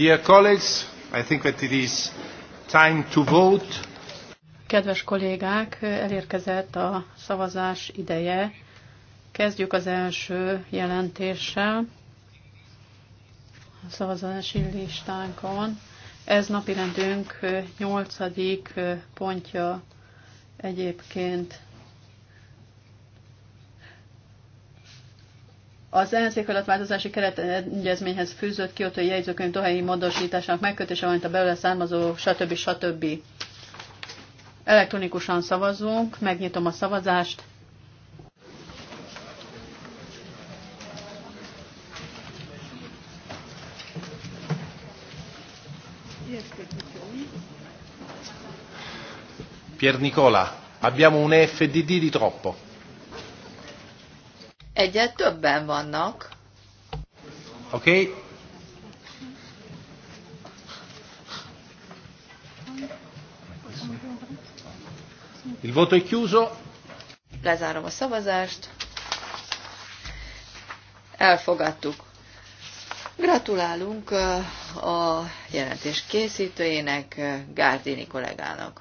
Dear colleagues, I think that it is time to vote. Kedves kollégák, elérkezett a szavazás ideje. Kezdjük az első jelentéssel a szavazási listánkon. Ez napirendünk 8. pontja egyébként Az ENSZ változási keretegyezményhez fűzött kiotói jegyzőkönyv dohányi módosításának megkötése, valamint a belőle származó stb. stb. Elektronikusan szavazunk, megnyitom a szavazást. Pier Nicola, abbiamo un FDD di troppo egyet többen vannak. Oké. Okay. Il voto è chiuso. Lezárom a szavazást. Elfogadtuk. Gratulálunk uh, a jelentés készítőjének, uh, Gárdini kollégának.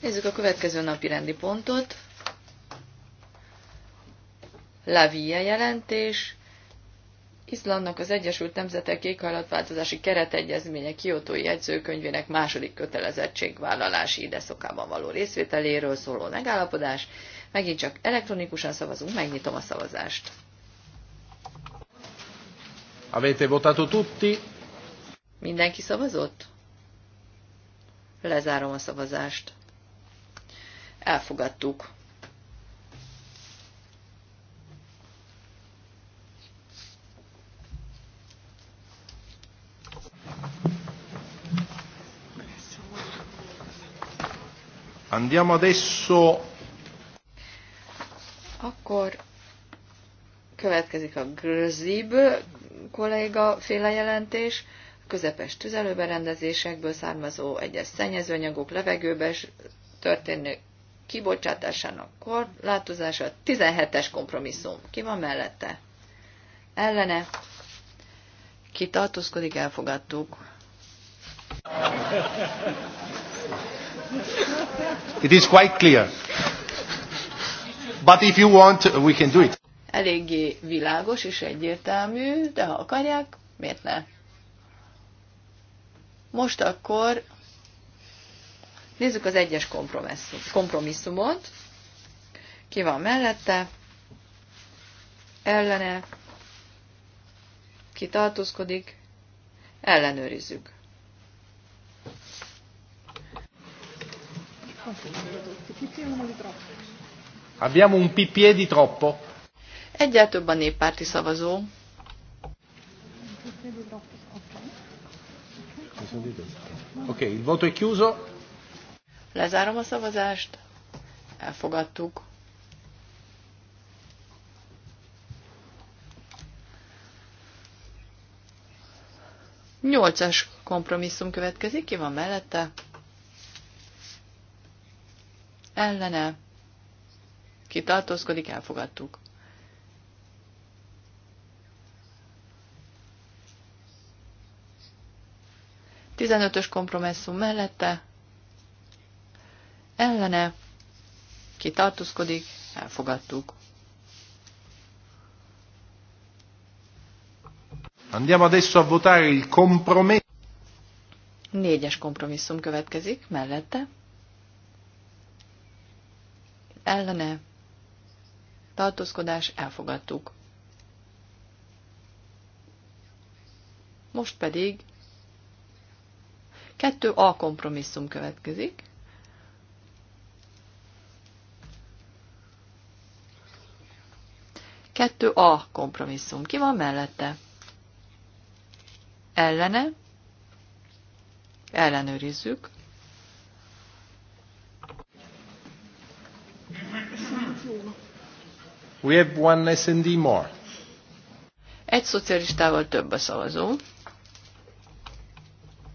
Nézzük a következő napi rendi pontot. Lavia jelentés, Izlandnak az Egyesült Nemzetek éghajlatváltozási keretegyezménye Kiotói jegyzőkönyvének második kötelezettségvállalási ide szokában való részvételéről szóló megállapodás. Megint csak elektronikusan szavazunk, megnyitom a szavazást. Avete votato tutti? Mindenki szavazott? Lezárom a szavazást. Elfogadtuk. Andiamo adesso... Akkor következik a Grzib kolléga féle jelentés, közepes tüzelőberendezésekből származó egyes szennyezőanyagok levegőbe történő kibocsátásának korlátozása, 17-es kompromisszum. Ki van mellette? Ellene? Ki tartózkodik, elfogadtuk. It is quite clear. But if you want, we can do it. Eléggé világos és egyértelmű, de ha akarják, miért ne? Most akkor nézzük az egyes kompromisszumot. Ki van mellette? Ellene? Ki tartózkodik? Ellenőrizzük. Abbiamo un PPE di troppo. Egyel több a néppárti szavazó. Oké, il voto è chiuso. Lezárom a szavazást. Elfogadtuk. Nyolcas kompromisszum következik, ki van mellette? ellene, ki tartózkodik, elfogadtuk. Tizenötös kompromisszum mellette, ellene, ki tartózkodik, elfogadtuk. Andiamo adesso a votare il compromesso. Négyes kompromisszum következik, mellette, ellene tartózkodás elfogadtuk. Most pedig kettő A kompromisszum következik. Kettő A kompromisszum. Ki van mellette? Ellene. Ellenőrizzük. We have one SND more. Egy szocialistával több a szavazó.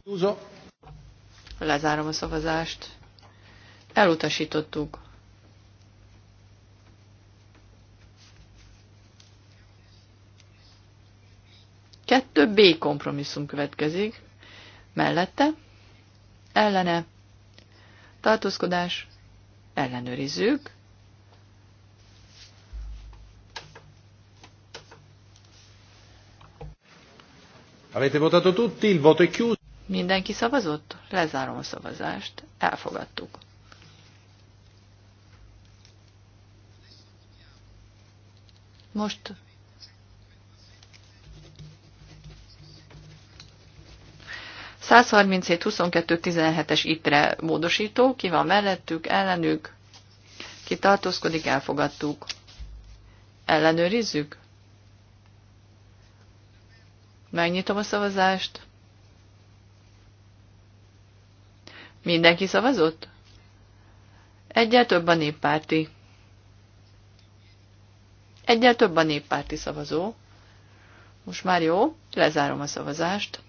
Uzo. Lezárom a szavazást. Elutasítottuk. Kettő B kompromisszum következik. Mellette, ellene, tartózkodás, ellenőrizzük. Avete votato tutti, il voto è chiuso. Mindenki szavazott? Lezárom a szavazást. Elfogadtuk. Most es ittre módosító, ki van mellettük, ellenük, ki tartózkodik, elfogadtuk. Ellenőrizzük? Megnyitom a szavazást. Mindenki szavazott? Egyel több a néppárti. Egyel több a néppárti szavazó. Most már jó, lezárom a szavazást.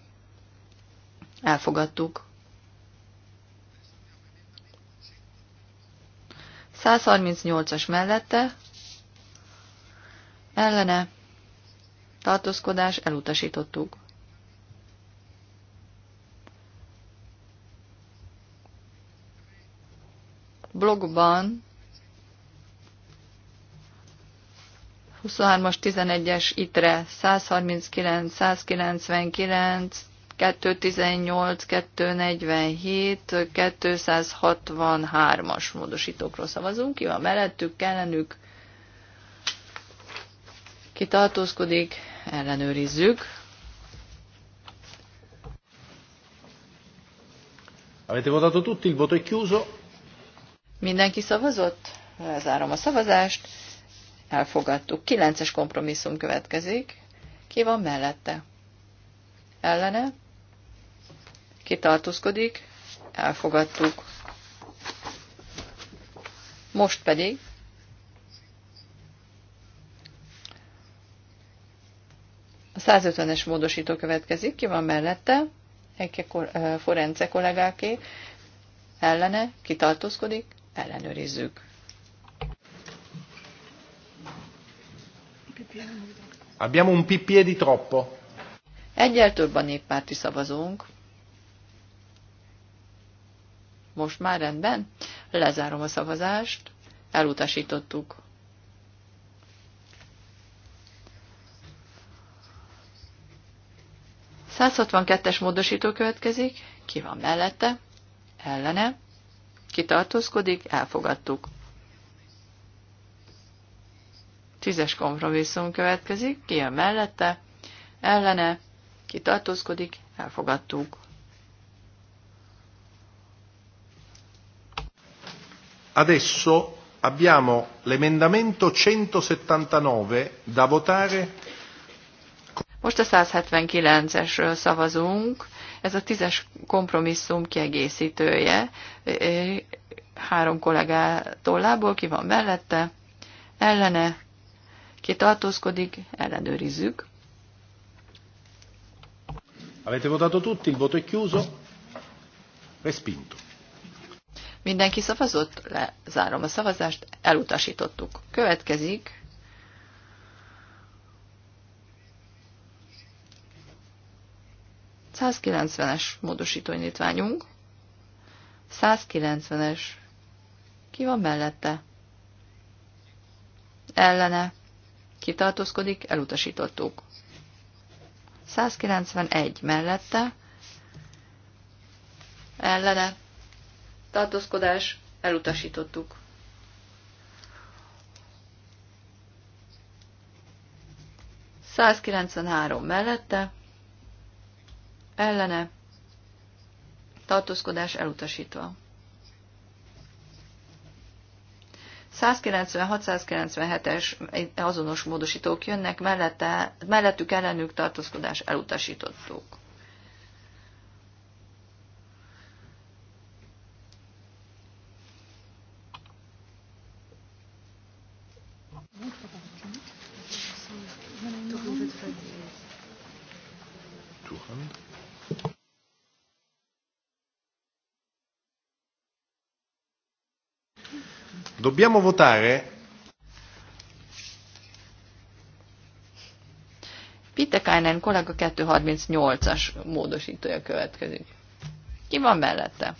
Elfogadtuk. 138-as mellette, ellene, tartózkodás elutasítottuk. Blogban 23-as, 11-es itre 139, 199, 218, 247, 263-as módosítókról szavazunk. Ki van mellettük, kellenük, ki tartózkodik, ellenőrizzük. Avete votato tutti, il voto è chiuso. Mindenki szavazott? Lezárom a szavazást. Elfogadtuk. Kilences kompromisszum következik. Ki van mellette? Ellene? Ki tartózkodik? Elfogadtuk. Most pedig 150-es módosító következik, ki van mellette, Eke Forence kollégáké, ellene, kitartózkodik, ellenőrizzük. Abbiamo un PPE di troppo. Egyel több a néppárti szavazónk. Most már rendben. Lezárom a szavazást. Elutasítottuk. 162-es módosító következik, ki van mellette, ellene, kitartózkodik, elfogadtuk. Tízes kompromisszum következik, ki jön mellette, ellene, kitartózkodik, elfogadtuk. Adesso abbiamo l'emendamento 179 da votare most a 179-esről szavazunk, ez a tízes kompromisszum kiegészítője. Három kollégától lából ki van mellette, ellene, ki tartózkodik, ellenőrizzük. Avete votato tutti, il voto è chiuso, respinto. Mindenki szavazott, lezárom a szavazást, elutasítottuk. Következik 190-es módosítóindítványunk. 190-es. Ki van mellette? Ellene. Kitartózkodik, Elutasítottuk. 191 mellette. Ellene. Tartózkodás. Elutasítottuk. Százkilencvenhárom mellette ellene tartózkodás elutasítva. 196-197-es azonos módosítók jönnek, mellette, mellettük ellenük tartózkodás elutasítottuk. Dobbiamo votare. Pitekainen kollega 238-as módosítója következik. Ki van mellette?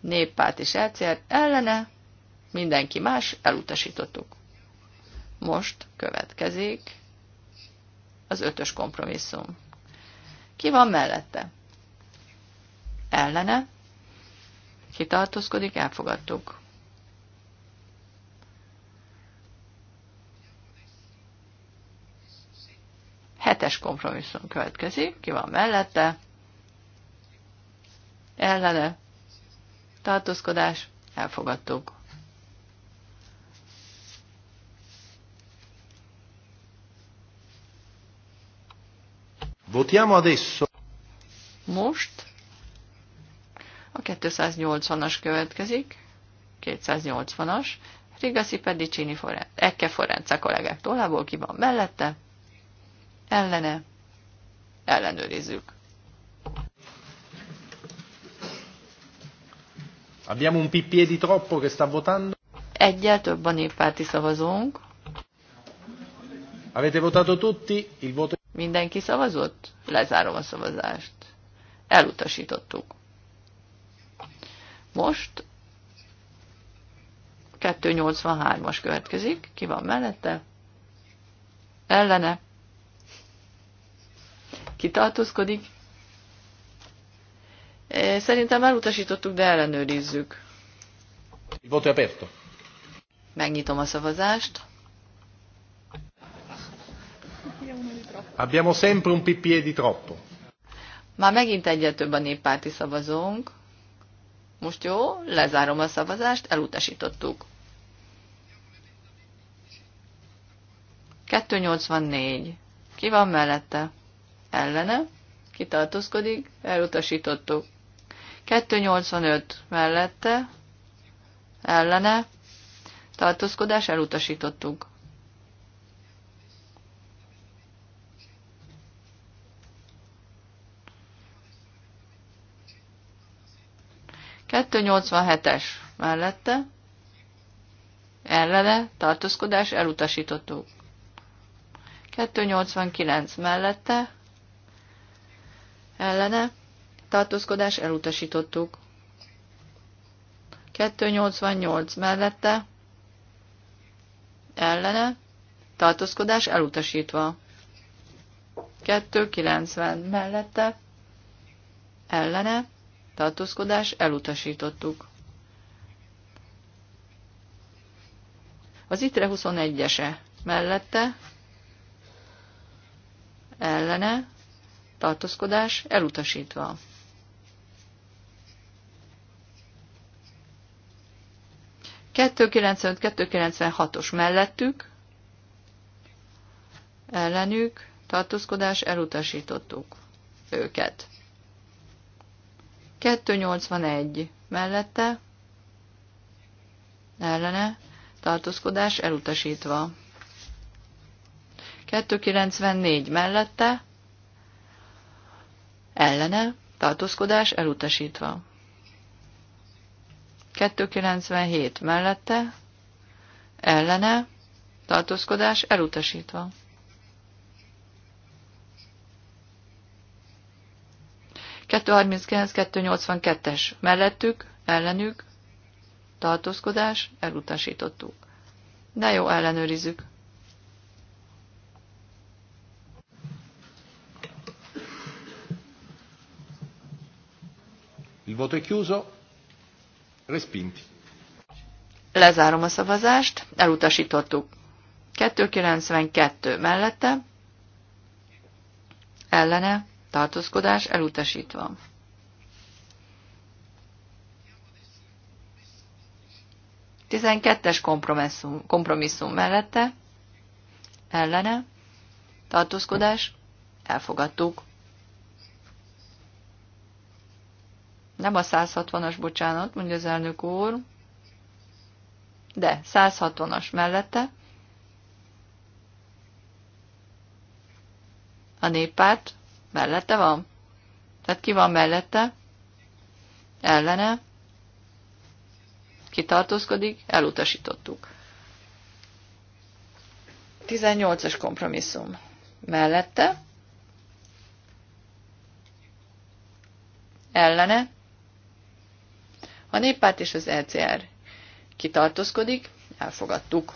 Néppárt és LCR ellene, mindenki más, elutasítottuk. Most következik az ötös kompromisszum. Ki van mellette? Ellene, ki tartózkodik, elfogadtuk. Hetes kompromisszum következik, ki van mellette, ellene, tartózkodás, elfogadtuk. Votiamo adesso. Most a 280-as következik, 280-as, Rigasi Pedicini forrend, Ekke Forenza kollégák tollából ki van mellette, ellene, ellenőrizzük. Abbiamo un PPE di troppo che sta votando? Egyel több a néppárti szavazónk. Avete votato tutti? Il voto... Mindenki szavazott? Lezárom a szavazást. Elutasítottuk. Most 283-as következik, ki van mellette, ellene, kitartózkodik. E, szerintem elutasítottuk, de ellenőrizzük. Voto aperto. Megnyitom a szavazást. Abbiamo sempre un PPE di troppo. Ma megint egyre több a néppárti szavazónk. Most jó, lezárom a szavazást, elutasítottuk. 284. Ki van mellette? Ellene. Kitartózkodik, elutasítottuk. 285 mellette, ellene, tartózkodás elutasítottuk. 287-es mellette ellene tartózkodás elutasítottuk. 289 mellette ellene tartózkodás elutasítottuk. 288 mellette ellene tartózkodás elutasítva. 290 mellette ellene tartózkodás, elutasítottuk. Az ITRE 21-ese mellette, ellene, tartózkodás, elutasítva. os mellettük, ellenük, tartózkodás, elutasítottuk őket. 281 mellette ellene tartózkodás elutasítva. 294 mellette ellene tartózkodás elutasítva. 297 mellette ellene tartózkodás elutasítva. 239-282-es mellettük, ellenük, tartózkodás, elutasítottuk. De jó, ellenőrizzük. Il voto è chiuso. Respinti. Lezárom a szavazást, elutasítottuk. 292 mellette, ellene, tartózkodás elutasítva. Tizenkettes kompromisszum, kompromisszum mellette, ellene, tartózkodás, elfogadtuk. Nem a 160-as, bocsánat, mondja az elnök úr, de 160-as mellette, a néppárt Mellette van? Tehát ki van mellette? Ellene? Ki Elutasítottuk. 18-as kompromisszum. Mellette? Ellene? A néppárt és az ECR kitartózkodik, elfogadtuk.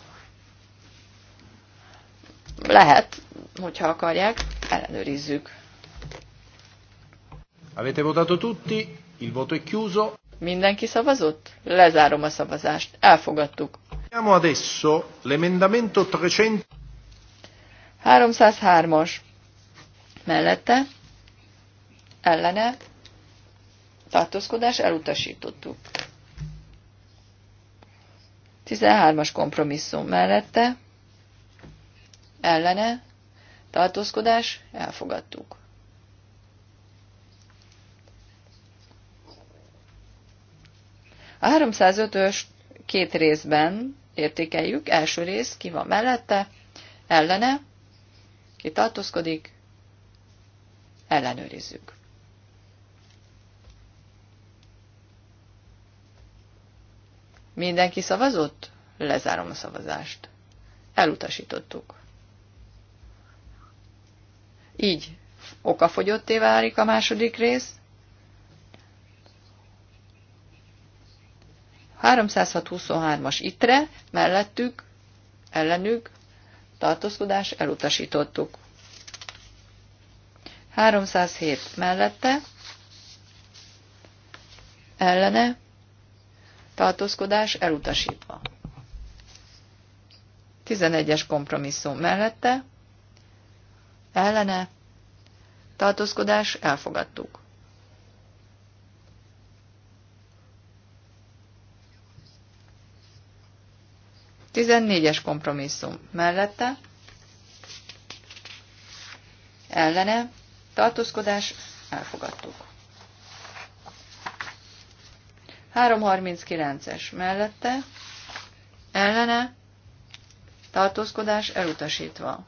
Lehet, hogyha akarják, ellenőrizzük. Avete votato tutti? Il voto è chiuso. Mindenki szavazott? Lezárom a szavazást. Elfogadtuk. Vediamo adesso l'emendamento 300. 303-as. Mellette. Ellene. Tartózkodás elutasítottuk. 13-as kompromisszum mellette, ellene, tartózkodás, elfogadtuk. A 305-ös két részben értékeljük. Első rész, ki van mellette, ellene, ki tartózkodik, ellenőrizzük. Mindenki szavazott? Lezárom a szavazást. Elutasítottuk. Így okafogyotté válik a második rész, 323-as itre, mellettük, ellenük, tartózkodás elutasítottuk. 307 mellette, ellene, tartózkodás elutasítva. 11-es kompromisszum mellette, ellene, tartózkodás elfogadtuk. 14-es kompromisszum mellette, ellene, tartózkodás, elfogadtuk. 339-es mellette, ellene, tartózkodás elutasítva.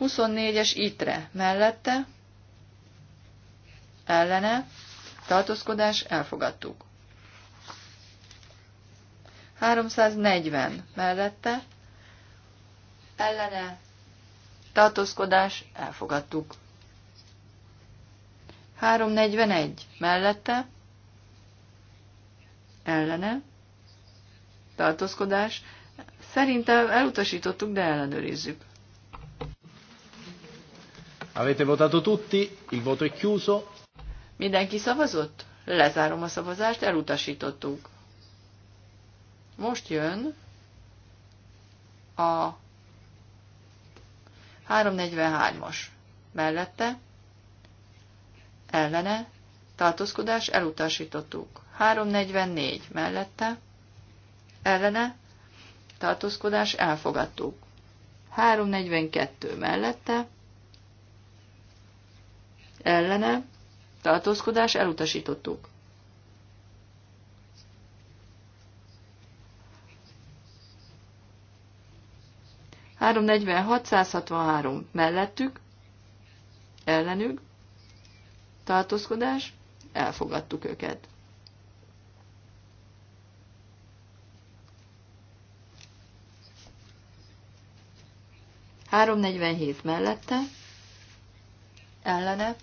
24-es itre mellette, ellene, tartózkodás elfogadtuk. 340 mellette ellene tartózkodás elfogadtuk. 341 mellette ellene tartózkodás szerintem elutasítottuk, de ellenőrizzük. Avete votato tutti, il voto è chiuso. Mindenki szavazott? Lezárom a szavazást, elutasítottuk. Most jön a 343-as mellette, ellene, tartózkodás elutasítottuk. 344 mellette, ellene, tartózkodás elfogadtuk. 342 mellette, ellene, tartózkodás elutasítottuk. 346, mellettük, ellenük, tartózkodás, elfogadtuk őket. Három mellette, ellene,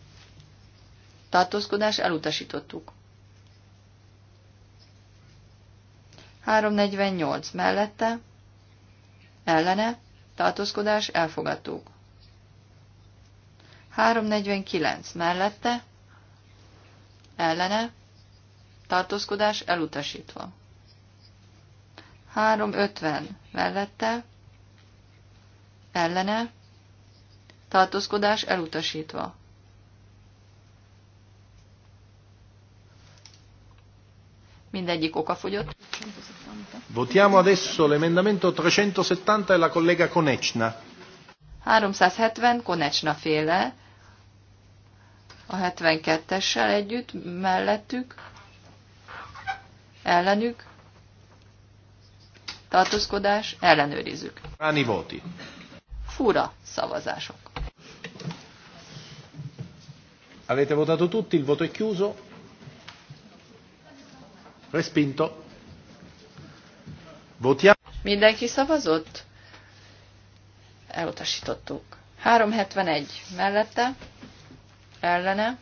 tartózkodás elutasítottuk. 348 mellette, ellene, tartózkodás, elfogadtuk. 349 mellette, ellene, tartózkodás, elutasítva. 350 mellette, ellene, tartózkodás, elutasítva. mindegyik okafogyott. Votiamo adesso l'emendamento 370 della collega Konecna. 370 Konecna féle a 72-essel együtt, mellettük, ellenük, tartózkodás, ellenőrizzük. Rani Voti. Fura szavazások. Avete votato tutti, il voto è chiuso. Respinto. Votiamo. Mindenki szavazott? Elutasítottuk. 371 mellette, ellene,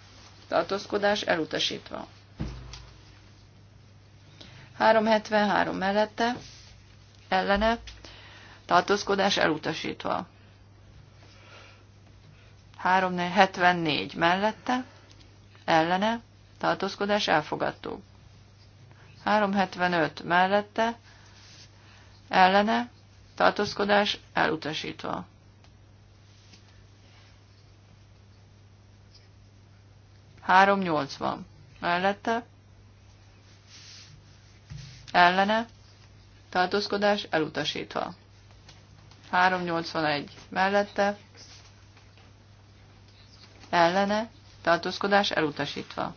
tartózkodás elutasítva. 373 mellette, ellene, tartózkodás elutasítva. 374 mellette, ellene, tartózkodás elfogadtuk. 375 mellette, ellene, tartózkodás elutasítva. Három van Mellette. Ellene. Tartózkodás elutasítva. 381. Mellette. Ellene. Tartózkodás elutasítva.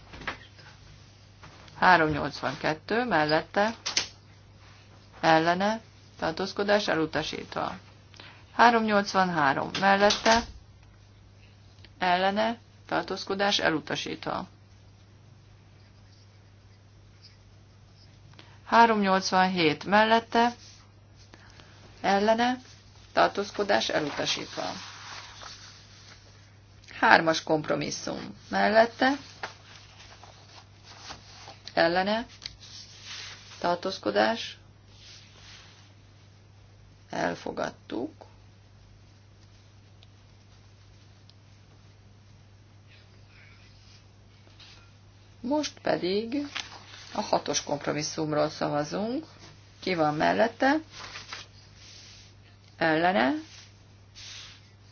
382 mellette ellene tartózkodás elutasítva. 383 mellette ellene tartózkodás elutasítva. 387 mellette ellene tartózkodás elutasítva. Hármas kompromisszum mellette ellene, tartózkodás, elfogadtuk. Most pedig a hatos kompromisszumról szavazunk. Ki van mellette? Ellene?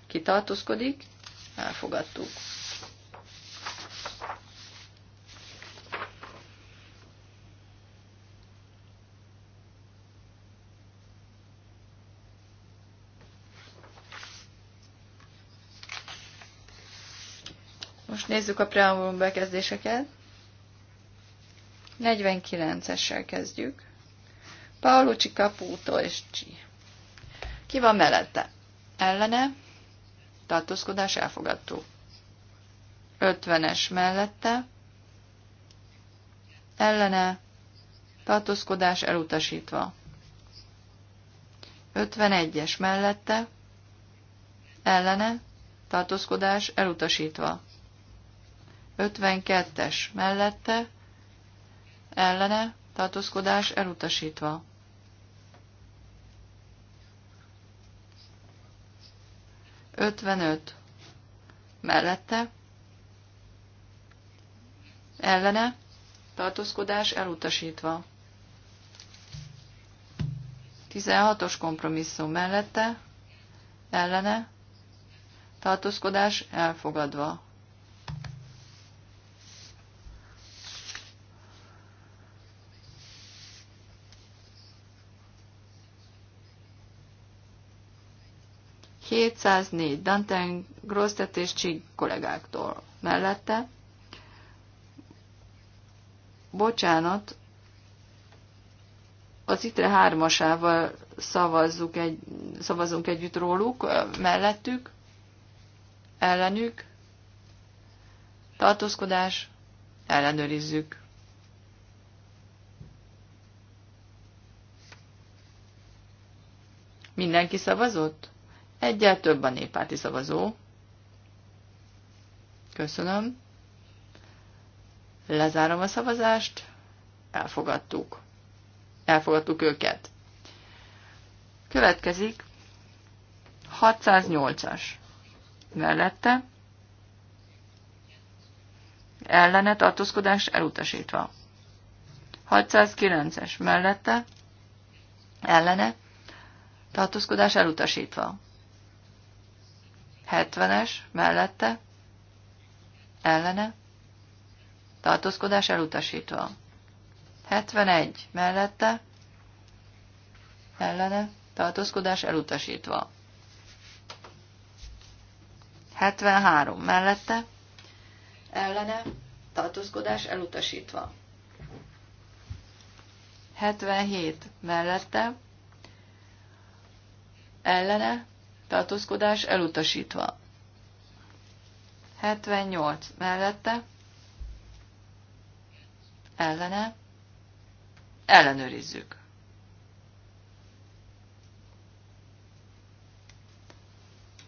Ki tartózkodik? Elfogadtuk. Most nézzük a preambulum bekezdéseket. 49-essel kezdjük. Paolucci, Caputo és Csi. Ki van mellette? Ellene. Tartózkodás elfogadtuk. 50-es mellette. Ellene. Tartózkodás elutasítva. 51-es mellette. Ellene. Tartózkodás elutasítva. 52-es mellette, ellene, tartózkodás elutasítva. Ötvenöt. Mellette. Ellene. Tartózkodás elutasítva. 16-os kompromisszum mellette. Ellene. Tartózkodás elfogadva. 704 Danten, Grosztet és Csig kollégáktól mellette. Bocsánat, az ITRE hármasával szavazzuk egy, szavazunk együtt róluk, mellettük, ellenük, tartózkodás, ellenőrizzük. Mindenki szavazott? Egyel több a néppárti szavazó. Köszönöm. Lezárom a szavazást. Elfogadtuk. Elfogadtuk őket. Következik 608-as. Mellette ellene tartózkodás elutasítva. 609-es mellette ellene tartózkodás elutasítva. 70-es mellette, ellene, tartózkodás elutasítva. 71 mellette, ellene, tartózkodás elutasítva. 73 mellette, ellene, tartózkodás elutasítva. 77 mellette, ellene, tartózkodás elutasítva. 78 mellette, ellene, ellenőrizzük.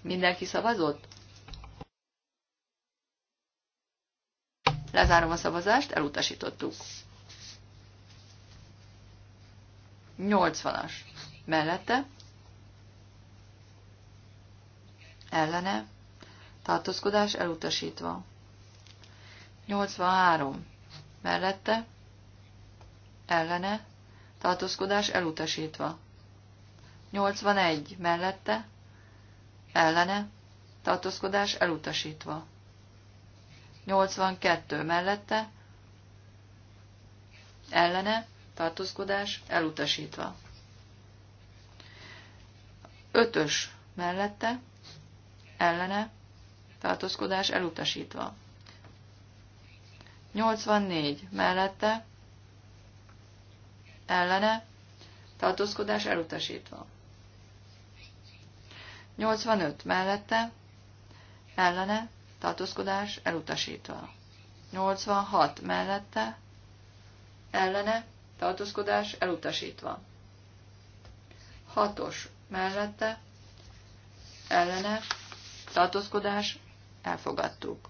Mindenki szavazott? Lezárom a szavazást, elutasítottuk. 80-as. Mellette, ellene, tartózkodás elutasítva. 83. Mellette, ellene, tartózkodás elutasítva. 81. Mellette, ellene, tartózkodás elutasítva. 82. Mellette, ellene, tartózkodás elutasítva. 5-ös mellette, ellene, tartózkodás elutasítva. 84 mellette, ellene, tartózkodás elutasítva. 85 mellette, ellene, tartózkodás elutasítva. 86 mellette, ellene, tartózkodás elutasítva. 6-os mellette, ellene, tartózkodás, elfogadtuk.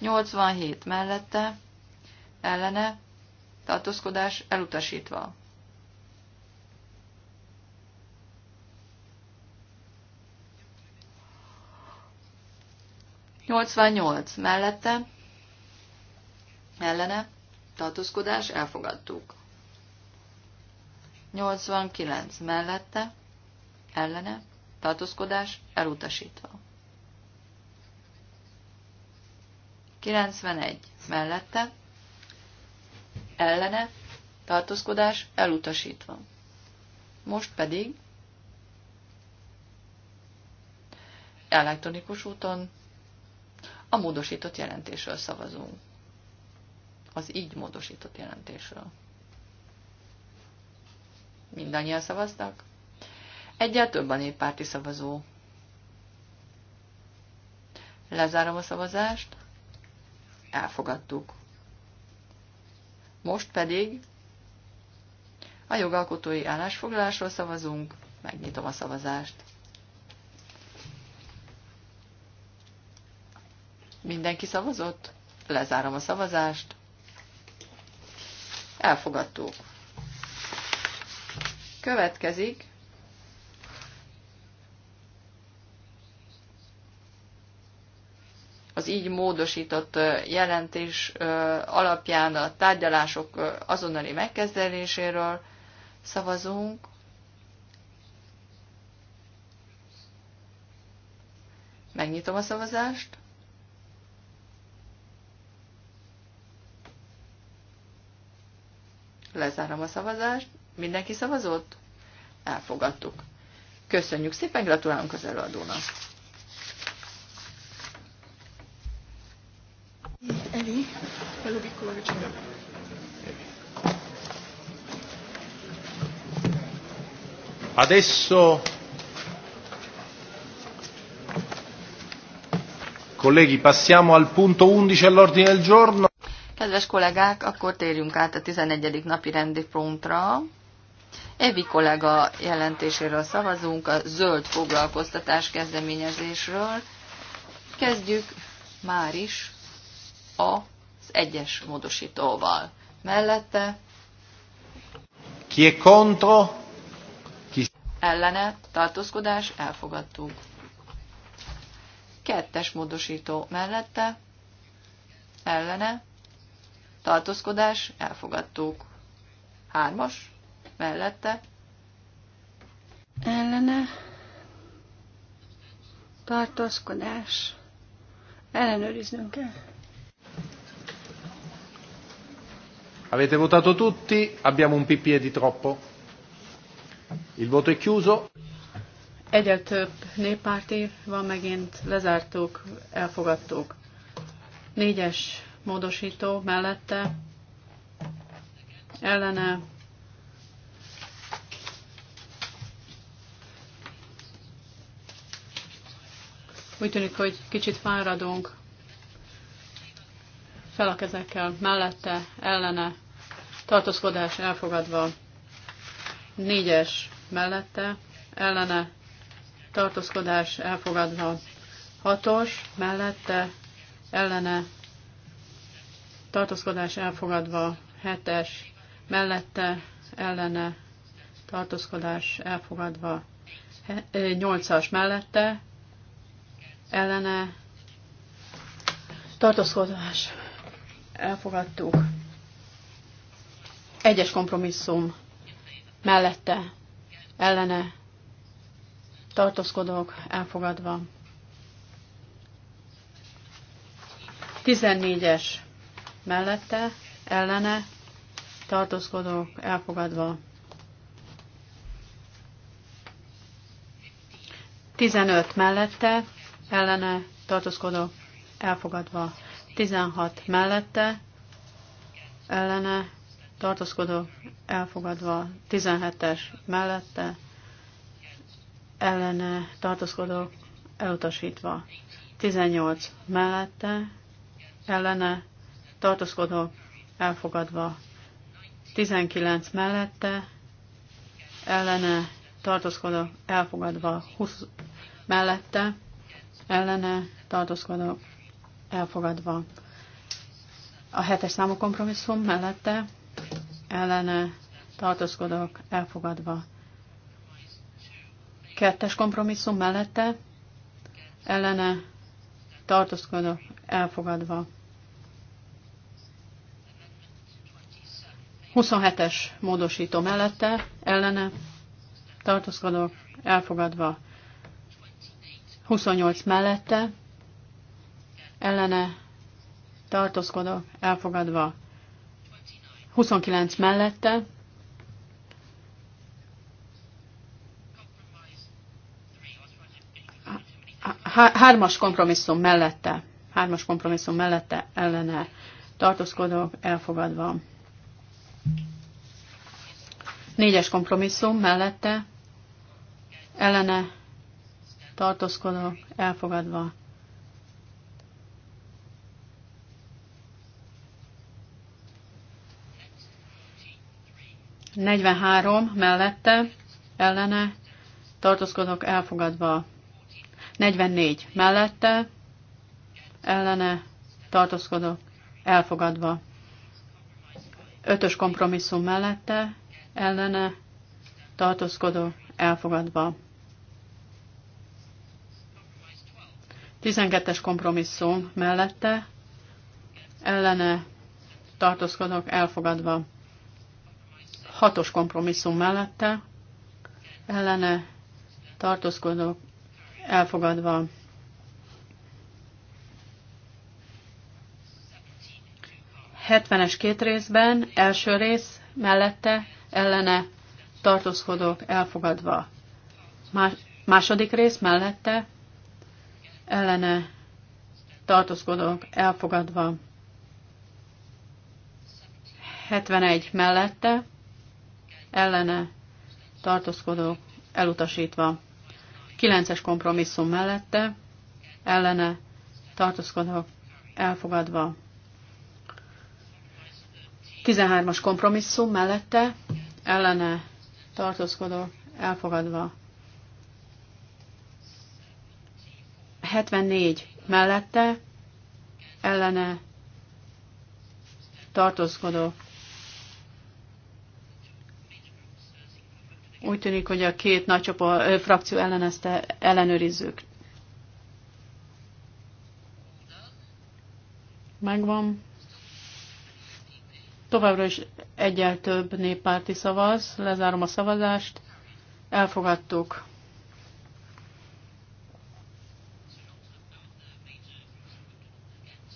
87 mellette, ellene, tartózkodás, elutasítva. Nyolcvannyolc mellette, ellene, tartózkodás, elfogadtuk. 89 mellette, ellene, tartózkodás, elutasítva. 91 mellette, ellene, tartózkodás elutasítva. Most pedig elektronikus úton a módosított jelentésről szavazunk. Az így módosított jelentésről. Mindannyian szavaztak? Egyel több a néppárti szavazó. Lezárom a szavazást elfogadtuk. Most pedig a jogalkotói állásfoglalásról szavazunk, megnyitom a szavazást. Mindenki szavazott? Lezárom a szavazást. Elfogadtuk. Következik az így módosított jelentés alapján a tárgyalások azonnali megkezdeléséről szavazunk. Megnyitom a szavazást. Lezárom a szavazást. Mindenki szavazott? Elfogadtuk. Köszönjük szépen, gratulálunk az előadónak! Adesso, colleghi, passiamo al punto 11 all'ordine del giorno. Kedves kollégák, akkor térjünk át a 11. napi rendi pontra. Evi kollega jelentéséről szavazunk, a zöld foglalkoztatás kezdeményezésről. Kezdjük már is a egyes módosítóval. Mellette Ki è contro? Ki... Ellene tartózkodás elfogadtuk. Kettes módosító mellette ellene tartózkodás elfogadtuk. Hármas mellette ellene tartózkodás ellenőriznünk kell. Avete votato tutti? Abbiamo un PPE di troppo? Il voto è chiuso. Egyel több néppárti van megint, lezártuk, elfogadtuk. Négyes módosító mellette, ellene, Úgy tűnik, hogy kicsit fáradunk fel a kezekkel, mellette, ellene, tartózkodás elfogadva, négyes mellette, ellene, tartózkodás elfogadva, hatos mellette, ellene, tartózkodás elfogadva, hetes mellette, ellene, tartózkodás elfogadva, nyolcas mellette, ellene, tartózkodás elfogadtuk. Egyes kompromisszum mellette, ellene tartózkodok, elfogadva. 14-es mellette, ellene tartózkodok, elfogadva. 15 mellette, ellene tartózkodok, elfogadva. 16 mellette, ellene, tartózkodó, elfogadva, 17-es mellette, ellene, tartózkodó, elutasítva, 18 mellette, ellene, tartózkodó, elfogadva, 19 mellette, ellene, tartózkodó, elfogadva, 20 mellette, ellene, tartózkodó, elfogadva. A hetes számú kompromisszum mellette ellene tartózkodok elfogadva. Kettes kompromisszum mellette ellene tartózkodok elfogadva. 27-es módosító mellette ellene tartózkodok elfogadva. 28 mellette ellene tartózkodok, elfogadva. 29 mellette, hármas kompromisszum mellette, hármas kompromisszum mellette ellene tartózkodok, elfogadva. Négyes kompromisszum mellette ellene tartózkodok, elfogadva. 43 mellette, ellene, tartózkodok elfogadva. 44 mellette, ellene, tartózkodok elfogadva. 5-ös kompromisszum mellette, ellene, tartózkodó, elfogadva. 12-es kompromisszum mellette, ellene, tartózkodok elfogadva. Hatos kompromisszum mellette ellene tartózkodok, elfogadva. Hetvenes két részben, első rész mellette ellene tartózkodok, elfogadva. második rész mellette ellene tartózkodok, elfogadva. 71 mellette ellene tartózkodók elutasítva. 9-es kompromisszum mellette ellene tartózkodók elfogadva. 13-as kompromisszum mellette ellene tartózkodók elfogadva. 74 mellette ellene tartózkodók Úgy tűnik, hogy a két nagy csoport, frakció ellenezte, ellenőrizzük. Megvan. Továbbra is egyel több néppárti szavaz. Lezárom a szavazást. Elfogadtuk.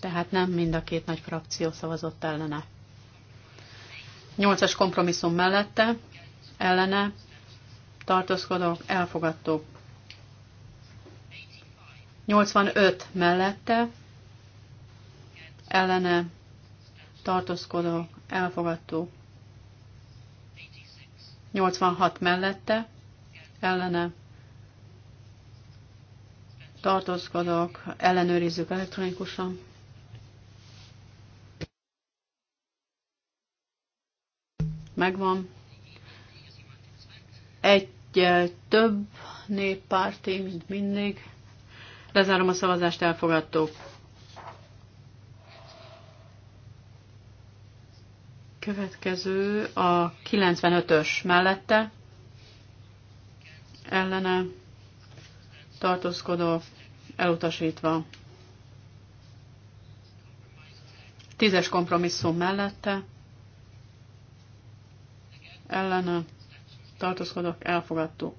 Tehát nem mind a két nagy frakció szavazott ellene. Nyolcas kompromisszum mellette, ellene, tartózkodók elfogadtok. 85 mellette ellene tartózkodók elfogadtok. 86 mellette ellene tartózkodók ellenőrizzük elektronikusan. Megvan. Egy egyel több néppárti, mint mindig. Lezárom a szavazást, elfogadtuk. Következő a 95-ös mellette ellene tartózkodó elutasítva. Tízes kompromisszum mellette ellene tartózkodok, elfogadtuk.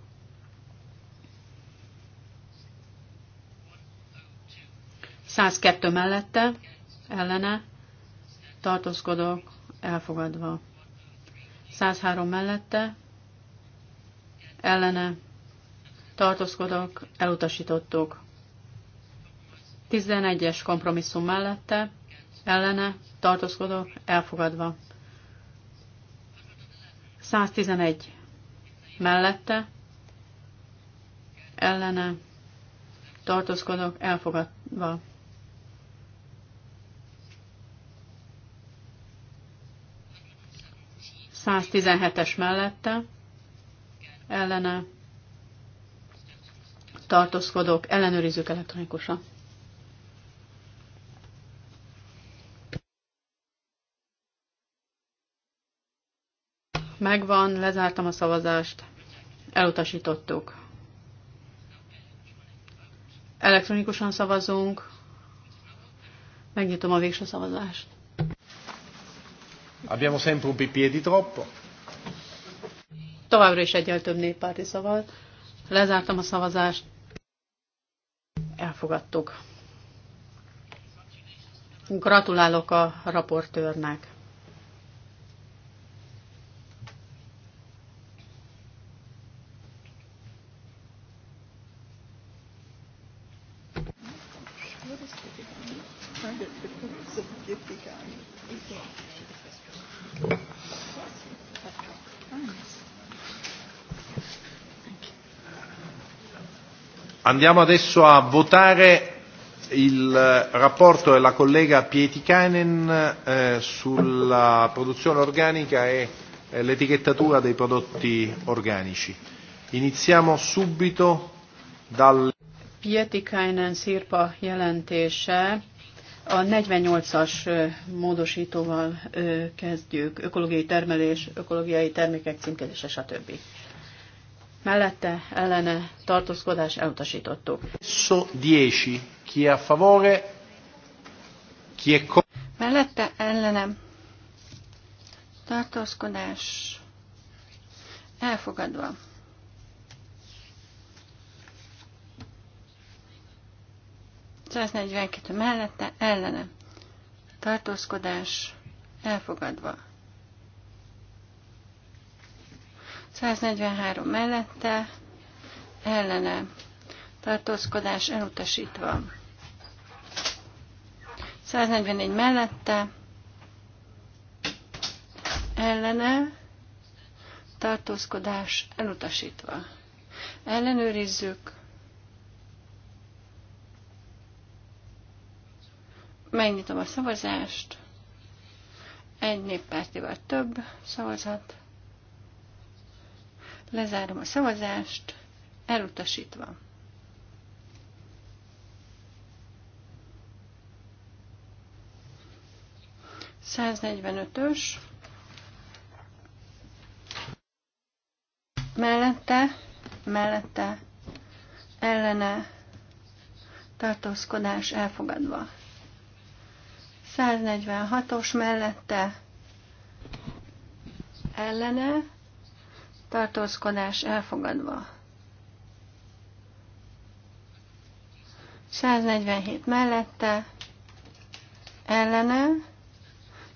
Százkettő mellette, ellene, tartózkodok, elfogadva. 103 mellette, ellene, tartózkodok, elutasítottuk. Tizenegyes es kompromisszum mellette, ellene, tartózkodok, elfogadva. 111 mellette, ellene, tartózkodok, elfogadva. Száz tizenhetes mellette, ellene, tartózkodok, ellenőrizzük elektronikusan. Megvan, lezártam a szavazást, elutasítottuk. Elektronikusan szavazunk, megnyitom a végső szavazást. Abbiamo sempre un PPE di troppo. Továbbra is egyel több néppárti szavaz. Lezártam a szavazást. Elfogadtuk. Gratulálok a raportőrnek. Andiamo adesso a votare il eh, rapporto della collega Pietikainen eh, sulla produzione organica e eh, l'etichettatura dei prodotti organici. Iniziamo subito dal... Pietikainen Sirpa jelentése. A 48-as módosítóval kezdjük. Ökológiai termelés, ökológiai termékek címkezése, stb mellette ellene tartózkodás elutasítottuk. So 10. Chi è a favore? Chi è co- mellette ellenem tartózkodás elfogadva. mellette ellene tartózkodás elfogadva. 143 mellette, ellene, tartózkodás elutasítva. 144 mellette, ellene, tartózkodás elutasítva. Ellenőrizzük. Megnyitom a szavazást. Egy néppártival több szavazat. Lezárom a szavazást, elutasítva. Száznegyvenötös. Mellette, mellette, ellene, tartózkodás elfogadva. 146-os mellette ellene tartózkodás elfogadva. 147 mellette, ellene,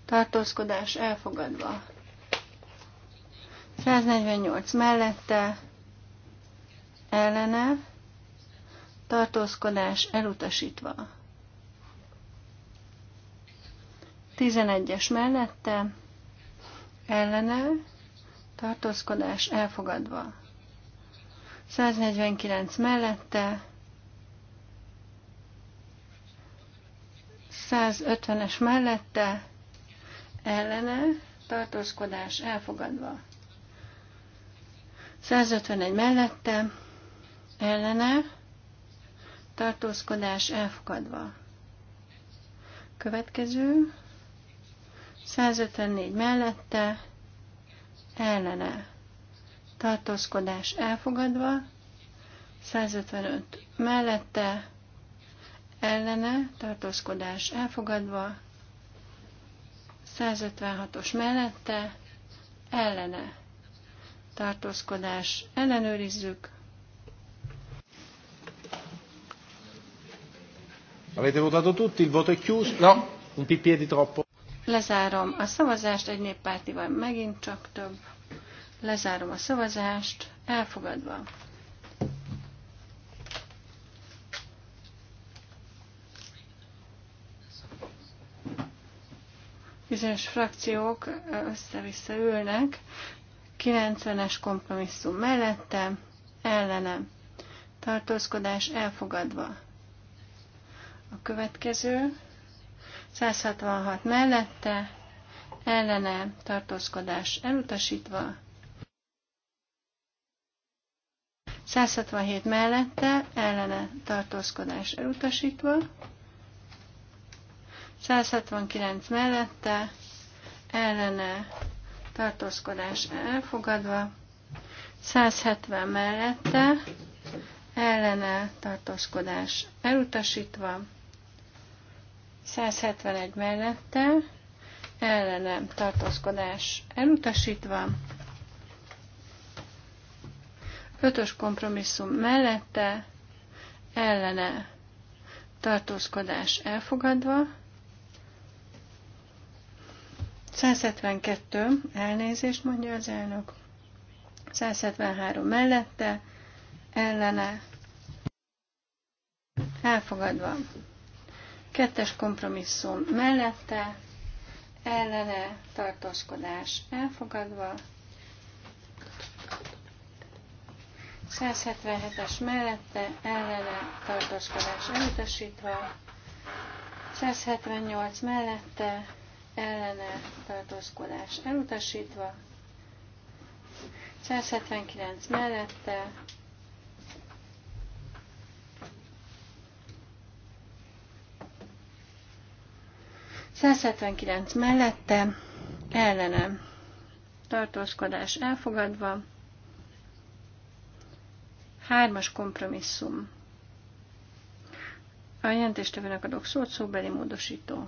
tartózkodás elfogadva. 148 mellette, ellene, tartózkodás elutasítva. 11-es mellette, ellene, tartózkodás elfogadva. 149 mellette, 150-es mellette, ellene, tartózkodás elfogadva. 151 mellette, ellene, tartózkodás elfogadva. Következő, 154 mellette, ellene tartózkodás elfogadva, 155 mellette ellene tartózkodás elfogadva, 156-os mellette ellene tartózkodás ellenőrizzük. Avete votato tutti, il voto è chiuso. No, un PPE di troppo. Lezárom a szavazást, egy van megint csak több. Lezárom a szavazást, elfogadva. Bizonyos frakciók össze-vissza ülnek, 90-es kompromisszum mellette, ellenem, tartózkodás elfogadva. A következő 166 mellette, ellene tartózkodás elutasítva, 167 mellette, ellene tartózkodás elutasítva, 169 mellette, ellene tartózkodás elfogadva, 170 mellette, ellene tartózkodás elutasítva, 171 mellette, ellenem tartózkodás elutasítva, 5-ös kompromisszum mellette, ellene tartózkodás elfogadva, 172, elnézést mondja az elnök, 173 mellette, ellene elfogadva. Kettes kompromisszum mellette, ellene tartózkodás elfogadva. 177-es mellette, ellene tartózkodás elutasítva. 178 mellette, ellene tartózkodás elutasítva. 179 mellette, 179 mellette, ellenem tartózkodás elfogadva, hármas kompromisszum. A jelentéstevőnek adok szót, szóbeli módosító.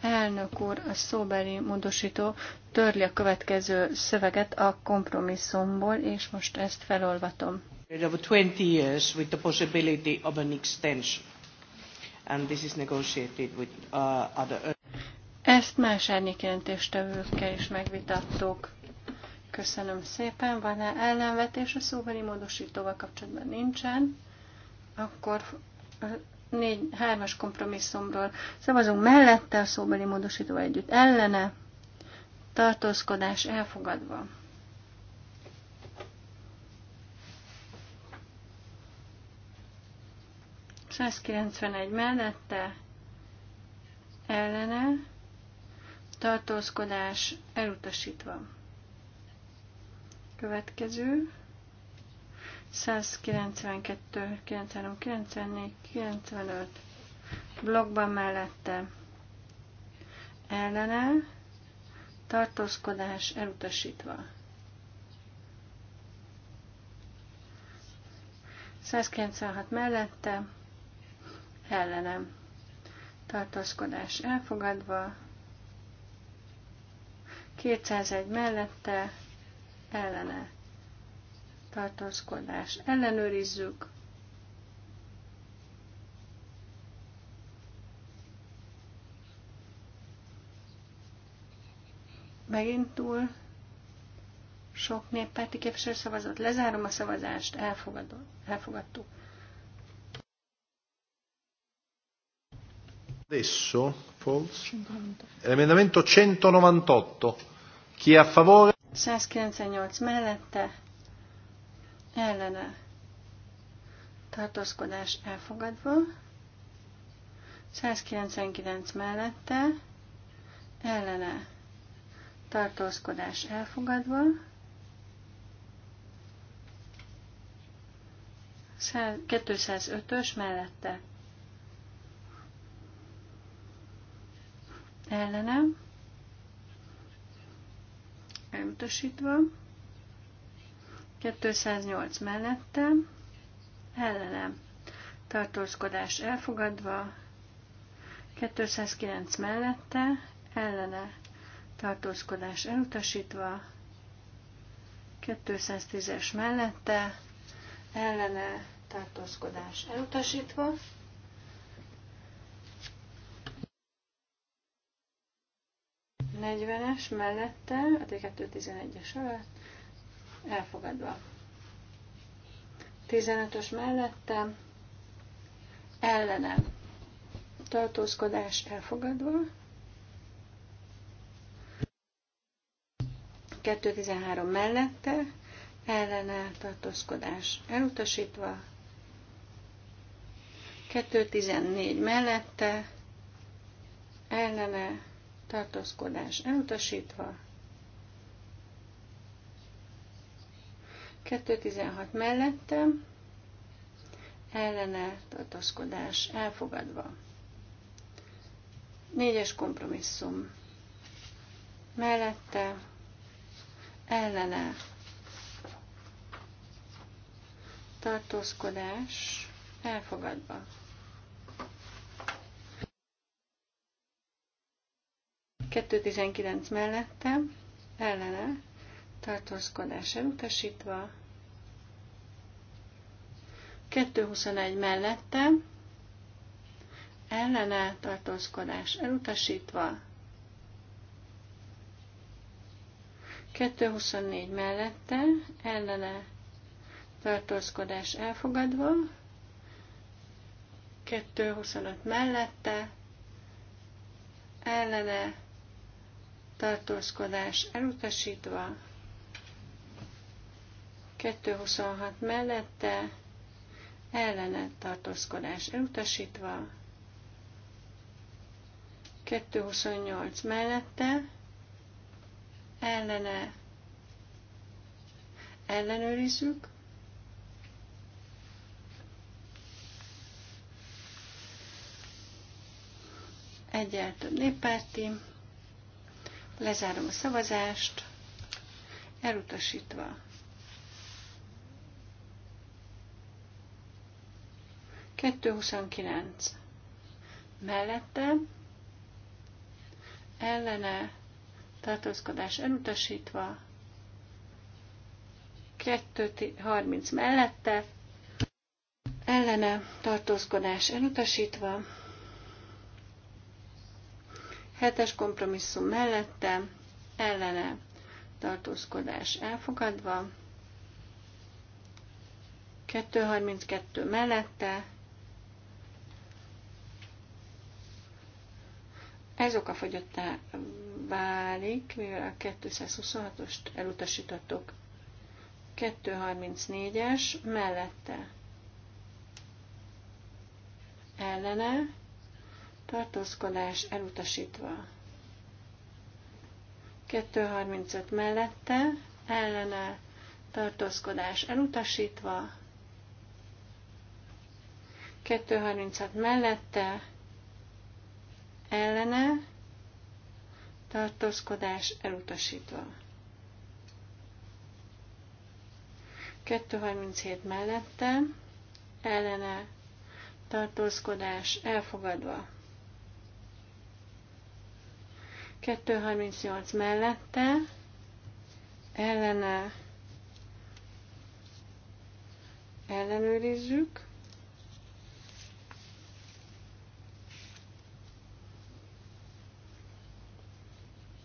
Elnök úr, a szóbeli módosító törli a következő szöveget a kompromisszumból, és most ezt felolvatom. 20 years with the possibility of an extension and this is negotiated with uh, other... Ezt más árnyékjelentéstevőkkel is megvitattuk. Köszönöm szépen. Van-e ellenvetés a szóbeli módosítóval kapcsolatban? Nincsen. Akkor négy, hármas kompromisszumról szavazunk mellette a szóbeli módosítóval együtt. Ellene tartózkodás elfogadva. 191 mellette ellene tartózkodás elutasítva. Következő 192, 93, 94, 95 blogban mellette ellene tartózkodás elutasítva. 196 mellette ellenem tartózkodás elfogadva, 201 mellette ellene tartózkodás ellenőrizzük, megint túl sok néppárti képviselő szavazott, lezárom a szavazást, elfogadó, elfogadtuk. Adesso, false. Emendamento 198. Chi a favore? 198 mellette, ellene, tartózkodás elfogadva. 199 mellette, ellene, tartózkodás elfogadva. 205-ös mellette ellene, elutasítva, 208 mellette, ellene, tartózkodás elfogadva, 209 mellette, ellene, tartózkodás elutasítva, 210-es mellette, ellene, tartózkodás elutasítva, 40-es mellette, a T211-es alatt, elfogadva. 15-ös mellette, ellenem, tartózkodás elfogadva. 213 mellette, ellene tartózkodás elutasítva. 214 mellette, ellene tartózkodás elutasítva. 216 mellette ellene tartózkodás elfogadva. Négyes kompromisszum mellette ellene tartózkodás elfogadva. 219 mellette ellene tartózkodás elutasítva, 221 mellette ellene tartózkodás elutasítva, 224 mellette ellene tartózkodás elfogadva, 225 mellette ellene tartózkodás elutasítva, 226 mellette, ellene tartózkodás elutasítva, 228 mellette, ellene ellenőrizzük, egyel néppárti, Lezárom a szavazást. Elutasítva. 229. Mellette ellene tartózkodás elutasítva. 230 mellette ellene tartózkodás elutasítva. Hetes kompromisszum mellette, ellene tartózkodás elfogadva. 232 mellette. Ez fogyottá válik, mivel a 226-ost elutasítottuk. 234-es mellette ellene tartózkodás elutasítva. 235 mellette, ellene, tartózkodás elutasítva. 236 mellette, ellene, tartózkodás elutasítva. 237 mellette, ellene, tartózkodás elfogadva. 238 mellette ellene ellenőrizzük.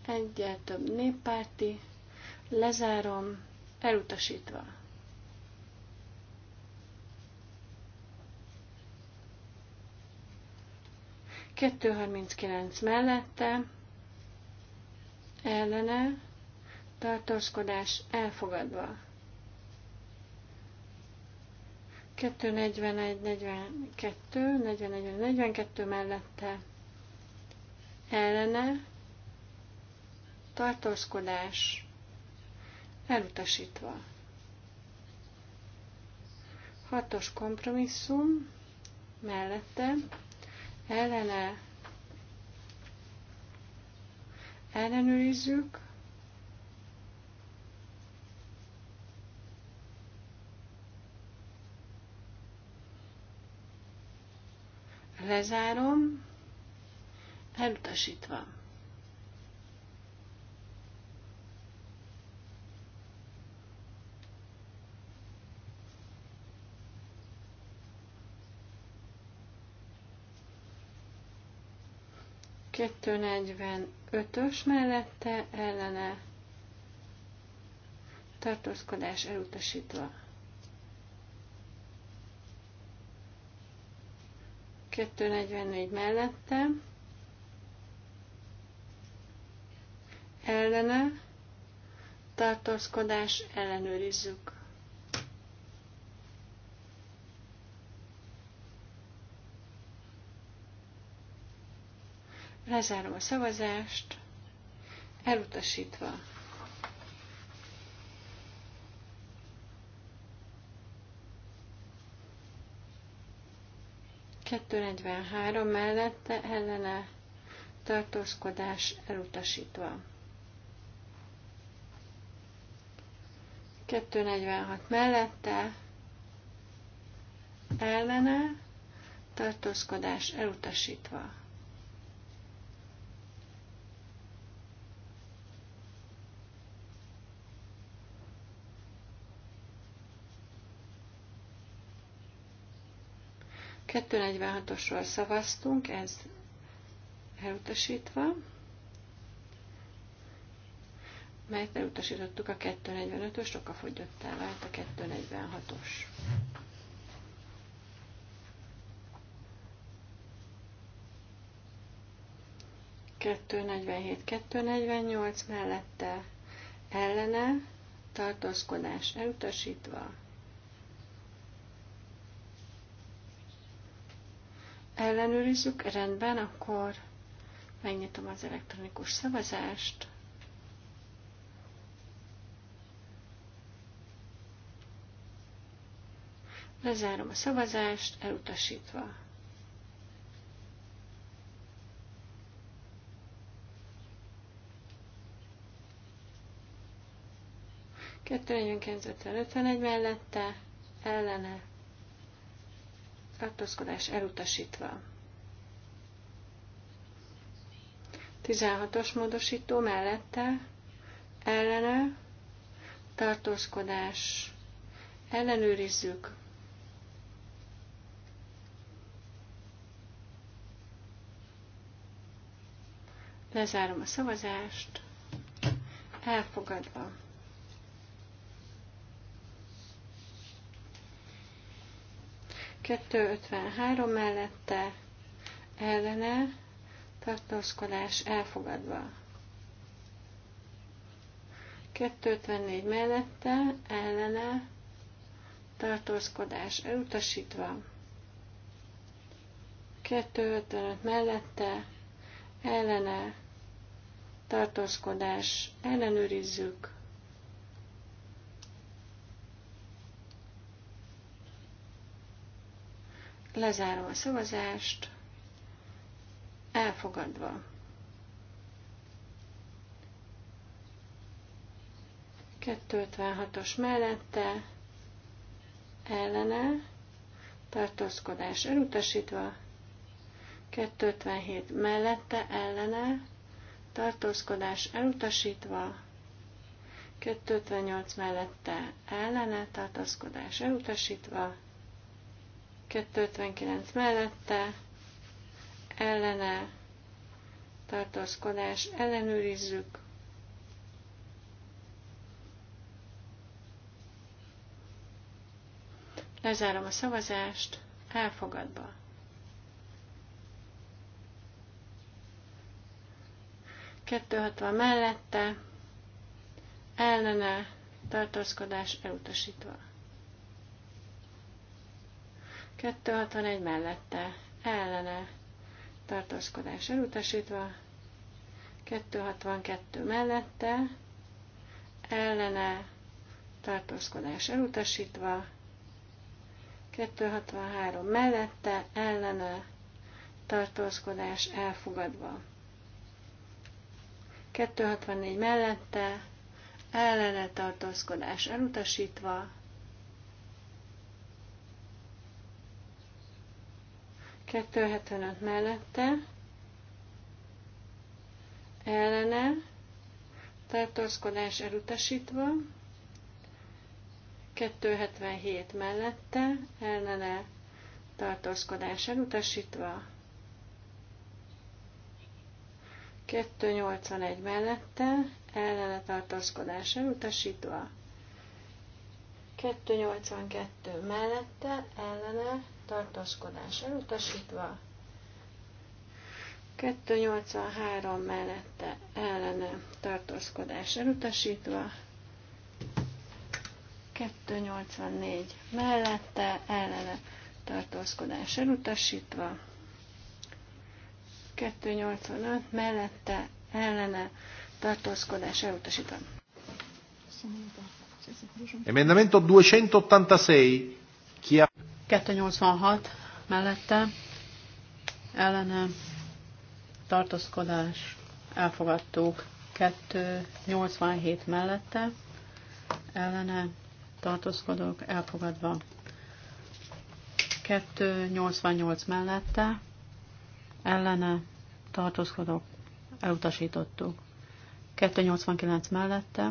Egyel több néppárti, lezárom, elutasítva. Kettő mellette ellene, tartózkodás elfogadva. 241, 42, mellette ellene, tartózkodás elutasítva. Hatos kompromisszum mellette ellene ellenőrizzük. Lezárom, elutasítva. 245-ös mellette ellene tartózkodás elutasítva. 244 mellette ellene tartózkodás ellenőrizzük. Lezárom a szavazást. Elutasítva. Kettő mellette ellene tartózkodás elutasítva. 246 mellette ellene tartózkodás elutasítva. 246-osról szavaztunk, ez elutasítva, mert elutasítottuk a 245-ös, oka fogyottá vált a 246-os. Kettő 248 mellette ellene tartózkodás elutasítva, ellenőrizzük, rendben, akkor megnyitom az elektronikus szavazást. Lezárom a szavazást, elutasítva. Kettő mellette, ellene tartózkodás elutasítva. 16-os módosító mellette ellene tartózkodás ellenőrizzük. Lezárom a szavazást. Elfogadva. 253 mellette ellene tartózkodás elfogadva. 254 mellette ellene tartózkodás elutasítva. 255 mellette ellene tartózkodás ellenőrizzük. Lezárom a szavazást. Elfogadva. os mellette ellene tartózkodás elutasítva. 257 mellette ellene tartózkodás elutasítva. 258 mellette ellene tartózkodás elutasítva. 259 mellette, ellene, tartózkodás, ellenőrizzük. Lezárom a szavazást, elfogadva. Kettőhatvan mellette, ellene, tartózkodás elutasítva. 261 mellette ellene tartózkodás elutasítva, 262 mellette ellene tartózkodás elutasítva, 263 mellette ellene tartózkodás elfogadva. 264 mellette ellene tartózkodás elutasítva, 275 mellette, ellene, tartózkodás elutasítva, 277 mellette, ellene, tartózkodás elutasítva, 281 mellette, ellene tartózkodás elutasítva, 282 mellette, ellene tartózkodás elutasítva, 283 mellette ellene tartózkodás elutasítva, 284 mellette ellene tartózkodás elutasítva, 285 mellette ellene tartózkodás elutasítva. Emendamento 286. Chi ha... 286 mellette ellene tartózkodás elfogadtuk. 287 mellette ellene tartózkodók elfogadva. 288 mellette ellene tartózkodók elutasítottuk. 289 mellette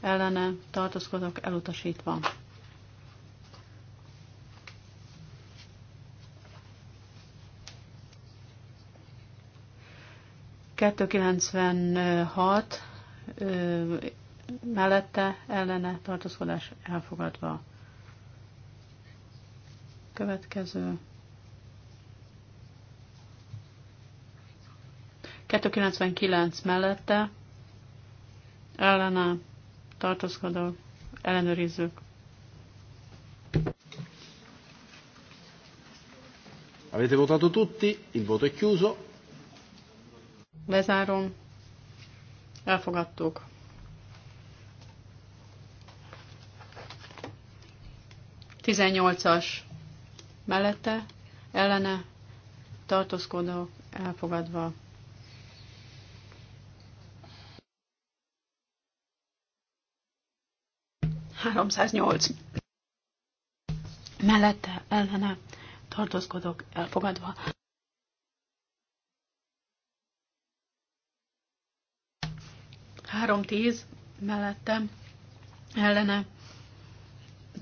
ellene tartózkodók elutasítva. 296 mellette ellene tartózkodás elfogadva. Következő. 299 mellette ellene tartózkodok, ellenőrizzük. Avete votato tutti, il voto è chiuso. Bezárom. Elfogadtuk. Tizennyolcas mellette, ellene, tartózkodók, elfogadva. Háromszáznyolc. Mellette, ellene, tartózkodók, elfogadva. 3-10 mellette ellene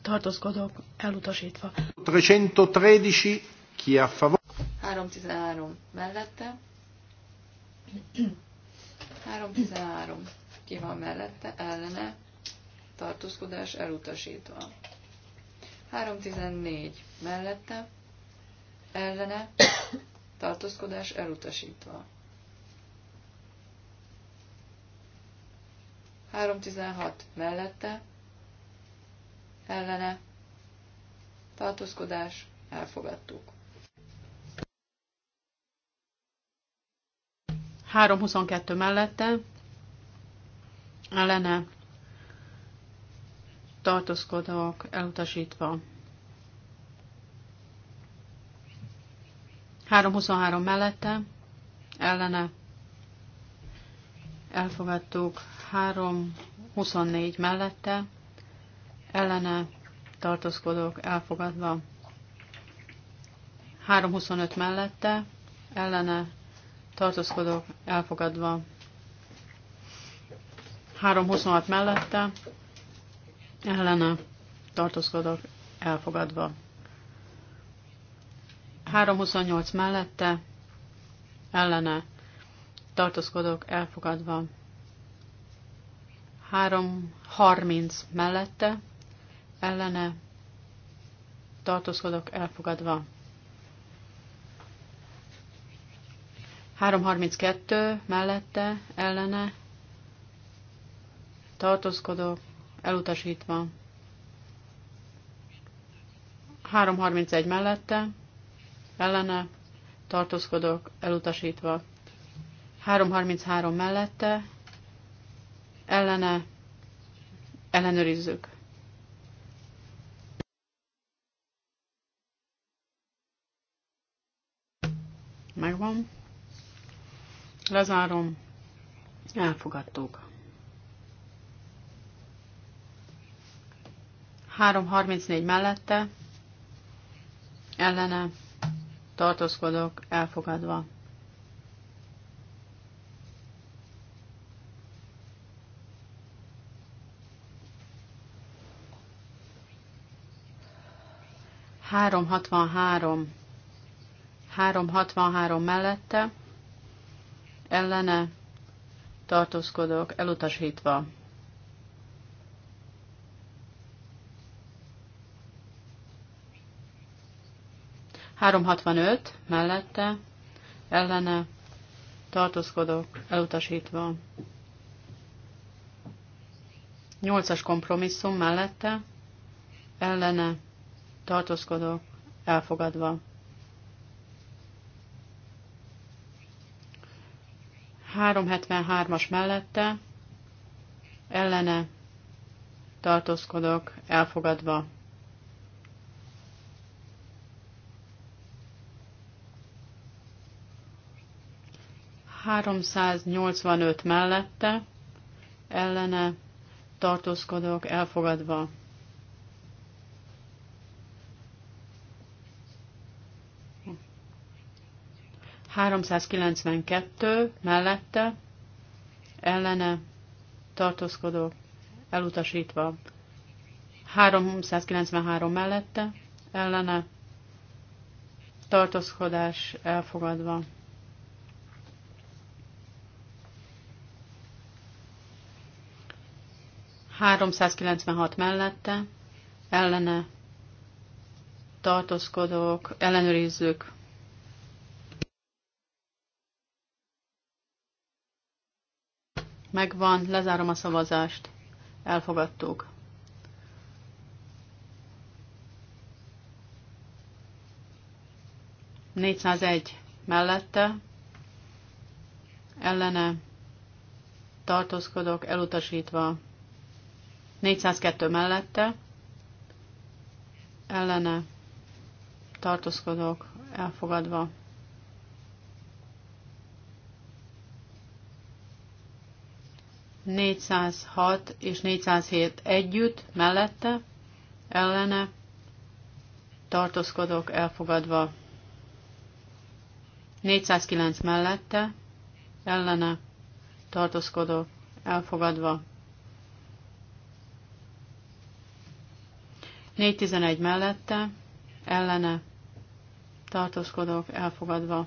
tartózkodok elutasítva. 313 ki a favor? 313 mellette. 313 ki van mellette, ellene tartózkodás elutasítva. 314 mellette, ellene tartózkodás elutasítva. 316 mellette, ellene, tartózkodás, elfogadtuk. 322 mellette, ellene, tartózkodók elutasítva. 323 mellette, ellene, elfogadtuk 3-24 mellette, ellene tartózkodók elfogadva 3-25 mellette, ellene tartózkodók elfogadva 3-26 mellette, ellene tartózkodók elfogadva 3-28 mellette, ellene tartózkodok elfogadva. 3.30 mellette, ellene tartózkodok elfogadva. 3.32 mellette, ellene tartózkodok elutasítva. 3.31 mellette, ellene tartózkodok elutasítva. 333 mellette, ellene, ellenőrizzük. Megvan. Lezárom. Elfogadtuk. 3.34 mellette, ellene, tartózkodok, elfogadva. 363. 363 mellette ellene tartózkodok elutasítva. Három hatvanöt mellette ellene tartózkodok elutasítva. Nyolcas kompromisszum mellette ellene tartózkodó, elfogadva. Három as mellette ellene tartózkodok, elfogadva. nyolcvanöt mellette ellene tartózkodok, elfogadva. 392 mellette ellene tartózkodók elutasítva. 393 mellette ellene tartózkodás elfogadva. Háromszázkilencvenhat mellette ellene tartózkodók, ellenőrizzük Megvan, lezárom a szavazást. Elfogadtuk. Négyszázegy mellette, ellene tartózkodok, elutasítva. 402 mellette, ellene tartózkodok, elfogadva. 406 és 407 együtt, mellette, ellene, tartózkodok elfogadva. 409 mellette, ellene, tartózkodok elfogadva. 411 mellette, ellene, tartózkodok elfogadva.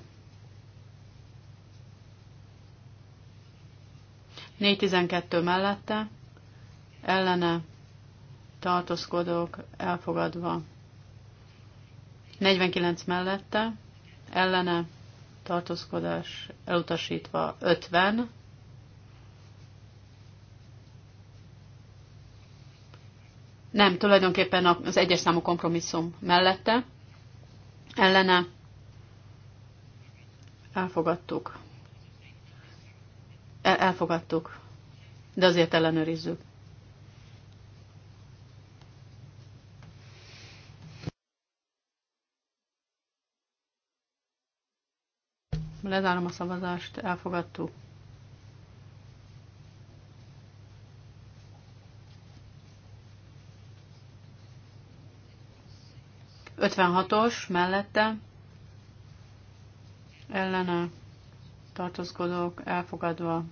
412 mellette, ellene tartózkodók elfogadva. 49 mellette, ellene tartózkodás elutasítva 50, Nem, tulajdonképpen az egyes számú kompromisszum mellette, ellene elfogadtuk. Elfogadtuk, de azért ellenőrizzük. Lezárom a szavazást, elfogadtuk. Ötvenhatos mellette ellene tartózkodok, elfogadva.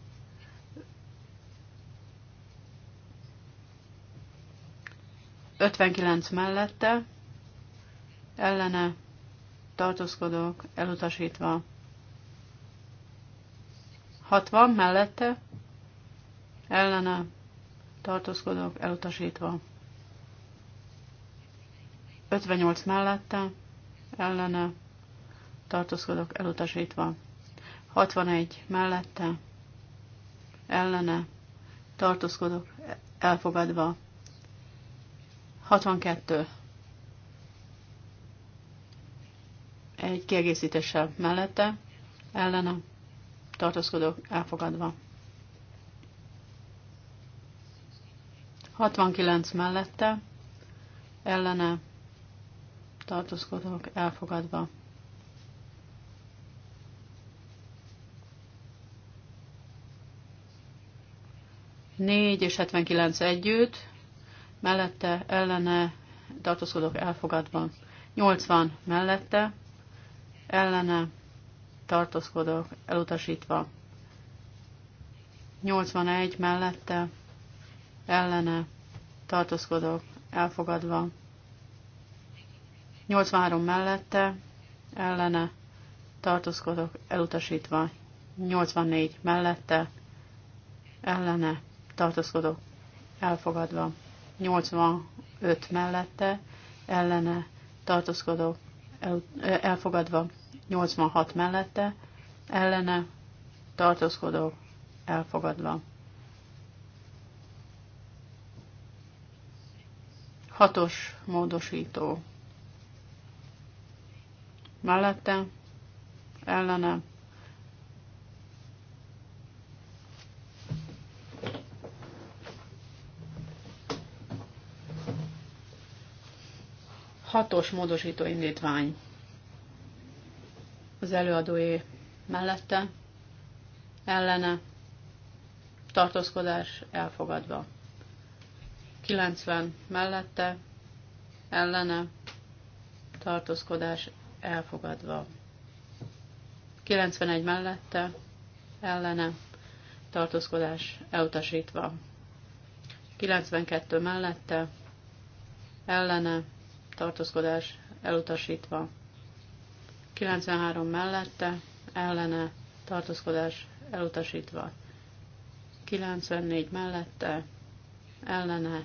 Ötvenkilenc mellette, ellene tartózkodok, elutasítva. 60 mellette, ellene tartózkodok, elutasítva. 58 mellette, ellene tartózkodok, elutasítva. 61 mellette, ellene, tartózkodok, elfogadva. 62. Egy kiegészítéssel mellette, ellene, tartózkodok, elfogadva. 69 mellette, ellene, tartózkodok, elfogadva. 4 és 79 együtt, mellette ellene tartózkodok elfogadva. 80 mellette ellene tartózkodok elutasítva. 81 mellette ellene tartózkodok elfogadva. 83 mellette ellene tartózkodok elutasítva. 84 mellette ellene tartózkodok elfogadva. 85 mellette ellene tartózkodok el, elfogadva. 86 mellette ellene tartózkodok elfogadva. Hatos módosító mellette ellene Hatos módosító indítvány az előadói mellette, ellene, tartózkodás elfogadva. 90 mellette, ellene, tartózkodás elfogadva. 91 mellette, ellene, tartózkodás elutasítva. 92 mellette, ellene, tartózkodás elutasítva. 93 mellette, ellene, tartózkodás elutasítva. 94 mellette, ellene,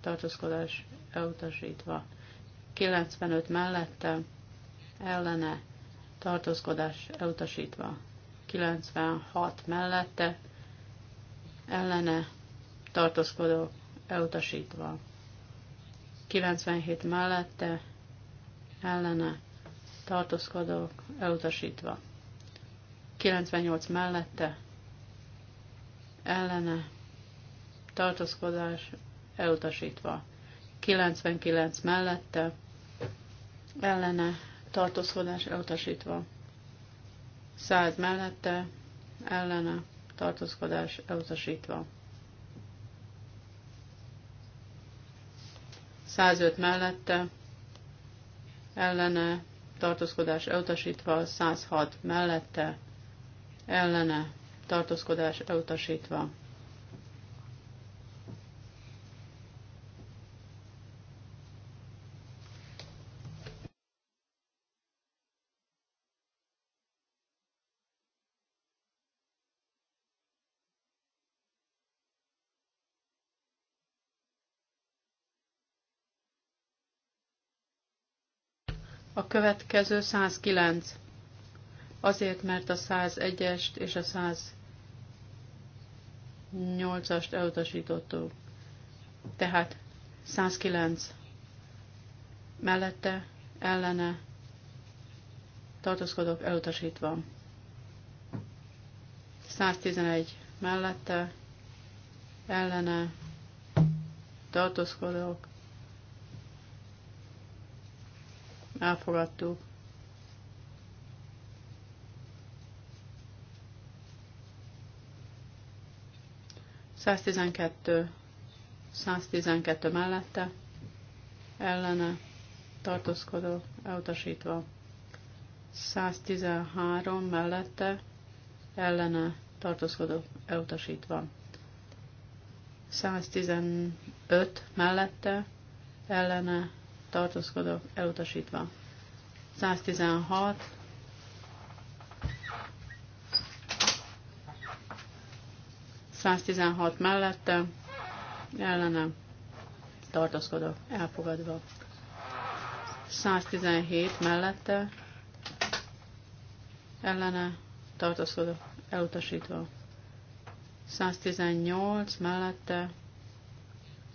tartózkodás elutasítva. 95 mellette, ellene, tartózkodás elutasítva. 96 mellette, ellene, tartózkodó elutasítva. 97 mellette ellene tartózkodók elutasítva. 98 mellette ellene tartózkodás elutasítva. 99 mellette ellene tartózkodás elutasítva. 100 mellette ellene tartózkodás elutasítva. 105 mellette, ellene, tartózkodás elutasítva, 106 mellette, ellene, tartózkodás elutasítva. A következő 109. Azért, mert a 101-est és a 108-ast elutasítottuk. Tehát 109. Mellette, ellene, tartózkodok elutasítva. 111. Mellette, ellene, tartózkodok Elfogadtuk. Száztizenkettő. száztizenkettő mellette, ellene tartózkodó, elutasítva. Száztizenhárom mellette, ellene tartózkodó, elutasítva. Száztizenöt mellette, ellene tartózkodok, elutasítva. 116, ...116 mellette, ellene, tartózkodok, elfogadva. 117 mellette, ellene, tartózkodok, elutasítva. 118 mellette,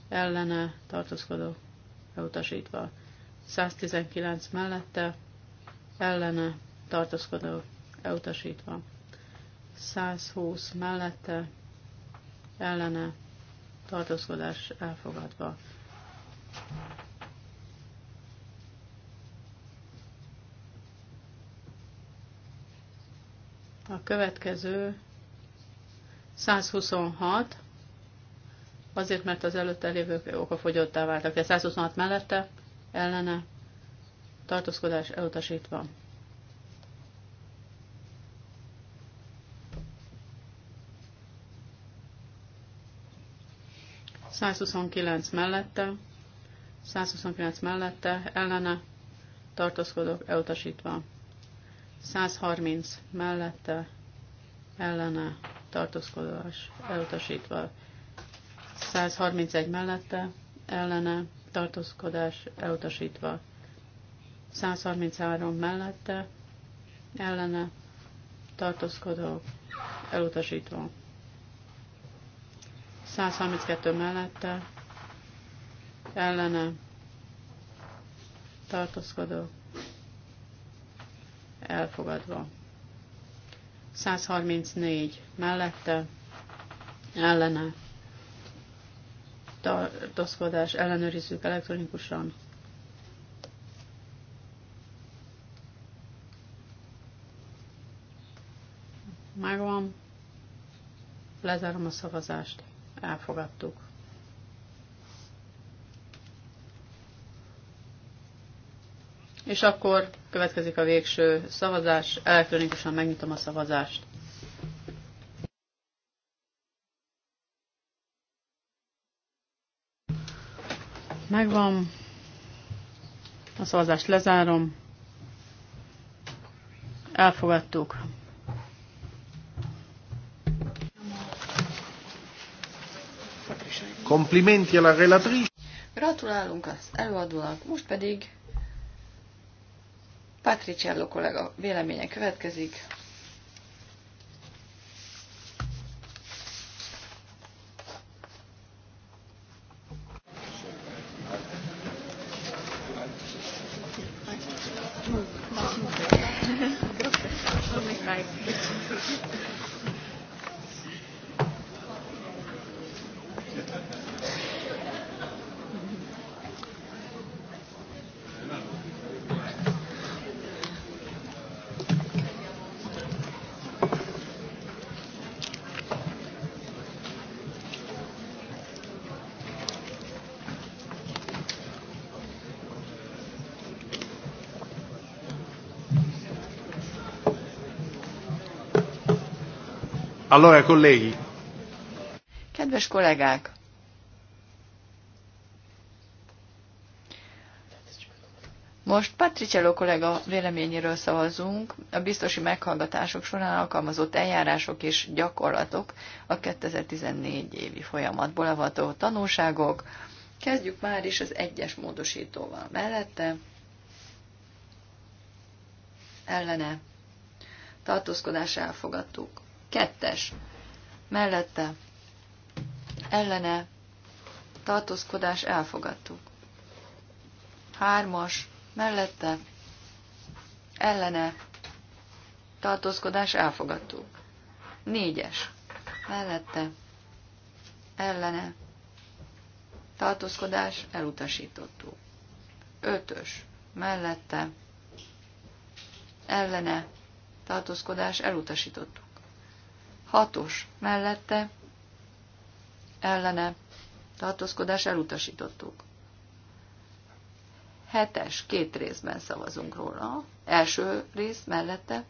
ellene, tartózkodok, elutasítva. 119 mellette, ellene, tartózkodó elutasítva. 120 mellette, ellene, tartózkodás elfogadva. A következő 126 Azért, mert az előtte lévők okafogyottá váltak, Tehát 126 mellette ellene tartózkodás elutasítva. ...129 mellette, 129 mellette, ellene, tartózkodok, elutasítva. 130 mellette, ellene, tartózkodás, elutasítva. 131 mellette ellene tartózkodás elutasítva. 133 mellette ellene tartózkodó elutasítva. 132 mellette ellene tartózkodó elfogadva. 134 mellette ellene tartózkodás ellenőrizzük elektronikusan. Megvan. Lezárom a szavazást. Elfogadtuk. És akkor következik a végső szavazás. Elektronikusan megnyitom a szavazást. megvan. A szavazást lezárom. Elfogadtuk. Komplimenti alla relatrice. Gratulálunk az előadónak, most pedig Patriciello kollega véleménye következik. Allora, colleghi. Kedves kollégák! Most Patriciello kollega véleményéről szavazunk a biztosi meghallgatások során alkalmazott eljárások és gyakorlatok a 2014 évi folyamatból avató tanulságok. Kezdjük már is az egyes módosítóval mellette. Ellene. Tartózkodás elfogadtuk. Kettes. Mellette. Ellene. Tartózkodás elfogadtuk. Hármas. Mellette. Ellene. Tartózkodás elfogadtuk. Négyes. Mellette. Ellene. Tartózkodás elutasítottuk. Ötös. Mellette. Ellene. Tartózkodás elutasítottuk. Hatos mellette ellene tartózkodás elutasítottuk. Hetes, két részben szavazunk róla. Első rész mellette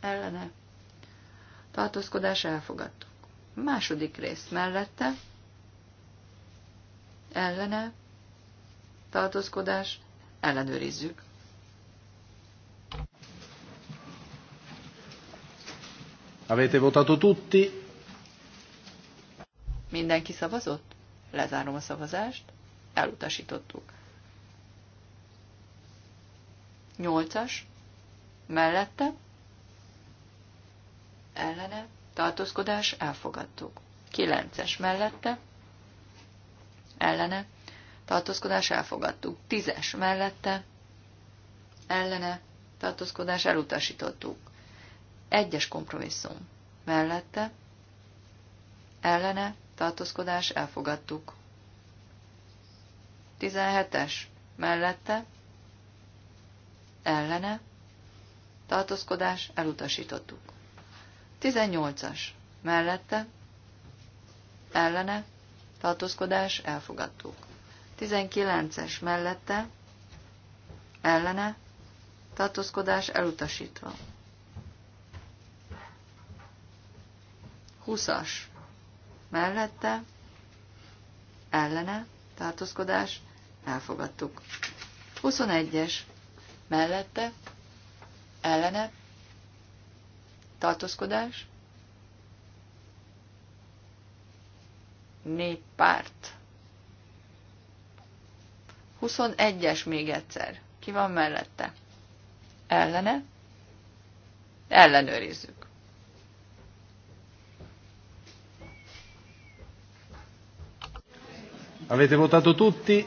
ellene tartózkodás elfogadtuk. Második rész mellette ellene tartózkodás ellenőrizzük. Avete votato tutti? Mindenki szavazott? Lezárom a szavazást. Elutasítottuk. Nyolcas. Mellette. Ellene. Tartózkodás. Elfogadtuk. Kilences. Mellette. Ellene. Tartózkodás. Elfogadtuk. Tízes. Mellette. Ellene. Tartózkodás. Elutasítottuk egyes kompromisszum. Mellette, ellene, tartózkodás, elfogadtuk. 17-es. Mellette, ellene, tartózkodás, elutasítottuk. 18-as. Mellette, ellene, tartózkodás, elfogadtuk. 19-es. Mellette, ellene, tartózkodás elutasítva. 20-as mellette, ellene, tartózkodás, elfogadtuk. 21-es mellette, ellene, tartózkodás, néppárt. párt. 21-es még egyszer. Ki van mellette? Ellene? Ellenőrizzük. Avete votato tutti?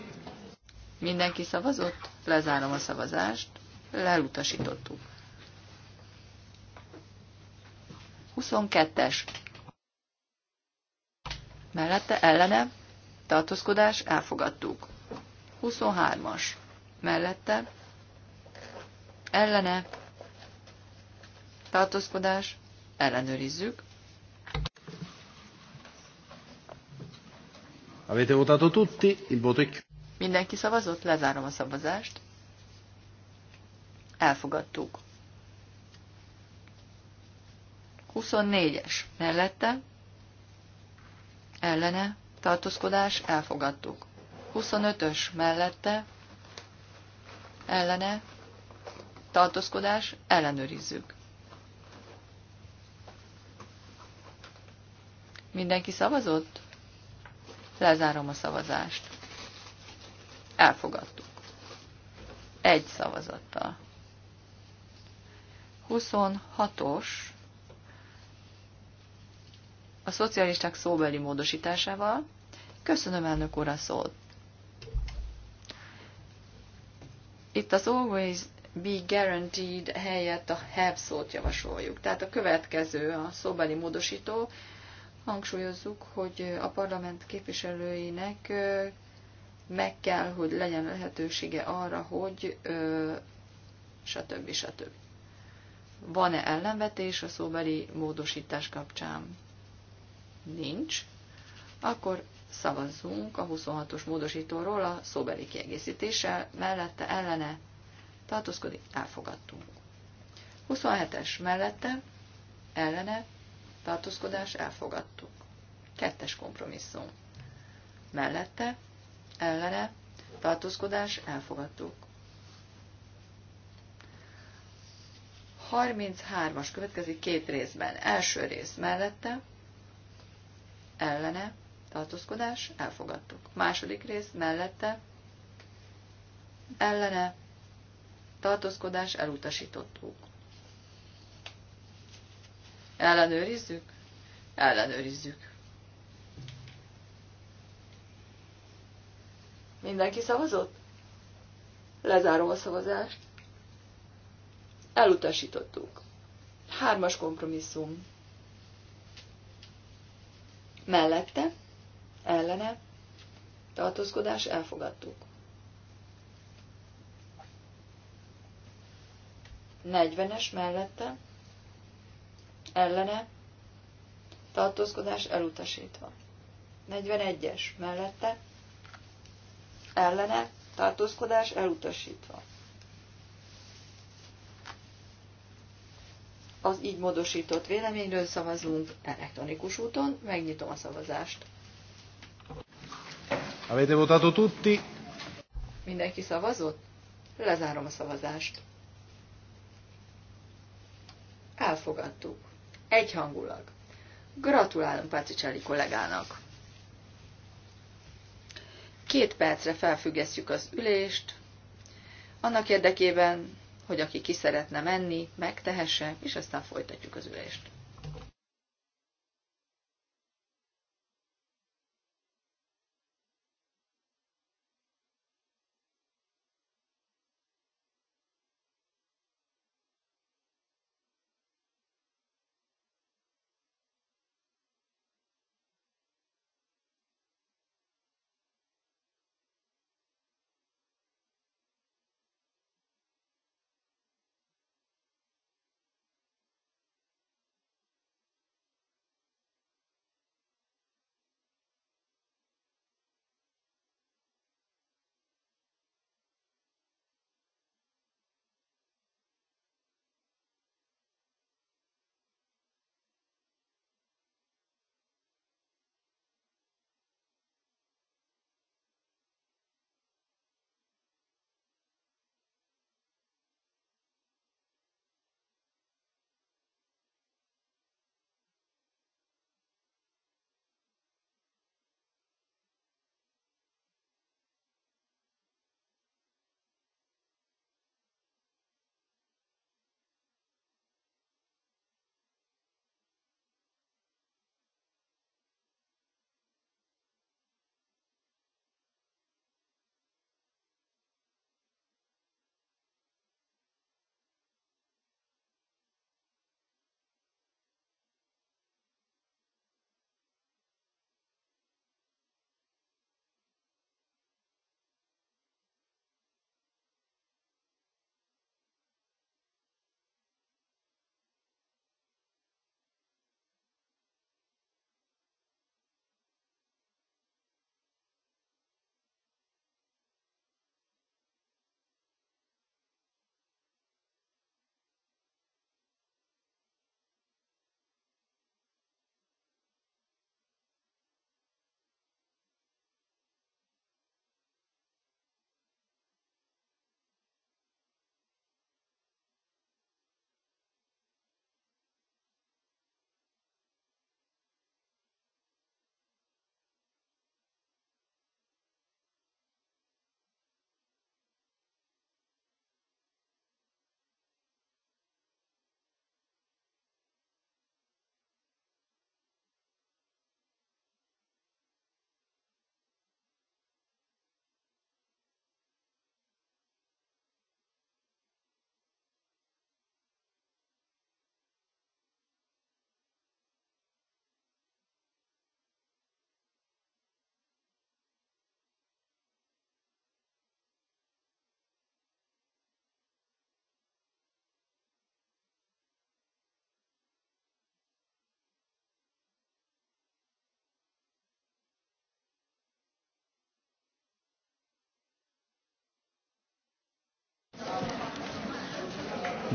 Mindenki szavazott? Lezárom a szavazást. Lelutasítottuk. 22-es. Mellette ellene tartózkodás elfogadtuk. 23-as. Mellette ellene tartózkodás ellenőrizzük. Avete votato tutti, il voto è chiuso. Mindenki szavazott, lezárom a szavazást. Elfogadtuk. 24-es mellette, ellene, tartózkodás, elfogadtuk. 25-ös mellette, ellene, tartózkodás, ellenőrizzük. Mindenki szavazott? Lezárom a szavazást. Elfogadtuk. Egy szavazattal. 26-os a szocialisták szóbeli módosításával. Köszönöm elnök úr a szót. Itt az always be guaranteed helyett a have szót javasoljuk. Tehát a következő, a szóbeli módosító, hangsúlyozzuk, hogy a parlament képviselőinek meg kell, hogy legyen lehetősége arra, hogy stb. stb. Van-e ellenvetés a szóbeli módosítás kapcsán? Nincs. Akkor szavazzunk a 26-os módosítóról a szóbeli kiegészítéssel, mellette ellene tartózkodik, elfogadtunk. 27-es mellette ellene tartózkodás elfogadtuk. Kettes kompromisszum. Mellette, ellene, tartózkodás elfogadtuk. 33-as következik két részben. Első rész mellette, ellene, tartózkodás, elfogadtuk. Második rész mellette, ellene, tartózkodás, elutasítottuk. Ellenőrizzük? Ellenőrizzük. Mindenki szavazott? Lezárom a szavazást. Elutasítottuk. Hármas kompromisszum. Mellette, ellene, tartózkodás elfogadtuk. 40-es mellette, ellene, tartózkodás elutasítva. 41-es mellette, ellene, tartózkodás elutasítva. Az így módosított véleményről szavazunk elektronikus úton, megnyitom a szavazást. Avete votato tutti? Mindenki szavazott? Lezárom a szavazást. Elfogadtuk egyhangulag. Gratulálunk Patricelli kollégának! Két percre felfüggesztjük az ülést, annak érdekében, hogy aki ki szeretne menni, megtehesse, és aztán folytatjuk az ülést.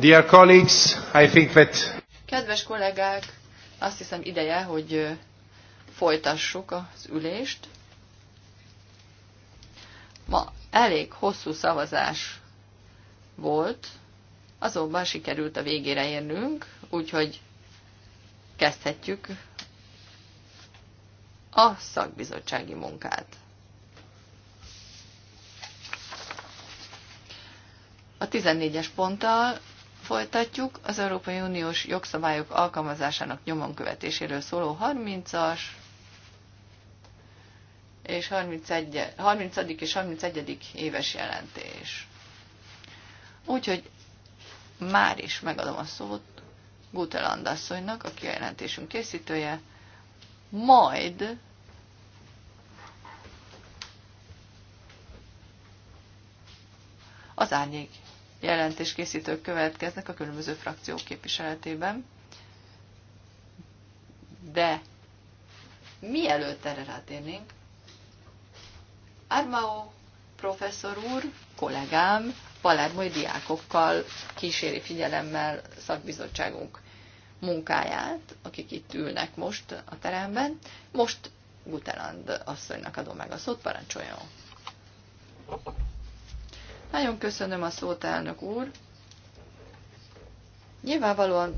Dear colleagues, I think that... Kedves kollégák, azt hiszem ideje, hogy folytassuk az ülést. Ma elég hosszú szavazás volt, azonban sikerült a végére érnünk, úgyhogy kezdhetjük a szakbizottsági munkát. A 14-es ponttal Folytatjuk az Európai Uniós jogszabályok alkalmazásának nyomon követéséről szóló 30-as és 31, 30. és 31. éves jelentés. Úgyhogy már is megadom a szót Guteland asszonynak, aki a jelentésünk készítője, majd az árnyék jelentéskészítők következnek a különböző frakciók képviseletében. De mielőtt erre rátérnénk, Armao professzor úr, kollégám, palermói diákokkal kíséri figyelemmel szakbizottságunk munkáját, akik itt ülnek most a teremben. Most Guteland asszonynak adom meg a szót, parancsoljon. Nagyon köszönöm a szót, elnök úr. Nyilvánvalóan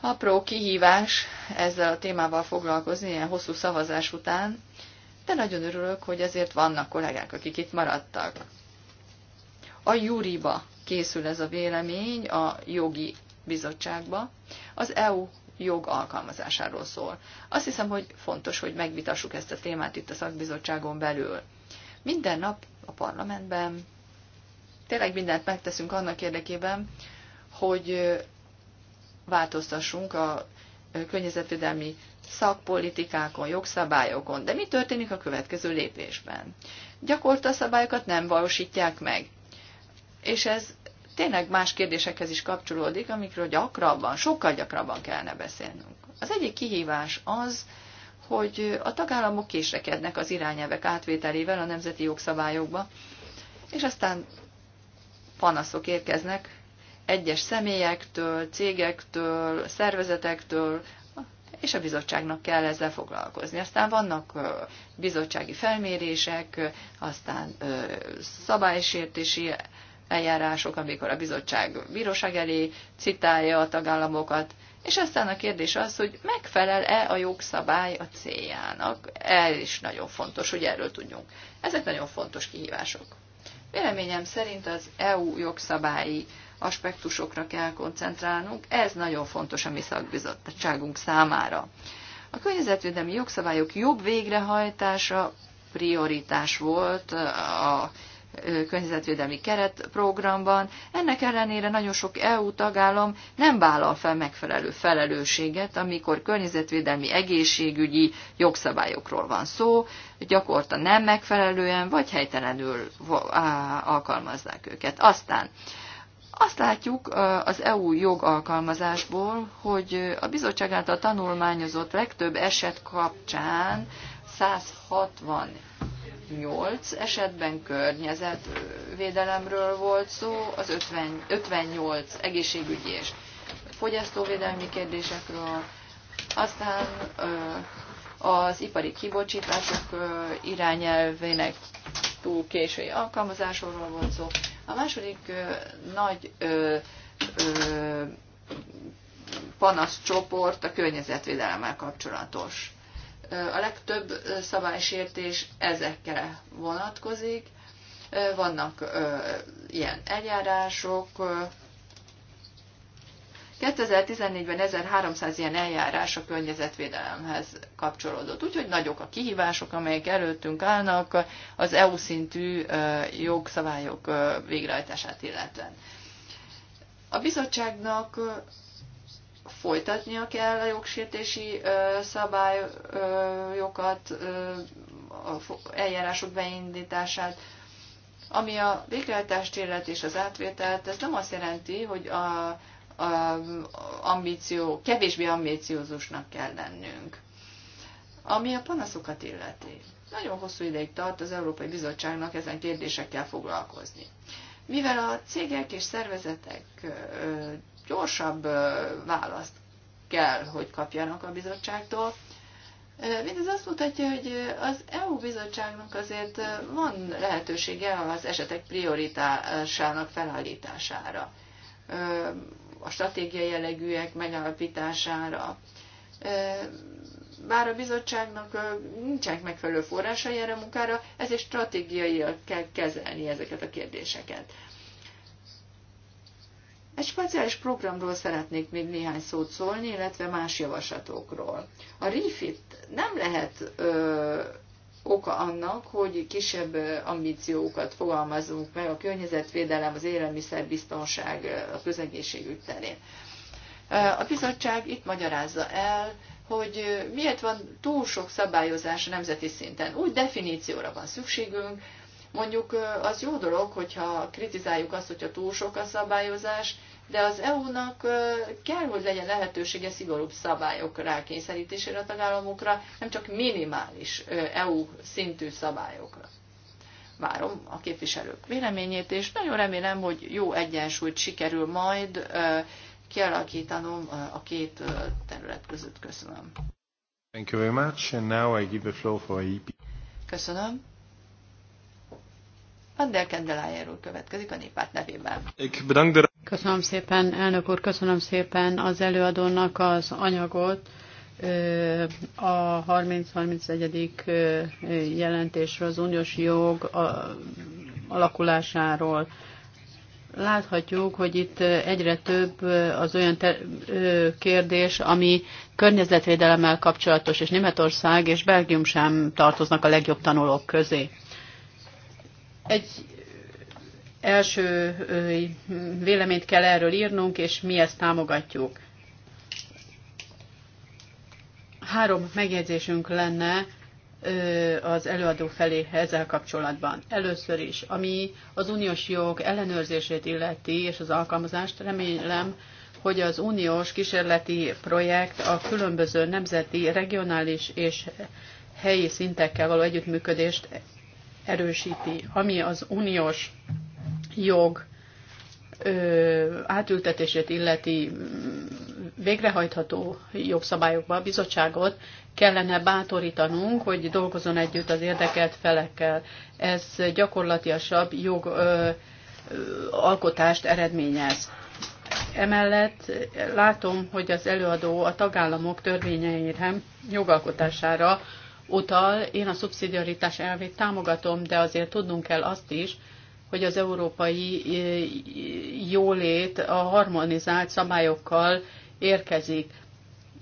apró kihívás ezzel a témával foglalkozni ilyen hosszú szavazás után, de nagyon örülök, hogy ezért vannak kollégák, akik itt maradtak. A júriba készül ez a vélemény, a jogi bizottságba. Az EU jog alkalmazásáról szól. Azt hiszem, hogy fontos, hogy megvitassuk ezt a témát itt a szakbizottságon belül. Minden nap a parlamentben tényleg mindent megteszünk annak érdekében, hogy változtassunk a környezetvédelmi szakpolitikákon, jogszabályokon. De mi történik a következő lépésben? Gyakorta szabályokat nem valósítják meg. És ez tényleg más kérdésekhez is kapcsolódik, amikről gyakrabban, sokkal gyakrabban kellene beszélnünk. Az egyik kihívás az, hogy a tagállamok késrekednek az irányelvek átvételével a nemzeti jogszabályokba, és aztán panaszok érkeznek egyes személyektől, cégektől, szervezetektől, és a bizottságnak kell ezzel foglalkozni. Aztán vannak bizottsági felmérések, aztán szabálysértési eljárások, amikor a bizottság bíróság elé citálja a tagállamokat, és aztán a kérdés az, hogy megfelel-e a jogszabály a céljának. Ez is nagyon fontos, hogy erről tudjunk. Ezek nagyon fontos kihívások. Véleményem szerint az EU jogszabályi aspektusokra kell koncentrálnunk, ez nagyon fontos a mi szakbizottságunk számára. A környezetvédelmi jogszabályok jobb végrehajtása prioritás volt a környezetvédelmi keretprogramban. Ennek ellenére nagyon sok EU tagállam nem vállal fel megfelelő felelősséget, amikor környezetvédelmi egészségügyi jogszabályokról van szó, gyakorta nem megfelelően vagy helytelenül alkalmazzák őket. Aztán azt látjuk az EU jogalkalmazásból, hogy a bizottság által tanulmányozott legtöbb eset kapcsán 160 8 esetben környezetvédelemről volt szó, az 50, 58 egészségügyi és fogyasztóvédelmi kérdésekről, aztán az ipari kibocsítások irányelvének túl késői alkalmazásról volt szó. A második nagy panaszcsoport a környezetvédelemmel kapcsolatos. A legtöbb szabálysértés ezekre vonatkozik. Vannak ilyen eljárások. 2014-ben 1300 ilyen eljárás a környezetvédelemhez kapcsolódott. Úgyhogy nagyok a kihívások, amelyek előttünk állnak az EU szintű jogszabályok végrehajtását illetve. A bizottságnak folytatnia kell a jogsértési szabályokat, eljárások beindítását. Ami a végrehajtást illet és az átvételt, ez nem azt jelenti, hogy a, a ambíció, kevésbé ambíciózusnak kell lennünk. Ami a panaszokat illeti. Nagyon hosszú ideig tart az Európai Bizottságnak ezen kérdésekkel foglalkozni. Mivel a cégek és szervezetek gyorsabb választ kell, hogy kapjanak a bizottságtól. Mindez azt mutatja, hogy az EU bizottságnak azért van lehetősége az esetek prioritásának felállítására, a stratégia jellegűek megállapítására. Bár a bizottságnak nincsenek megfelelő forrásai erre a munkára, ezért stratégiailag kell kezelni ezeket a kérdéseket. Egy speciális programról szeretnék még néhány szót szólni, illetve más javaslatokról. A refit nem lehet ö, oka annak, hogy kisebb ambíciókat fogalmazunk meg a környezetvédelem, az élelmiszerbiztonság, a közegészségügy terén. A bizottság itt magyarázza el, hogy miért van túl sok szabályozás a nemzeti szinten. Úgy definícióra van szükségünk, mondjuk az jó dolog, hogyha kritizáljuk azt, hogyha túl sok a szabályozás, de az EU-nak kell, hogy legyen lehetősége szigorúbb szabályok rákényszerítésére a tagállamokra, nem csak minimális EU szintű szabályokra. Várom a képviselők véleményét, és nagyon remélem, hogy jó egyensúlyt sikerül majd kialakítanom a két terület között. Köszönöm. Thank you very much, and now I give the floor for EP. Köszönöm. Van Kendelájáról következik a néppárt nevében. Köszönöm szépen, elnök úr, köszönöm szépen az előadónak az anyagot. A 30-31. jelentésről az uniós jog alakulásáról láthatjuk, hogy itt egyre több az olyan kérdés, ami környezetvédelemmel kapcsolatos, és Németország és Belgium sem tartoznak a legjobb tanulók közé. Egy első véleményt kell erről írnunk, és mi ezt támogatjuk. Három megjegyzésünk lenne az előadó felé ezzel kapcsolatban. Először is, ami az uniós jog ellenőrzését illeti, és az alkalmazást, remélem, hogy az uniós kísérleti projekt a különböző nemzeti, regionális és helyi szintekkel való együttműködést erősíti, ami az uniós jog ö, átültetését illeti mm, végrehajtható jogszabályokba a bizottságot kellene bátorítanunk, hogy dolgozon együtt az érdekelt felekkel. Ez gyakorlatiasabb jogalkotást eredményez. Emellett látom, hogy az előadó a tagállamok törvényeire, jogalkotására utal. Én a szubszidiaritás elvét támogatom, de azért tudnunk kell azt is, hogy az európai e, jólét a harmonizált szabályokkal érkezik.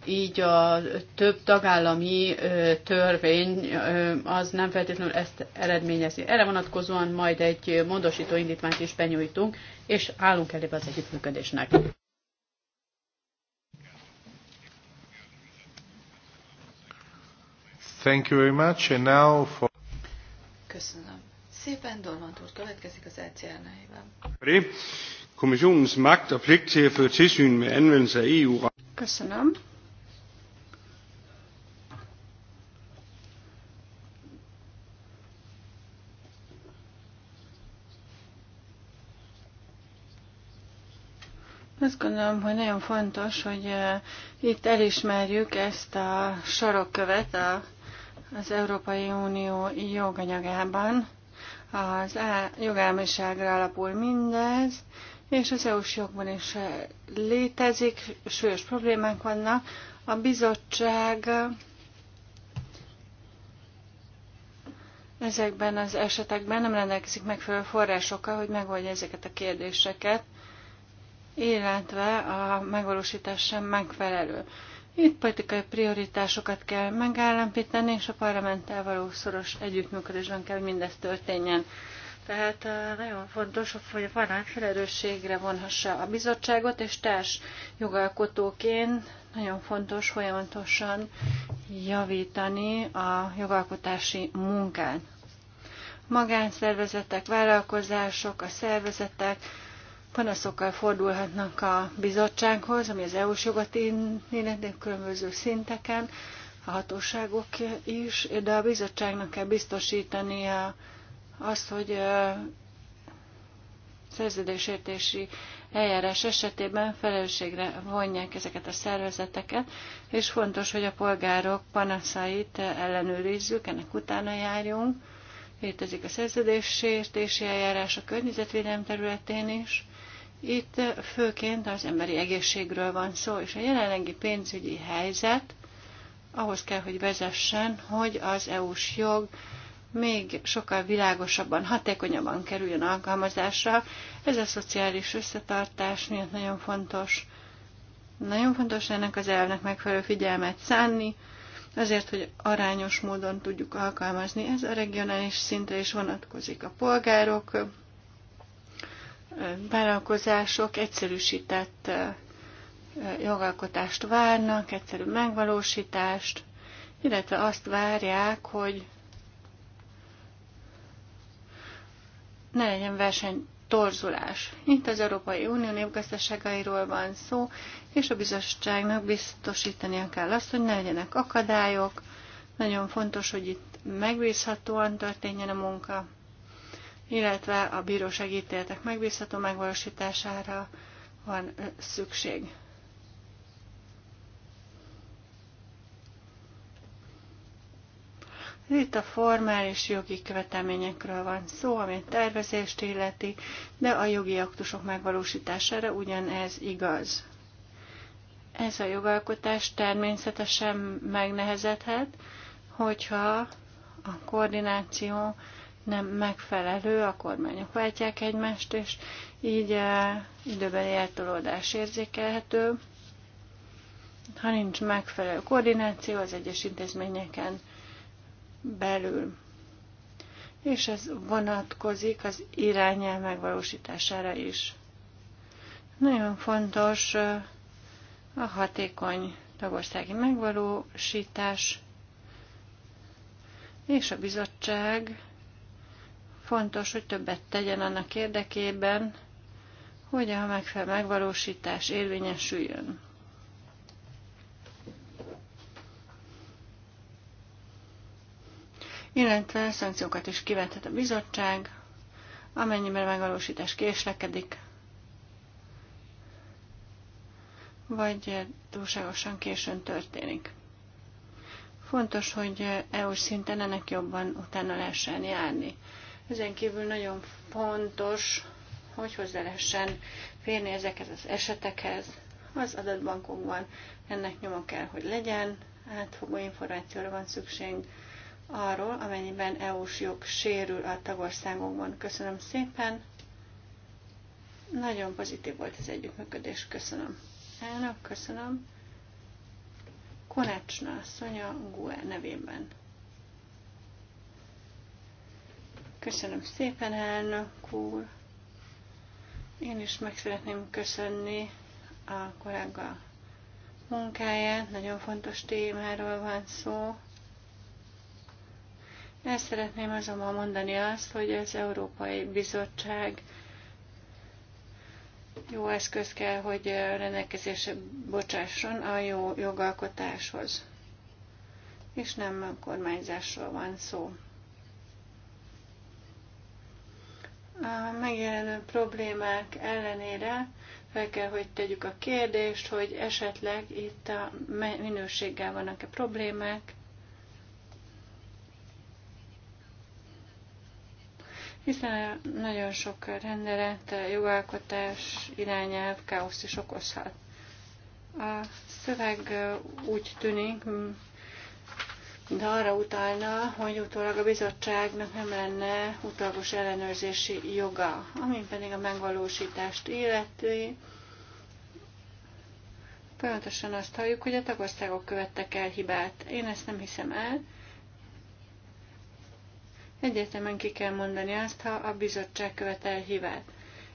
Így a több tagállami e, törvény e, az nem feltétlenül ezt eredményezi. Erre vonatkozóan majd egy módosító indítványt is benyújtunk, és állunk elébe az együttműködésnek. Thank you very much. And now for... Köszönöm szépen, Dormant úr következik az ECR nevében. Kommissionens magt og pligt til at føre tilsyn med anvendelse af EU. Köszönöm. Azt gondolom, hogy nagyon fontos, hogy eh, itt elismerjük ezt a sarokkövet a, az Európai Unió joganyagában az e- jogállamiságra alapul mindez, és az EU-s jogban is létezik, súlyos problémák vannak. A bizottság ezekben az esetekben nem rendelkezik megfelelő forrásokkal, hogy megoldja ezeket a kérdéseket, illetve a megvalósítás sem megfelelő. Itt politikai prioritásokat kell megállapítani, és a parlamenttel való szoros együttműködésben kell, hogy mindez történjen. Tehát eh, nagyon fontos, hogy a parlament felelősségre vonhassa a bizottságot, és társ jogalkotóként nagyon fontos folyamatosan javítani a jogalkotási munkán. Magánszervezetek, vállalkozások, a szervezetek, panaszokkal fordulhatnak a bizottsághoz, ami az EU-s jogot illeti különböző szinteken, a hatóságok is, de a bizottságnak kell biztosítania azt, hogy szerződésértési eljárás esetében felelősségre vonják ezeket a szervezeteket, és fontos, hogy a polgárok panaszait ellenőrizzük, ennek utána járjunk. Létezik a szerződésértési eljárás a környezetvédelem területén is, itt főként az emberi egészségről van szó, és a jelenlegi pénzügyi helyzet ahhoz kell, hogy vezessen, hogy az EU-s jog még sokkal világosabban, hatékonyabban kerüljön alkalmazásra. Ez a szociális összetartás miatt nagyon fontos. Nagyon fontos ennek az elvnek megfelelő figyelmet szánni, azért, hogy arányos módon tudjuk alkalmazni. Ez a regionális szintre is vonatkozik a polgárok vállalkozások egyszerűsített jogalkotást várnak, egyszerű megvalósítást, illetve azt várják, hogy ne legyen verseny torzulás. Itt az Európai Unió népgazdaságairól van szó, és a bizottságnak biztosítania kell azt, hogy ne legyenek akadályok. Nagyon fontos, hogy itt megbízhatóan történjen a munka illetve a bíróság ítéletek megbízható megvalósítására van szükség. Itt a formális jogi követelményekről van szó, ami tervezést illeti, de a jogi aktusok megvalósítására ugyanez igaz. Ez a jogalkotás természetesen megnehezedhet, hogyha a koordináció nem megfelelő, a kormányok váltják egymást, és így eh, időbeli eltolódás érzékelhető. Ha nincs megfelelő koordináció az egyes intézményeken belül, és ez vonatkozik az irányel megvalósítására is. Nagyon fontos eh, a hatékony tagországi megvalósítás, és a bizottság Fontos, hogy többet tegyen annak érdekében, hogy a megfelelő megvalósítás érvényesüljön. Illetve szankciókat is kivethet a bizottság, amennyiben a megvalósítás késlekedik, vagy túlságosan későn történik. Fontos, hogy EU szinten ennek jobban utána lehessen járni. Ezen kívül nagyon fontos, hogy hozzá lehessen férni ezekhez az esetekhez. Az adatbankokban ennek nyoma kell, hogy legyen, átfogó információra van szükség arról, amennyiben EU-s jog sérül a tagországokban. Köszönöm szépen! Nagyon pozitív volt az együttműködés, köszönöm. Elnök, köszönöm. Konácsna, Szonya Gue nevében. Köszönöm szépen, elnök úr. Én is meg szeretném köszönni a kollega munkáját, nagyon fontos témáról van szó. El szeretném azonban mondani azt, hogy az Európai Bizottság jó eszköz kell, hogy rendelkezésre bocsásson a jó jogalkotáshoz. És nem a kormányzásról van szó. A megjelenő problémák ellenére fel kell, hogy tegyük a kérdést, hogy esetleg itt a minőséggel vannak-e problémák, hiszen nagyon sok rendelet, jogalkotás, irányelv káoszt is okozhat. A szöveg úgy tűnik, de arra utalna, hogy utólag a bizottságnak nem lenne utolagos ellenőrzési joga, ami pedig a megvalósítást illeti. Pontosan azt halljuk, hogy a tagországok követtek el hibát. Én ezt nem hiszem el. Egyértelműen ki kell mondani azt, ha a bizottság követel hibát.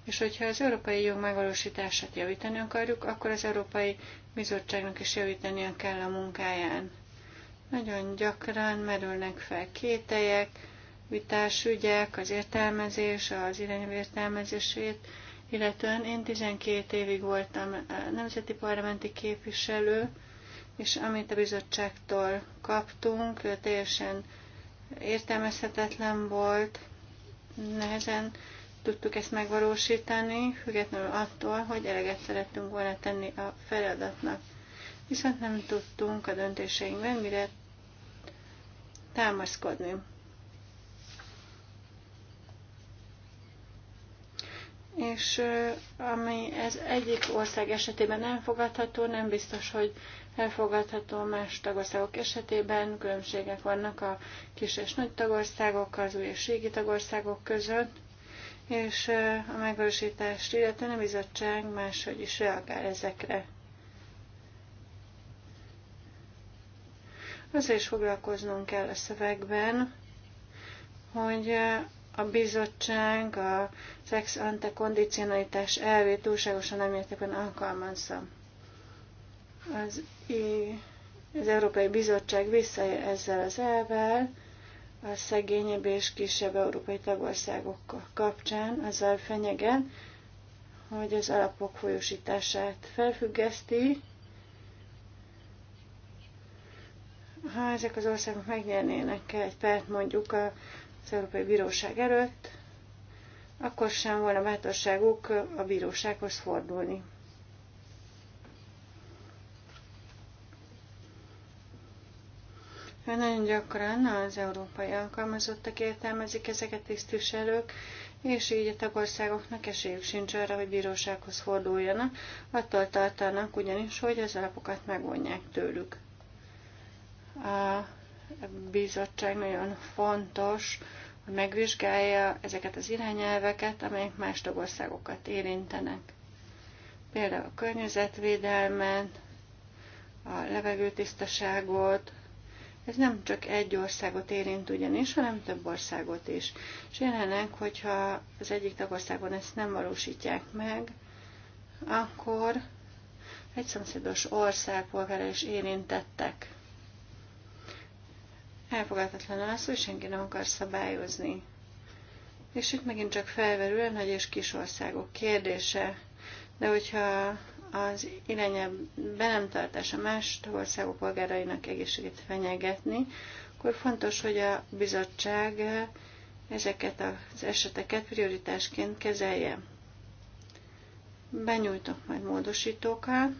És hogyha az európai jog megvalósítását javítani akarjuk, akkor az Európai Bizottságnak is javítania kell a munkáján. Nagyon gyakran merülnek fel kételyek, vitásügyek, az értelmezés, az irányú értelmezését, illetően én 12 évig voltam nemzeti parlamenti képviselő, és amit a bizottságtól kaptunk, teljesen értelmezhetetlen volt, nehezen tudtuk ezt megvalósítani, függetlenül attól, hogy eleget szerettünk volna tenni a feladatnak. Viszont nem tudtunk a döntéseinkben mire támaszkodni. És ami ez egyik ország esetében nem fogadható, nem biztos, hogy elfogadható más tagországok esetében. Különbségek vannak a kis és nagy tagországok, az új és régi tagországok között, és a megvalósítást illetve a bizottság máshogy is reagál ezekre. Azzal is foglalkoznunk kell a szövegben, hogy a bizottság a szex ante kondicionalitás elvét túlságosan nem értékben alkalmazza. Az, az Európai Bizottság visszaél ezzel az elvel, a szegényebb és kisebb európai tagországok kapcsán azzal fenyegen, hogy az alapok folyosítását felfüggeszti, ha ezek az országok megnyernének egy pert mondjuk az Európai Bíróság előtt, akkor sem volna bátorságuk a bírósághoz fordulni. Hát nagyon gyakran az európai alkalmazottak értelmezik ezeket tisztviselők, és így a tagországoknak esélyük sincs arra, hogy bírósághoz forduljanak, attól tartanak ugyanis, hogy az alapokat megvonják tőlük. A bizottság nagyon fontos, hogy megvizsgálja ezeket az irányelveket, amelyek más tagországokat érintenek. Például a környezetvédelmet, a levegőtisztaságot, ez nem csak egy országot érint ugyanis, hanem több országot is. És jelenleg, hogyha az egyik tagországban ezt nem valósítják meg, akkor egy szomszédos ország polgára is érintettek elfogadhatatlan az, hogy senki nem akar szabályozni. És itt megint csak felverül a nagy és kis országok kérdése. De hogyha az irányelv be nem tartása más országok polgárainak egészségét fenyegetni, akkor fontos, hogy a bizottság ezeket az eseteket prioritásként kezelje. Benyújtok majd módosítókat,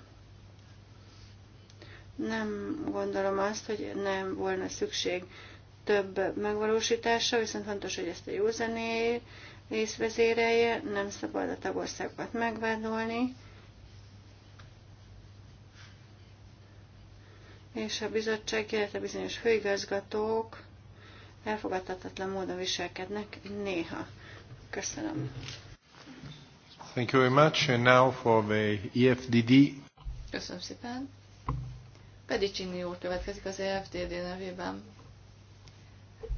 nem gondolom azt, hogy nem volna szükség több megvalósításra, viszont fontos, hogy ezt a jó zené részvezérelje, nem szabad a tagországokat megvádolni. És a bizottság, illetve bizonyos főigazgatók elfogadhatatlan módon viselkednek néha. Köszönöm. Thank you very much. And now for the EFDD. Köszönöm szépen. Pedicsini úr következik az EFTD nevében.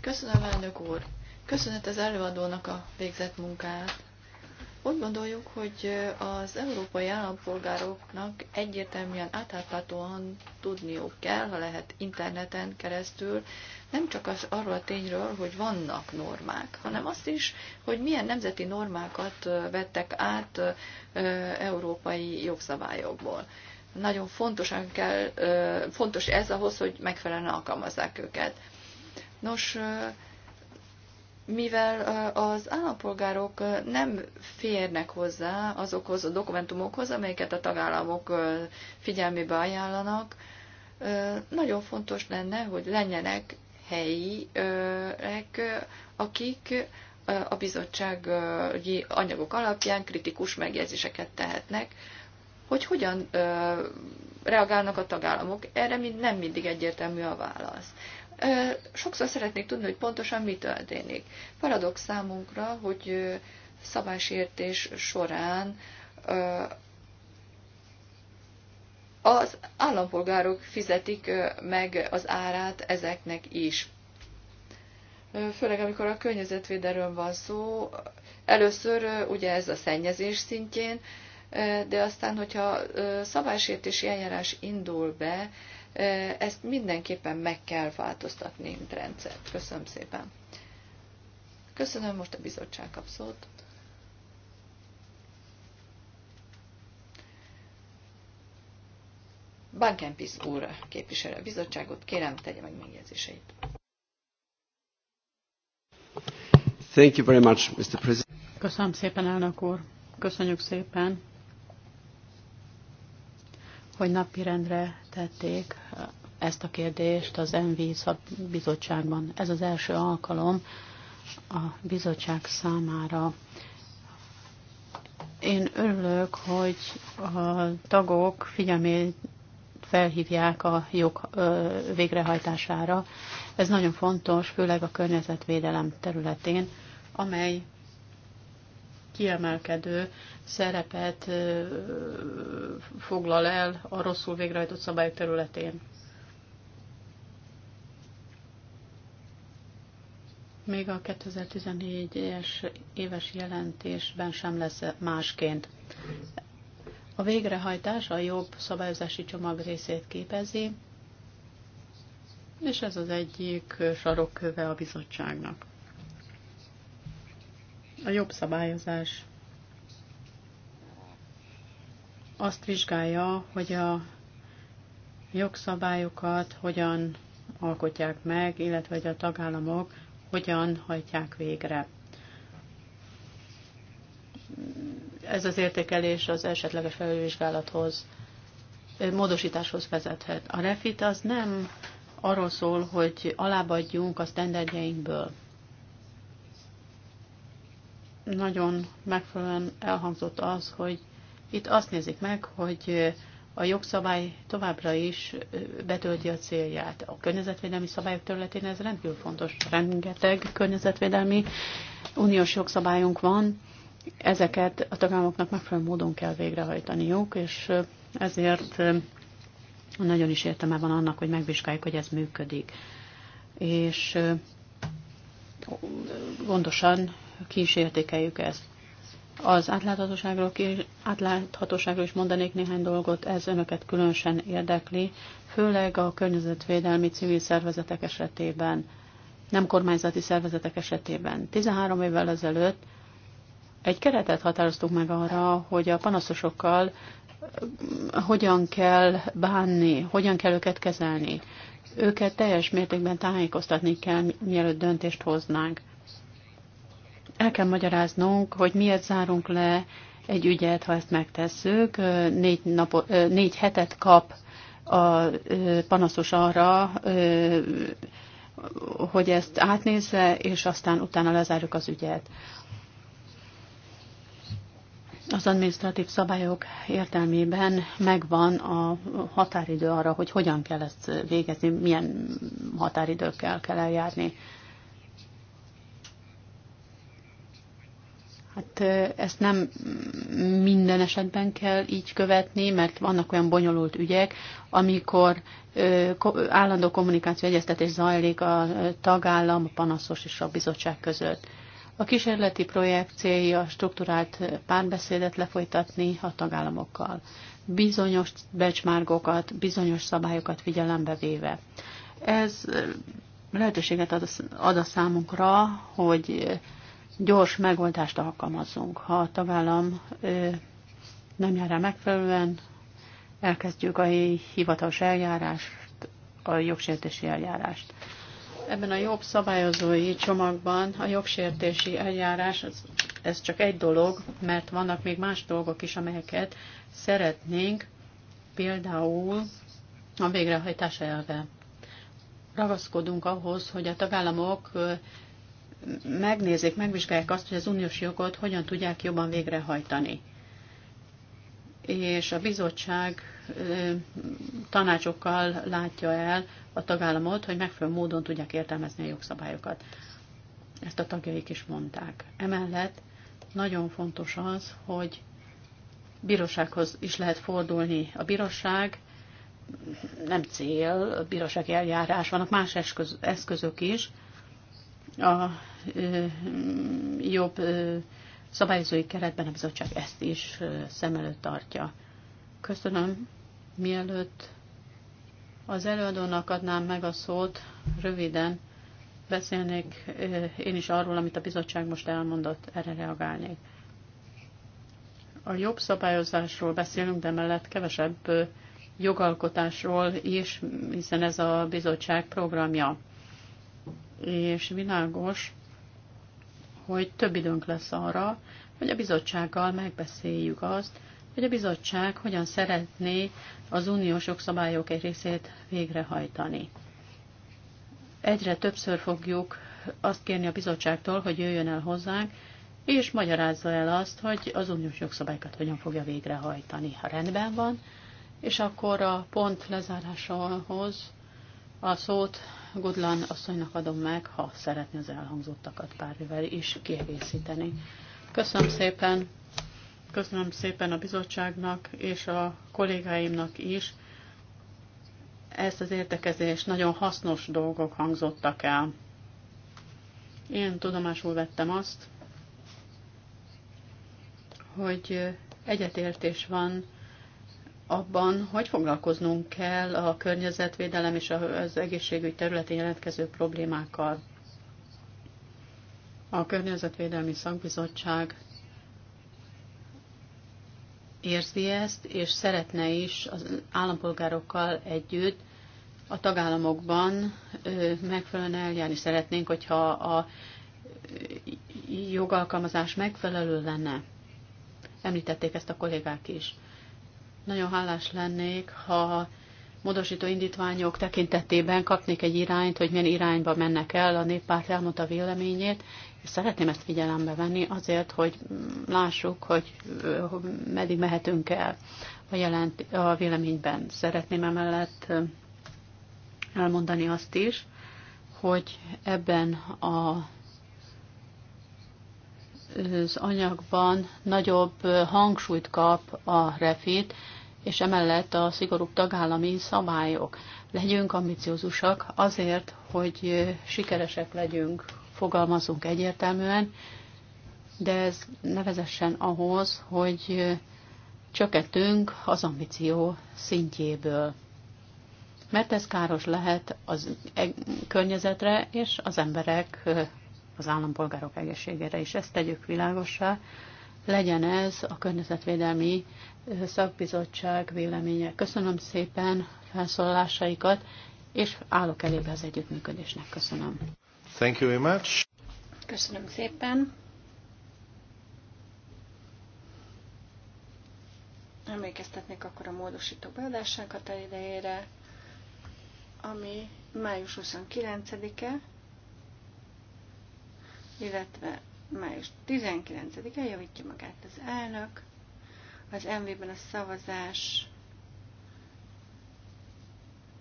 Köszönöm, elnök úr! Köszönet az előadónak a végzett munkát. Úgy gondoljuk, hogy az európai állampolgároknak egyértelműen átláthatóan tudniuk kell, ha lehet interneten keresztül, nem csak az, arról a tényről, hogy vannak normák, hanem azt is, hogy milyen nemzeti normákat vettek át európai jogszabályokból nagyon fontos kell, fontos ez ahhoz, hogy megfelelően alkalmazzák őket. Nos, mivel az állampolgárok nem férnek hozzá azokhoz a dokumentumokhoz, amelyeket a tagállamok figyelmébe ajánlanak, nagyon fontos lenne, hogy lenjenek helyiek, akik a bizottsági anyagok alapján kritikus megjegyzéseket tehetnek, hogy hogyan reagálnak a tagállamok. Erre mind, nem mindig egyértelmű a válasz. Sokszor szeretnék tudni, hogy pontosan mi történik. Paradox számunkra, hogy szabásértés során az állampolgárok fizetik meg az árát ezeknek is. Főleg, amikor a környezetvédelről van szó, először ugye ez a szennyezés szintjén, de aztán, hogyha szabálysértési eljárás indul be, ezt mindenképpen meg kell változtatni, mint rendszert. Köszönöm szépen. Köszönöm, most a bizottság kap szót. Bankenpisz úr képviselő a bizottságot, kérem, tegye meg megjegyzéseit. Thank you very much, Mr. President. Köszönöm szépen, elnök úr. Köszönjük szépen hogy napirendre tették eh, ezt a kérdést az MV bizottságban. Ez az első alkalom a bizottság számára. Én örülök, hogy a tagok figyelmét felhívják a jog végrehajtására. Ez nagyon fontos, főleg a környezetvédelem területén, amely kiemelkedő szerepet foglal el a rosszul végrehajtott szabályok területén. Még a 2014-es éves jelentésben sem lesz másként. A végrehajtás a jobb szabályozási csomag részét képezi, és ez az egyik sarokköve a bizottságnak a jobb szabályozás azt vizsgálja, hogy a jogszabályokat hogyan alkotják meg, illetve hogy a tagállamok hogyan hajtják végre. Ez az értékelés az esetleges felülvizsgálathoz, módosításhoz vezethet. A refit az nem arról szól, hogy alábbadjunk a standardjeinkből nagyon megfelelően elhangzott az, hogy itt azt nézik meg, hogy a jogszabály továbbra is betölti a célját. A környezetvédelmi szabályok területén ez rendkívül fontos. Rengeteg környezetvédelmi uniós jogszabályunk van, ezeket a tagállamoknak megfelelő módon kell végrehajtaniuk, és ezért nagyon is értelme van annak, hogy megvizsgáljuk, hogy ez működik. És gondosan kísértékeljük ezt. Az átláthatóságról, átláthatóságról is mondanék néhány dolgot, ez önöket különösen érdekli, főleg a környezetvédelmi civil szervezetek esetében, nem kormányzati szervezetek esetében. 13 évvel ezelőtt egy keretet határoztuk meg arra, hogy a panaszosokkal hogyan kell bánni, hogyan kell őket kezelni. Őket teljes mértékben tájékoztatni kell, mielőtt döntést hoznánk el kell magyaráznunk, hogy miért zárunk le egy ügyet, ha ezt megtesszük. Négy, napo, négy hetet kap a panaszos arra, hogy ezt átnézze, és aztán utána lezárjuk az ügyet. Az administratív szabályok értelmében megvan a határidő arra, hogy hogyan kell ezt végezni, milyen határidőkkel kell eljárni. Hát ezt nem minden esetben kell így követni, mert vannak olyan bonyolult ügyek, amikor állandó kommunikáció egyeztetés zajlik a tagállam, a panaszos és a bizottság között. A kísérleti projekt célja struktúrált párbeszédet lefolytatni a tagállamokkal, bizonyos becsmárgokat, bizonyos szabályokat figyelembe véve. Ez lehetőséget ad a számunkra, hogy gyors megoldást alkalmazzunk. Ha a tagállam nem jár el megfelelően, elkezdjük a hivatalos eljárást, a jogsértési eljárást. Ebben a jobb szabályozói csomagban a jogsértési eljárás, az, ez csak egy dolog, mert vannak még más dolgok is, amelyeket szeretnénk, például a végrehajtás elve. Ragaszkodunk ahhoz, hogy a tagállamok megnézik, megvizsgálják azt, hogy az uniós jogot hogyan tudják jobban végrehajtani. És a bizottság tanácsokkal látja el a tagállamot, hogy megfelelő módon tudják értelmezni a jogszabályokat. Ezt a tagjaik is mondták. Emellett nagyon fontos az, hogy bírósághoz is lehet fordulni. A bíróság nem cél, a bírósági eljárás, vannak más eszközök is. A jobb szabályozói keretben a bizottság ezt is szem előtt tartja. Köszönöm. Mielőtt az előadónak adnám meg a szót, röviden beszélnék én is arról, amit a bizottság most elmondott, erre reagálnék. A jobb szabályozásról beszélünk, de mellett kevesebb jogalkotásról is, hiszen ez a bizottság programja. És világos, hogy több időnk lesz arra, hogy a bizottsággal megbeszéljük azt, hogy a bizottság hogyan szeretné az uniós jogszabályok egy részét végrehajtani. Egyre többször fogjuk azt kérni a bizottságtól, hogy jöjjön el hozzánk, és magyarázza el azt, hogy az uniós jogszabályokat hogyan fogja végrehajtani, ha rendben van, és akkor a pont lezárásához a szót Gudlan asszonynak adom meg, ha szeretné az elhangzottakat párvivel is kiegészíteni. Köszönöm szépen, köszönöm szépen a bizottságnak és a kollégáimnak is. Ezt az értekezést nagyon hasznos dolgok hangzottak el. Én tudomásul vettem azt, hogy egyetértés van abban, hogy foglalkoznunk kell a környezetvédelem és az egészségügy területén jelentkező problémákkal. A Környezetvédelmi Szakbizottság érzi ezt, és szeretne is az állampolgárokkal együtt a tagállamokban megfelelően eljárni. Szeretnénk, hogyha a jogalkalmazás megfelelő lenne. Említették ezt a kollégák is. Nagyon hálás lennék, ha módosító indítványok tekintetében kapnék egy irányt, hogy milyen irányba mennek el, a néppárt elmondta véleményét, és szeretném ezt figyelembe venni azért, hogy lássuk, hogy meddig mehetünk el a, jelent, a véleményben. Szeretném emellett elmondani azt is, hogy ebben a az anyagban nagyobb hangsúlyt kap a refit, és emellett a szigorúbb tagállami szabályok. Legyünk ambiciózusak azért, hogy sikeresek legyünk, fogalmazunk egyértelműen, de ez nevezessen ahhoz, hogy csökkentünk az ambíció szintjéből. Mert ez káros lehet az e- környezetre és az emberek az állampolgárok egészségére, és ezt tegyük világossá. Legyen ez a Környezetvédelmi Szakbizottság véleménye. Köszönöm szépen felszólalásaikat, és állok elébe az együttműködésnek. Köszönöm. Thank you very much. Köszönöm szépen. Emlékeztetnék akkor a módosító beadásának a idejére, ami május 29-e, illetve május 19-e javítja magát az elnök. Az MV-ben a szavazás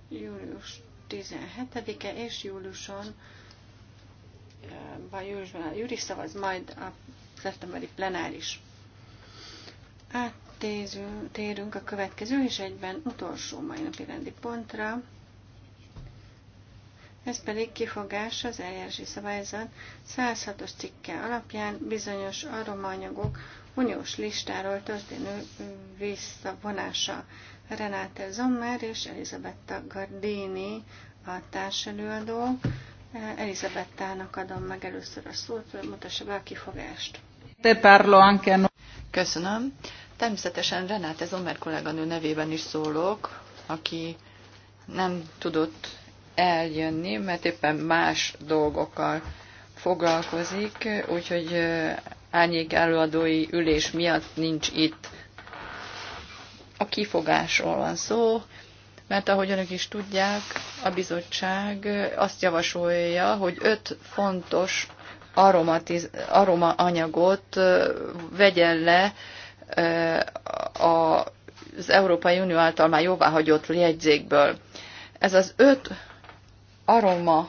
július 17-e és júliuson, vagy júliusban a júri szavaz, majd a szeptemberi plenáris. Áttérünk a következő és egyben utolsó mai napi rendi pontra. Ez pedig kifogás az eljárási szabályzat 106-os cikke alapján bizonyos aromanyagok uniós listáról történő visszavonása. Renate Zommer és Elisabetta Gardini a társelőadó. Elisabettának adom meg először a szót, hogy mutassa be a kifogást. Köszönöm. Természetesen Renate Zommer kolléganő nevében is szólok, aki nem tudott eljönni, mert éppen más dolgokkal foglalkozik, úgyhogy árnyék előadói ülés miatt nincs itt. A kifogásról van szó, mert ahogy önök is tudják, a bizottság azt javasolja, hogy öt fontos aromatiz, aromaanyagot vegyen le az Európai Unió által már jóváhagyott jegyzékből. Ez az öt aroma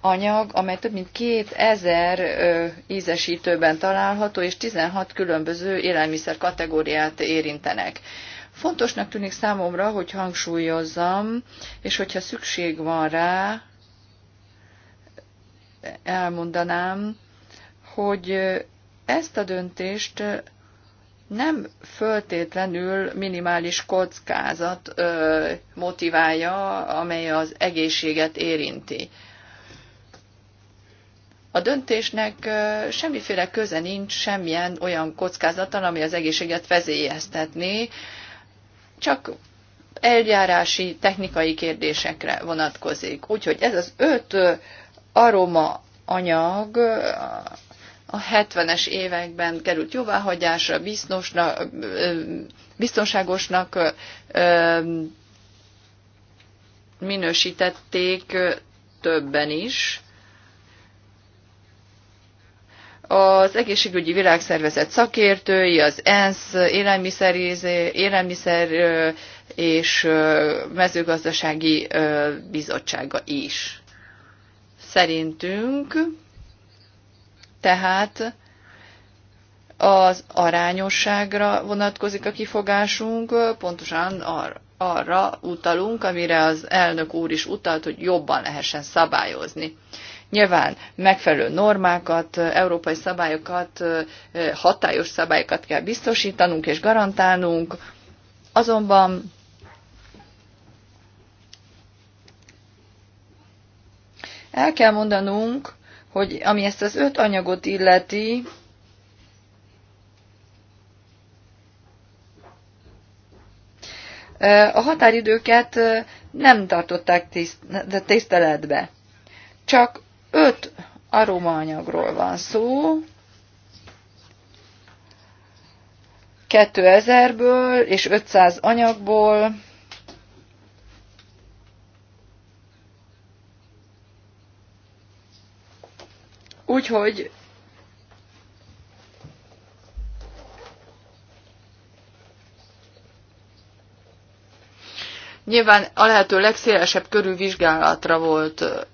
anyag, amely több mint 2000 ízesítőben található, és 16 különböző élelmiszer kategóriát érintenek. Fontosnak tűnik számomra, hogy hangsúlyozzam, és hogyha szükség van rá, elmondanám, hogy ezt a döntést nem föltétlenül minimális kockázat ö, motiválja, amely az egészséget érinti. A döntésnek ö, semmiféle köze nincs semmilyen olyan kockázattal, ami az egészséget vezélyeztetné, csak eljárási, technikai kérdésekre vonatkozik. Úgyhogy ez az öt aroma anyag, a 70-es években került jóváhagyásra, biztosnak, biztonságosnak minősítették többen is. Az egészségügyi világszervezet szakértői, az ENSZ élelmiszer, élelmiszer és mezőgazdasági bizottsága is. Szerintünk tehát az arányosságra vonatkozik a kifogásunk, pontosan ar- arra utalunk, amire az elnök úr is utalt, hogy jobban lehessen szabályozni. Nyilván megfelelő normákat, európai szabályokat, hatályos szabályokat kell biztosítanunk és garantálnunk, azonban el kell mondanunk, hogy ami ezt az öt anyagot illeti, a határidőket nem tartották tiszteletbe. Csak öt aromaanyagról van szó, 2000-ből és 500 anyagból, Úgyhogy nyilván a lehető legszélesebb körű vizsgálatra volt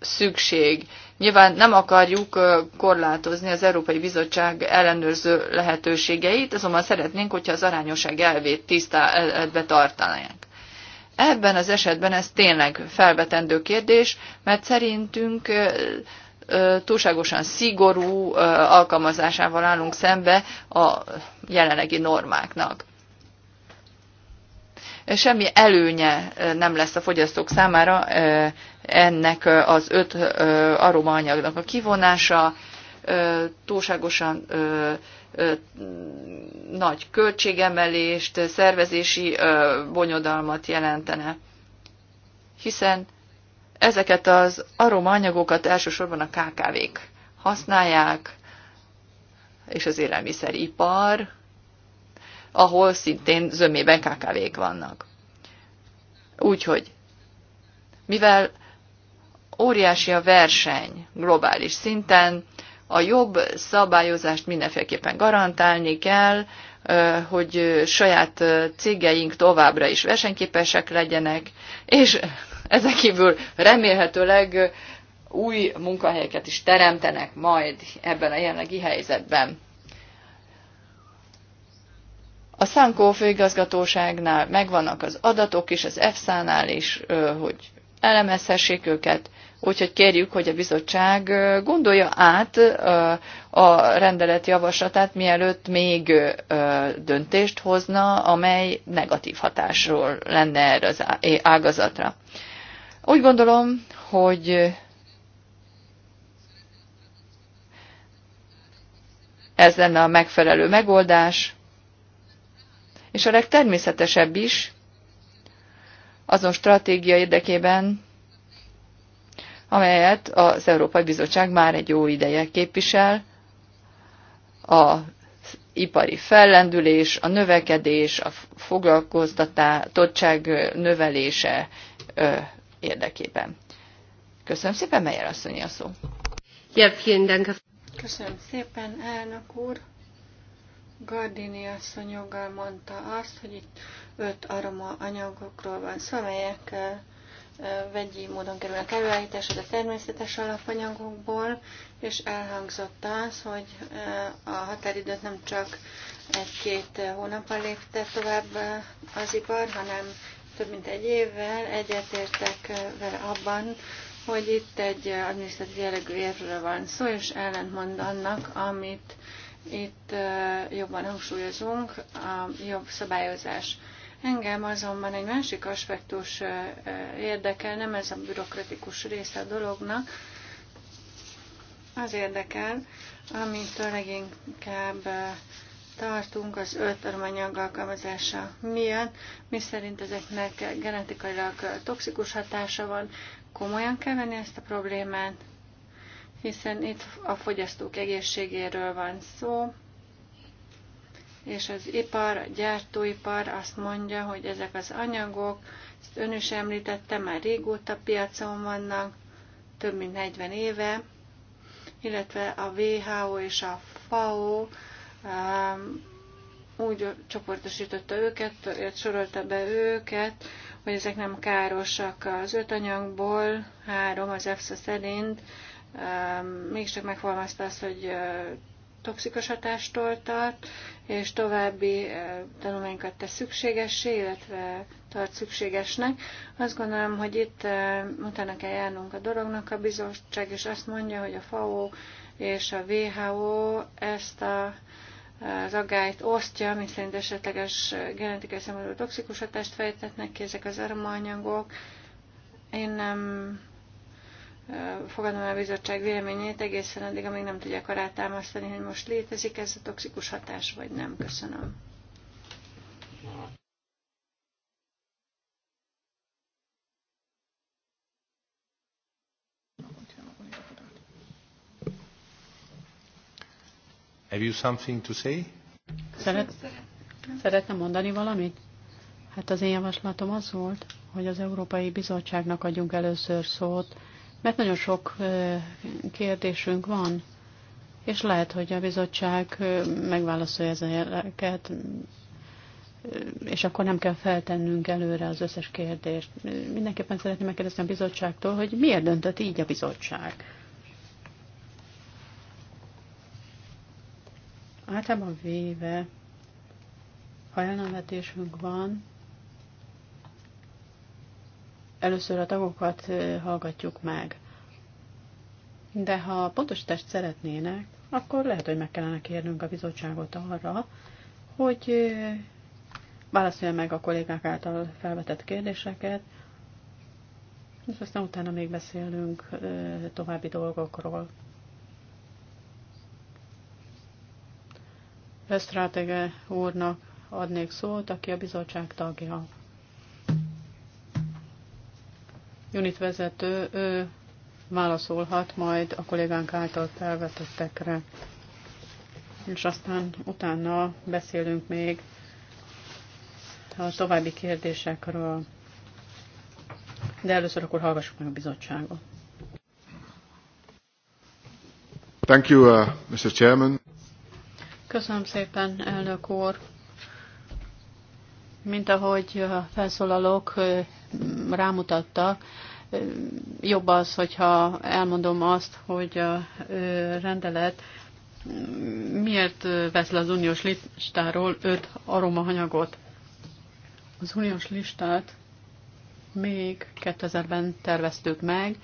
szükség. Nyilván nem akarjuk korlátozni az Európai Bizottság ellenőrző lehetőségeit, azonban szeretnénk, hogyha az arányosság elvét tiszteletbe tartanánk. Ebben az esetben ez tényleg felvetendő kérdés, mert szerintünk túlságosan szigorú alkalmazásával állunk szembe a jelenlegi normáknak. Semmi előnye nem lesz a fogyasztók számára ennek az öt aromaanyagnak a kivonása, túlságosan nagy költségemelést, szervezési bonyodalmat jelentene, hiszen ezeket az aromaanyagokat elsősorban a KKV-k használják, és az élelmiszeripar, ahol szintén zömében KKV-k vannak. Úgyhogy, mivel óriási a verseny globális szinten, a jobb szabályozást mindenféleképpen garantálni kell, hogy saját cégeink továbbra is versenyképesek legyenek, és ezek kívül remélhetőleg új munkahelyeket is teremtenek majd ebben a jelenlegi helyzetben. A Szánkó főigazgatóságnál megvannak az adatok is, az EFSA-nál is, hogy elemezhessék őket, úgyhogy kérjük, hogy a bizottság gondolja át a rendelet javaslatát, mielőtt még döntést hozna, amely negatív hatásról lenne erre az ágazatra. Úgy gondolom, hogy ez lenne a megfelelő megoldás, és a legtermészetesebb is azon stratégia érdekében, amelyet az Európai Bizottság már egy jó ideje képvisel, a ipari fellendülés, a növekedés, a foglalkoztatottság növelése érdekében. Köszönöm szépen, Meyer asszony a szó. Köszönöm szépen, elnök úr. Gardini asszony joggal mondta azt, hogy itt öt aroma anyagokról van szó, amelyek vegyi módon kerülnek előállításra, a természetes alapanyagokból, és elhangzott az, hogy a határidőt nem csak egy-két hónappal lépte tovább az ipar, hanem több mint egy évvel egyetértek eh, vele abban, hogy itt egy eh, adminisztratív jellegű érvről van szó, és ellentmond annak, amit itt eh, jobban hangsúlyozunk, a jobb szabályozás. Engem azonban egy másik aspektus érdekel, nem ez a bürokratikus része a dolognak, az érdekel, amitől leginkább tartunk az öltörmanyag alkalmazása miatt, mi szerint ezeknek genetikailag toxikus hatása van, komolyan kell venni ezt a problémát, hiszen itt a fogyasztók egészségéről van szó, és az ipar, a gyártóipar azt mondja, hogy ezek az anyagok, ezt ön is említette, már régóta piacon vannak, több mint 40 éve, illetve a WHO és a FAO úgy csoportosította őket, illetve sorolta be őket, hogy ezek nem károsak az öt anyagból, három az EFSA szerint, mégiscsak megfogalmazta azt, hogy toxikus hatástól tart, és további tanulmányokat tesz szükségessé, illetve tart szükségesnek. Azt gondolom, hogy itt utána kell járnunk a dolognak. A bizottság és azt mondja, hogy a FAO és a WHO ezt a az aggályt osztja, mint szerint esetleges genetikai szempontból toxikus hatást fejtetnek ki ezek az aromaanyagok. Én nem fogadom el a bizottság véleményét egészen addig, amíg nem tudják támasztani, hogy most létezik ez a toxikus hatás, vagy nem. Köszönöm. Have you something to say? Szeret, szeretne mondani valamit? Hát az én javaslatom az volt, hogy az Európai Bizottságnak adjunk először szót, mert nagyon sok kérdésünk van, és lehet, hogy a bizottság megválaszolja ezeket, és akkor nem kell feltennünk előre az összes kérdést. Mindenképpen szeretném megkérdezni a bizottságtól, hogy miért döntött így a bizottság? Általában véve, ha ellenvetésünk van, először a tagokat hallgatjuk meg. De ha pontos test szeretnének, akkor lehet, hogy meg kellene kérnünk a bizottságot arra, hogy válaszolja meg a kollégák által felvetett kérdéseket, és aztán utána még beszélünk további dolgokról. Esztrátege úrnak adnék szót, aki a bizottság tagja. Unit vezető, ő válaszolhat majd a kollégánk által felvetettekre. És aztán utána beszélünk még a további kérdésekről. De először akkor hallgassuk meg a bizottságot. Thank you, uh, Mr. Chairman. Köszönöm szépen, elnök úr. Mint ahogy a felszólalók rámutattak, jobb az, hogyha elmondom azt, hogy a rendelet miért vesz le az uniós listáról öt aromahanyagot. Az uniós listát még 2000-ben terveztük meg,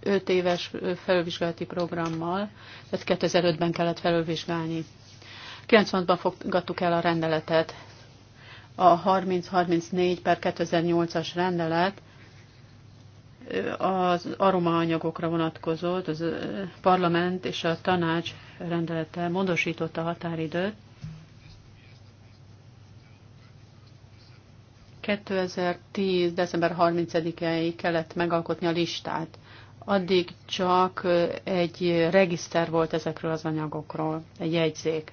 5 éves felülvizsgálati programmal, ezt 2005-ben kellett felülvizsgálni. 90-ban fogadtuk el a rendeletet. A 30-34 per 2008-as rendelet az aromaanyagokra vonatkozott, az parlament és a tanács rendelete módosította a határidőt. 2010. december 30-ig kellett megalkotni a listát. Addig csak egy regiszter volt ezekről az anyagokról, egy jegyzék.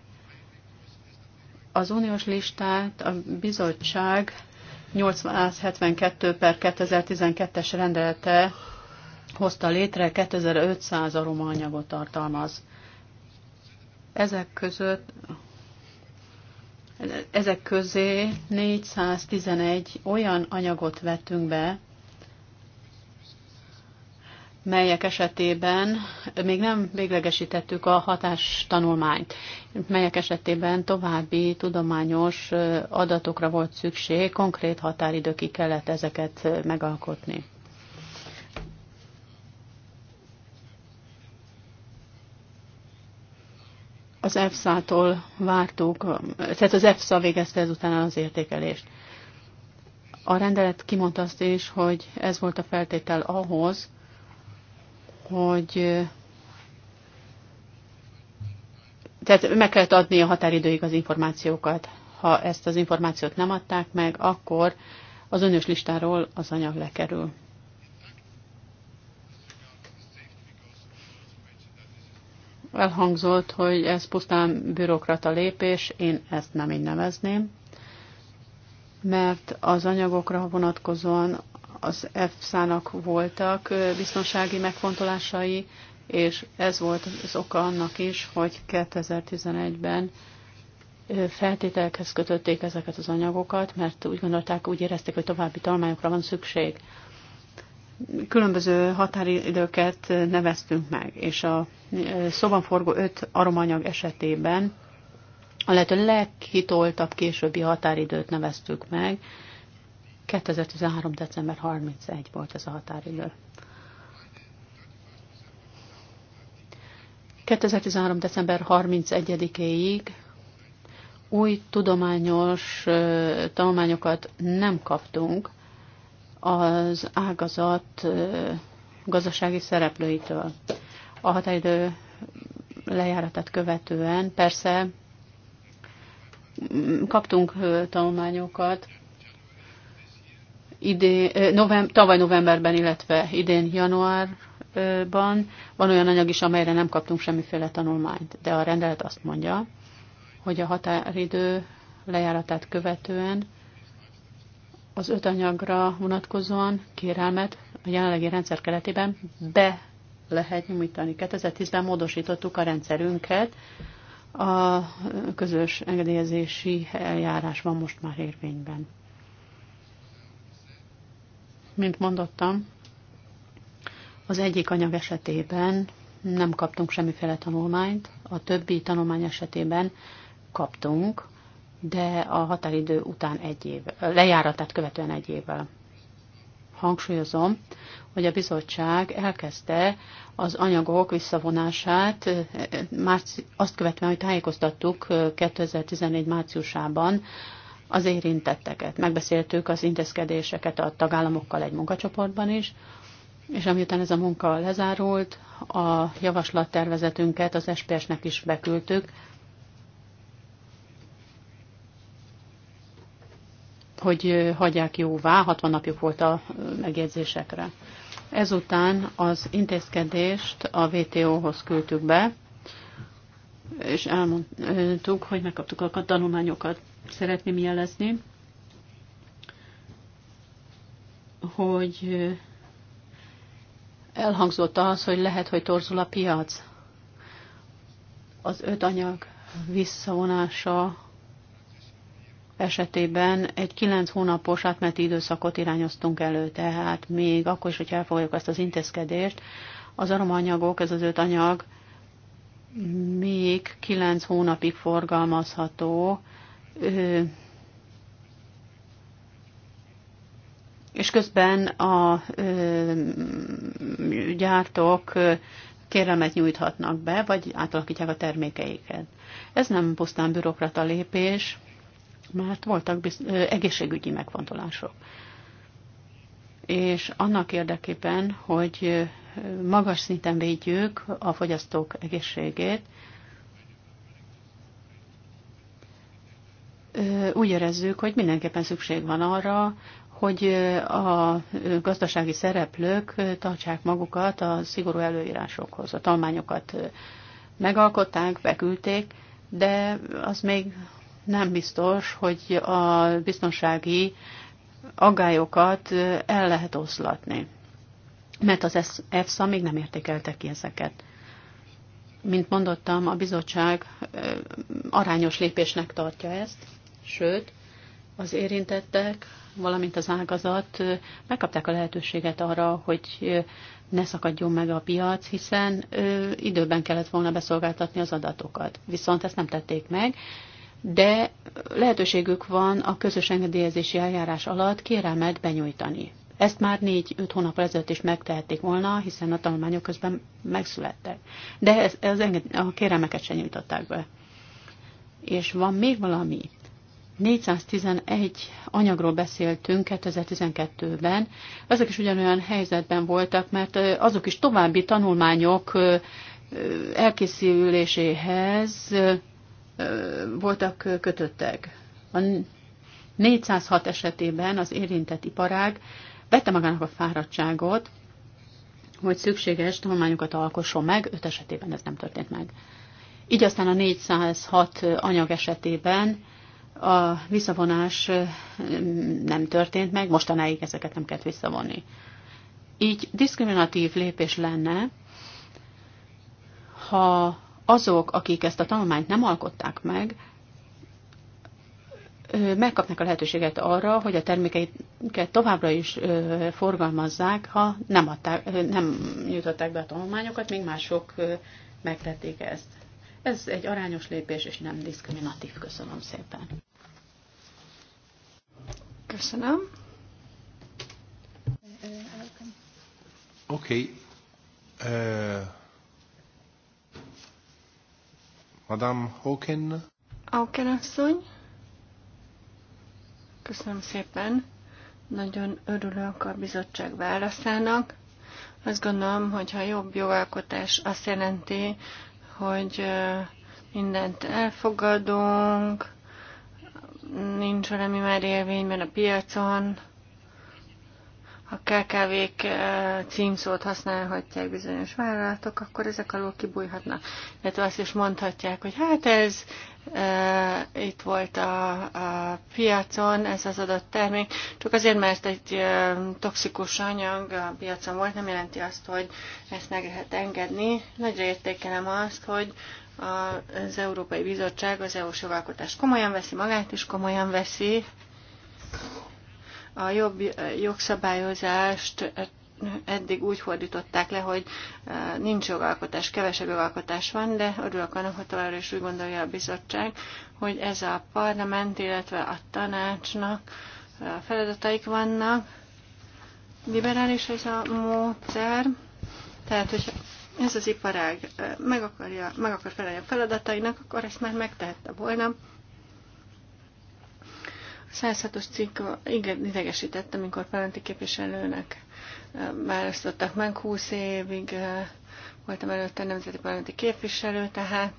Az uniós listát a bizottság 872 per 2012-es rendelete hozta létre, 2500 anyagot tartalmaz. Ezek között ezek közé 411 olyan anyagot vettünk be, melyek esetében még nem véglegesítettük a hatástanulmányt, melyek esetében további tudományos adatokra volt szükség, konkrét határidőkig kellett ezeket megalkotni. Az EFSA-tól vártuk, tehát az EFSA végezte ezután az értékelést. A rendelet kimondta azt is, hogy ez volt a feltétel ahhoz, hogy tehát meg kellett adni a határidőig az információkat. Ha ezt az információt nem adták meg, akkor az önös listáról az anyag lekerül. Elhangzott, hogy ez pusztán bürokrata lépés, én ezt nem így nevezném, mert az anyagokra vonatkozóan az EFSA-nak voltak biztonsági megfontolásai, és ez volt az oka annak is, hogy 2011-ben feltételekhez kötötték ezeket az anyagokat, mert úgy gondolták, úgy érezték, hogy további talmányokra van szükség. Különböző határidőket neveztünk meg, és a szoban forgó öt aromanyag esetében a lehető legkitoltabb későbbi határidőt neveztük meg, 2013. december 31 volt ez a határidő. 2013. december 31-éig új tudományos tanulmányokat nem kaptunk az ágazat gazdasági szereplőitől. A határidő lejáratát követően persze mm, kaptunk tanulmányokat idén, novemb, tavaly novemberben, illetve idén januárban van olyan anyag is, amelyre nem kaptunk semmiféle tanulmányt, de a rendelet azt mondja, hogy a határidő lejáratát követően az öt anyagra vonatkozóan kérelmet a jelenlegi rendszer keretében be lehet nyújtani. 2010-ben módosítottuk a rendszerünket, a közös engedélyezési eljárás van most már érvényben. Mint mondottam, az egyik anyag esetében nem kaptunk semmiféle tanulmányt, a többi tanulmány esetében kaptunk, de a határidő után egy év, lejáratát követően egy évvel. Hangsúlyozom, hogy a bizottság elkezdte az anyagok visszavonását, már azt követően, hogy tájékoztattuk 2014 márciusában az érintetteket. Megbeszéltük az intézkedéseket a tagállamokkal egy munkacsoportban is, és amiután ez a munka lezárult, a javaslattervezetünket az SPS-nek is beküldtük, hogy hagyják jóvá, 60 napjuk volt a megjegyzésekre. Ezután az intézkedést a VTO-hoz küldtük be, és elmondtuk, hogy megkaptuk a tanulmányokat szeretném jelezni, hogy elhangzott az, hogy lehet, hogy torzul a piac. Az öt anyag visszavonása esetében egy kilenc hónapos átmeneti időszakot irányoztunk elő, tehát még akkor is, hogy elfogadjuk ezt az intézkedést, az aromanyagok, ez az öt anyag még kilenc hónapig forgalmazható, és közben a gyártók kérelmet nyújthatnak be, vagy átalakítják a termékeiket. Ez nem pusztán bürokrata lépés, mert voltak biz- egészségügyi megfontolások. És annak érdekében, hogy magas szinten védjük a fogyasztók egészségét, úgy érezzük, hogy mindenképpen szükség van arra, hogy a gazdasági szereplők tartsák magukat a szigorú előírásokhoz. A talmányokat megalkották, beküldték, de az még nem biztos, hogy a biztonsági aggályokat el lehet oszlatni, mert az EFSA még nem értékelte ki ezeket. Mint mondottam, a bizottság arányos lépésnek tartja ezt, sőt, az érintettek, valamint az ágazat megkapták a lehetőséget arra, hogy ne szakadjon meg a piac, hiszen időben kellett volna beszolgáltatni az adatokat. Viszont ezt nem tették meg, de lehetőségük van a közös engedélyezési eljárás alatt kérelmet benyújtani. Ezt már négy-öt hónap ezelőtt is megtehették volna, hiszen a tanulmányok közben megszülettek. De ez, ez enged, a kérelmeket sem nyújtották be. És van még valami. 411 anyagról beszéltünk 2012-ben. Ezek is ugyanolyan helyzetben voltak, mert azok is további tanulmányok elkészüléséhez voltak kötöttek. A 406 esetében az érintett iparág vette magának a fáradtságot, hogy szükséges tanulmányokat alkosson meg, 5 esetében ez nem történt meg. Így aztán a 406 anyag esetében a visszavonás nem történt meg, mostanáig ezeket nem kellett visszavonni. Így diszkriminatív lépés lenne, ha azok, akik ezt a tanulmányt nem alkották meg, megkapnak a lehetőséget arra, hogy a termékeiket továbbra is forgalmazzák, ha nem, adták, nem nyújtották be a tanulmányokat, még mások megtették ezt. Ez egy arányos lépés, és nem diszkriminatív. Köszönöm szépen. Köszönöm. Oké. Madame Hawken. Hawken asszony. Köszönöm szépen. Nagyon örülök a bizottság válaszának. Azt gondolom, hogy ha jobb jogalkotás azt jelenti, hogy mindent elfogadunk, nincs valami már mert a piacon, a KKV-k eh, címszót használhatják bizonyos vállalatok, akkor ezek alól kibújhatnak. Illetve azt is mondhatják, hogy hát ez e, itt volt a, a piacon, ez az adott termék, csak azért, mert egy e, toxikus anyag a piacon volt, nem jelenti azt, hogy ezt meg lehet engedni. Nagyra értékelem azt, hogy az Európai Bizottság az EU-s jogalkotást komolyan veszi, magát is komolyan veszi, a jobb eh, jogszabályozást eh, eddig úgy fordították le, hogy eh, nincs jogalkotás, kevesebb jogalkotás van, de örülök annak, hogy továbbra is úgy gondolja a bizottság, hogy ez a parlament, illetve a tanácsnak feladataik vannak. Liberális ez a módszer, tehát hogy ez az iparág meg, akarja, meg akar felelni a feladatainak, akkor ezt már megtehette volna. 106-os cikk igen, idegesített, amikor Palánti képviselőnek választottak meg. 20 évig voltam előtte nemzeti parlamenti képviselő, tehát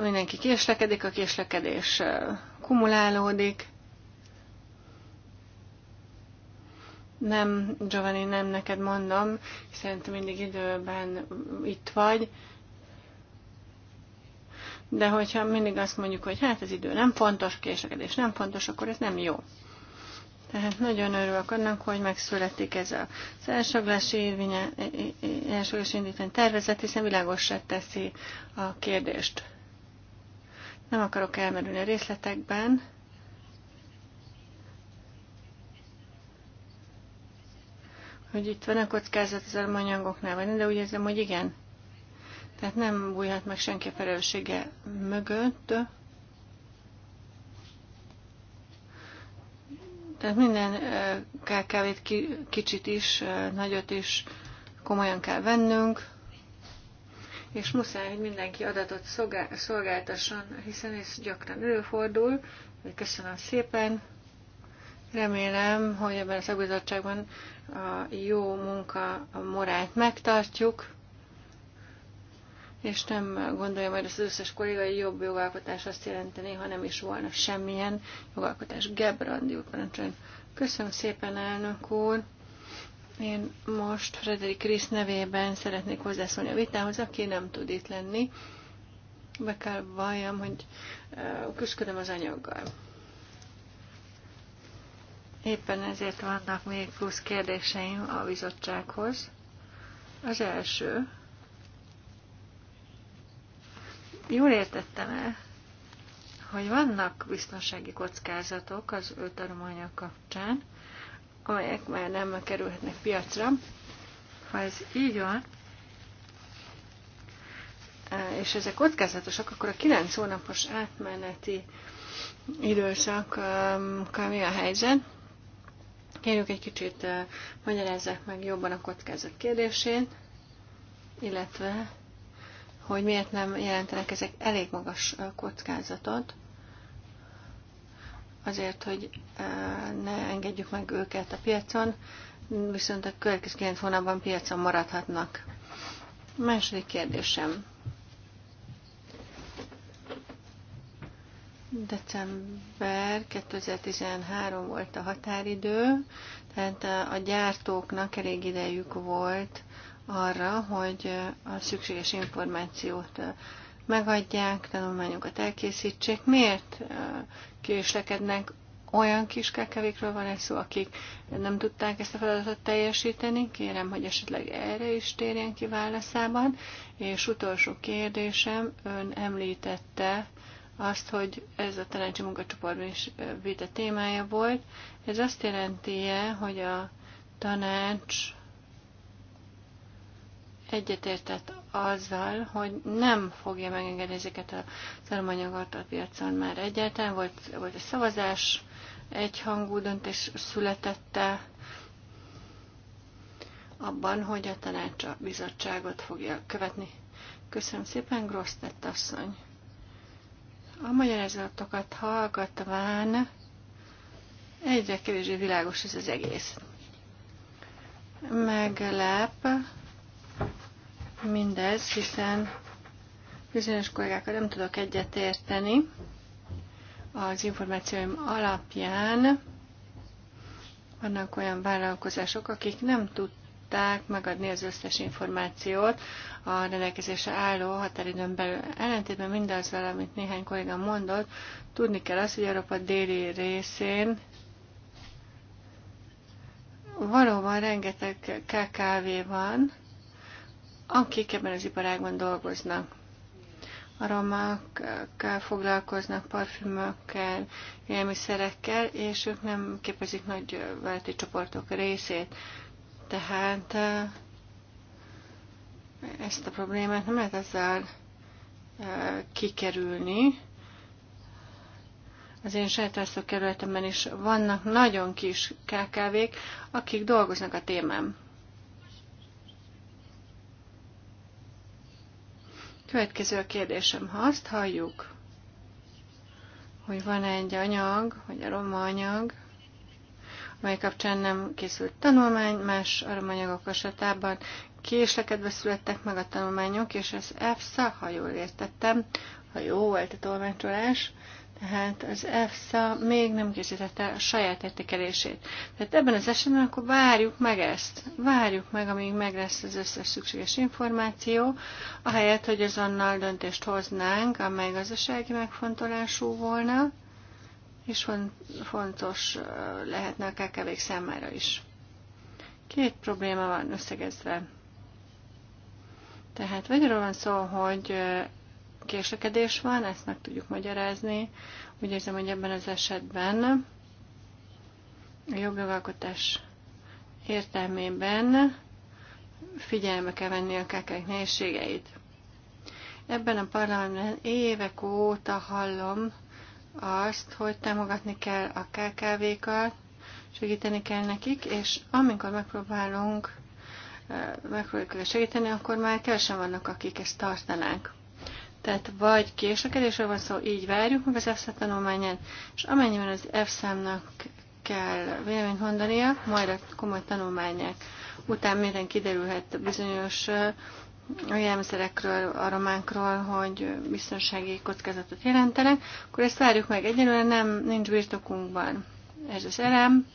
mindenki késlekedik, a késlekedés kumulálódik. Nem, Giovanni, nem neked mondom, hiszen te mindig időben itt vagy de hogyha mindig azt mondjuk, hogy hát az idő nem fontos, késlekedés nem fontos, akkor ez nem jó. Tehát nagyon örülök annak, hogy megszületik ez az elsoglási érvénye, e, e, e, elsoglási indítvány tervezet, hiszen világosra teszi a kérdést. Nem akarok elmerülni a részletekben. Hogy itt van a kockázat az almanyagoknál, de úgy érzem, hogy igen. Tehát nem bújhat meg senki a felelőssége mögött. Tehát minden KKV-t kicsit is, nagyot is komolyan kell vennünk, és muszáj, hogy mindenki adatot szolgáltasson, hiszen ez gyakran előfordul. Köszönöm szépen! Remélem, hogy ebben a szabadságban a jó munka morált megtartjuk és nem gondolja majd az összes kollégai jobb jogalkotás azt jelenteni, ha nem is volna semmilyen jogalkotás. Gebrandi úr parancsoljon. Köszönöm szépen, elnök úr! Én most Frederik Krisz nevében szeretnék hozzászólni a vitához, aki nem tud itt lenni. Be kell valljam, hogy eh, küzdködöm az anyaggal. Éppen ezért vannak még plusz kérdéseim a bizottsághoz. Az első, jól értettem el, hogy vannak biztonsági kockázatok az öltaromanyag kapcsán, amelyek már nem kerülhetnek piacra. Ha ez így van, eh, és ezek kockázatosak, akkor a 9 hónapos átmeneti időszak, ehm, mi a helyzet? Kérjük egy kicsit eh, magyarázzák meg jobban a kockázat kérdését, illetve hogy miért nem jelentenek ezek elég magas kockázatot, azért, hogy ne engedjük meg őket a piacon, viszont a következő 9 hónapban piacon maradhatnak. Második kérdésem. December 2013 volt a határidő, tehát a gyártóknak elég idejük volt arra, hogy a szükséges információt megadják, tanulmányokat elkészítsék. Miért késlekednek? Olyan kis kekevékről van ez szó, akik nem tudták ezt a feladatot teljesíteni. Kérem, hogy esetleg erre is térjen ki válaszában. És utolsó kérdésem, ön említette azt, hogy ez a tanácsi munkacsoportban is vita témája volt. Ez azt jelenti -e, hogy a tanács egyetértett azzal, hogy nem fogja megengedni ezeket a szaromanyagot a piacon már egyáltalán. Volt, volt a szavazás, egyhangú döntés születette abban, hogy a tanács a bizottságot fogja követni. Köszönöm szépen, Grossz tett asszony. A magyarázatokat hallgatván egyre kevésbé világos ez az egész. Meglep, mindez, hiszen bizonyos kollégákkal nem tudok egyetérteni az információim alapján. Vannak olyan vállalkozások, akik nem tudták megadni az összes információt a rendelkezésre álló határidőn belül. Ellentétben mindazzal, amit néhány kolléga mondott, tudni kell azt, hogy Európa déli részén valóban rengeteg KKV van, akik ebben az iparágban dolgoznak. Aromákkal foglalkoznak, parfümökkel, élmiszerekkel, és ők nem képezik nagy válti csoportok részét. Tehát ezt a problémát nem lehet ezzel kikerülni. Az én sejtászó kerületemben is vannak nagyon kis KKV-k, akik dolgoznak a témám. Következő a kérdésem, ha azt halljuk, hogy van egy anyag, vagy aroma anyag, amely kapcsán nem készült tanulmány, más aromanyagok esetában késlekedve születtek meg a tanulmányok, és ez EFSA, ha jól értettem, ha jó volt a tolmácsolás, tehát az EFSA még nem készítette a saját értékelését. Tehát ebben az esetben akkor várjuk meg ezt. Várjuk meg, amíg meg lesz az összes szükséges információ, ahelyett, hogy azonnal döntést hoznánk, amely gazdasági megfontolású volna, és fontos lehetne a kkv számára is. Két probléma van összegezve. Tehát vagy arról van szó, hogy késlekedés van, ezt meg tudjuk magyarázni. Úgy érzem, hogy ebben az esetben a jogalkotás értelmében figyelme kell venni a kkk nehézségeit. Ebben a parlamentben évek óta hallom azt, hogy támogatni kell a KKV-kat, segíteni kell nekik, és amikor megpróbálunk eh, megpróbáljuk segíteni, akkor már kevesen vannak, akik ezt tartanánk. Tehát vagy késlekedésről van szó, így várjuk meg az EFSA tanulmányát, és amennyiben az EFSA-nak kell véleményt mondania, majd a komoly tanulmányák után minden kiderülhet bizonyos a a románkról, hogy biztonsági kockázatot jelentenek, akkor ezt várjuk meg. Egyelőre nem, nincs birtokunkban ez az elem.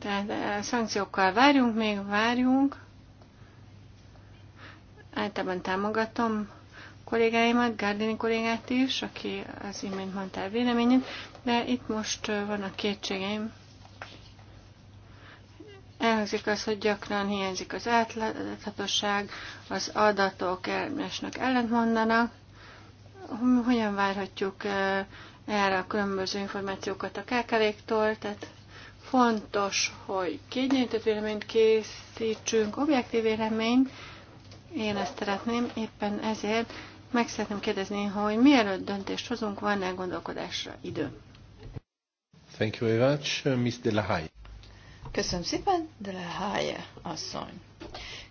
Tehát szankciókkal várjunk, még várjunk. Általában támogatom kollégáimat, Gárdini kollégát is, aki az imént mondta el véleményét, de itt most vannak kétségeim. Elhangzik az, hogy gyakran hiányzik az átláthatóság, az adatok elmásnak ellentmondanak. Hogyan várhatjuk erre a különböző információkat a kkv tehát fontos, hogy kényelített véleményt készítsünk, objektív véleményt, én ezt szeretném, éppen ezért meg szeretném kérdezni, hogy mielőtt döntést hozunk, van-e gondolkodásra idő? Thank you very much, uh, Miss De La Haye. Köszönöm szépen, De La Haye asszony.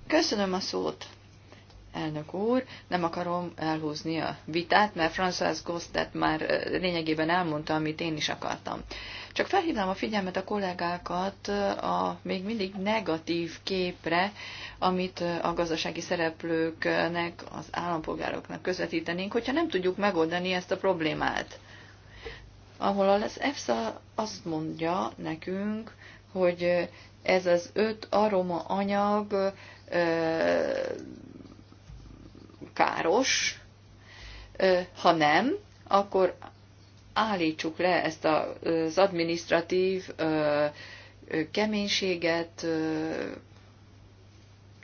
Köszönöm a szót elnök úr. Nem akarom elhúzni a vitát, mert François Gostet már lényegében elmondta, amit én is akartam. Csak felhívnám a figyelmet a kollégákat a még mindig negatív képre, amit a gazdasági szereplőknek, az állampolgároknak közvetítenénk, hogyha nem tudjuk megoldani ezt a problémát. Ahol az EFSA azt mondja nekünk, hogy ez az öt aroma anyag káros, ha nem, akkor állítsuk le ezt az administratív keménységet.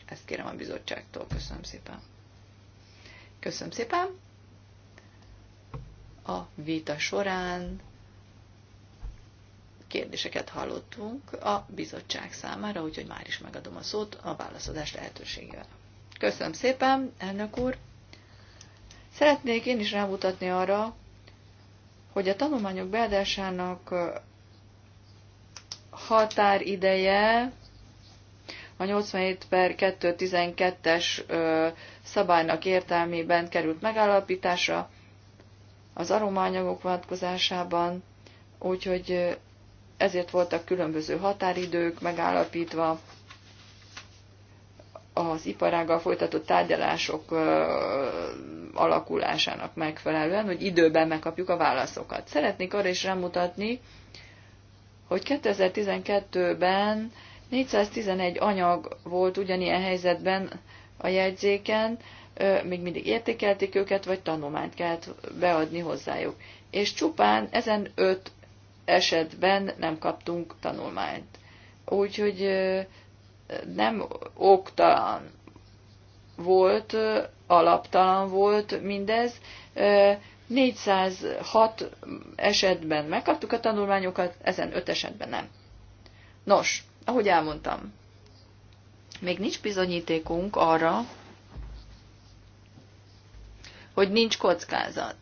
Ezt kérem a bizottságtól. Köszönöm szépen. Köszönöm szépen. A vita során kérdéseket hallottunk a bizottság számára, úgyhogy már is megadom a szót a válaszadás lehetőségével. Köszönöm szépen, elnök úr. Szeretnék én is rámutatni arra, hogy a tanulmányok beadásának határideje a 87 per 212-es szabálynak értelmében került megállapításra az arományagok vonatkozásában, úgyhogy ezért voltak különböző határidők megállapítva az iparággal folytatott tárgyalások alakulásának megfelelően, hogy időben megkapjuk a válaszokat. Szeretnék arra is rámutatni, hogy 2012-ben 411 anyag volt ugyanilyen helyzetben a jegyzéken, még mindig értékelték őket, vagy tanulmányt kellett beadni hozzájuk. És csupán ezen öt esetben nem kaptunk tanulmányt. Úgyhogy nem oktalan volt, alaptalan volt mindez. 406 esetben megkaptuk a tanulmányokat, ezen 5 esetben nem. Nos, ahogy elmondtam, még nincs bizonyítékunk arra, hogy nincs kockázat.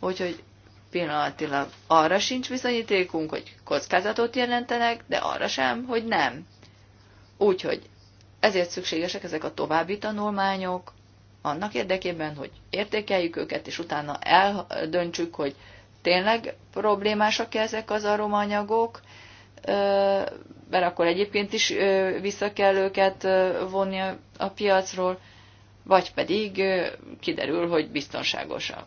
Úgyhogy pillanatilag arra sincs bizonyítékunk, hogy kockázatot jelentenek, de arra sem, hogy nem. Úgyhogy ezért szükségesek ezek a további tanulmányok, annak érdekében, hogy értékeljük őket, és utána eldöntsük, hogy tényleg problémásak-e ezek az aromanyagok, mert akkor egyébként is vissza kell őket vonni a piacról, vagy pedig kiderül, hogy biztonságosak.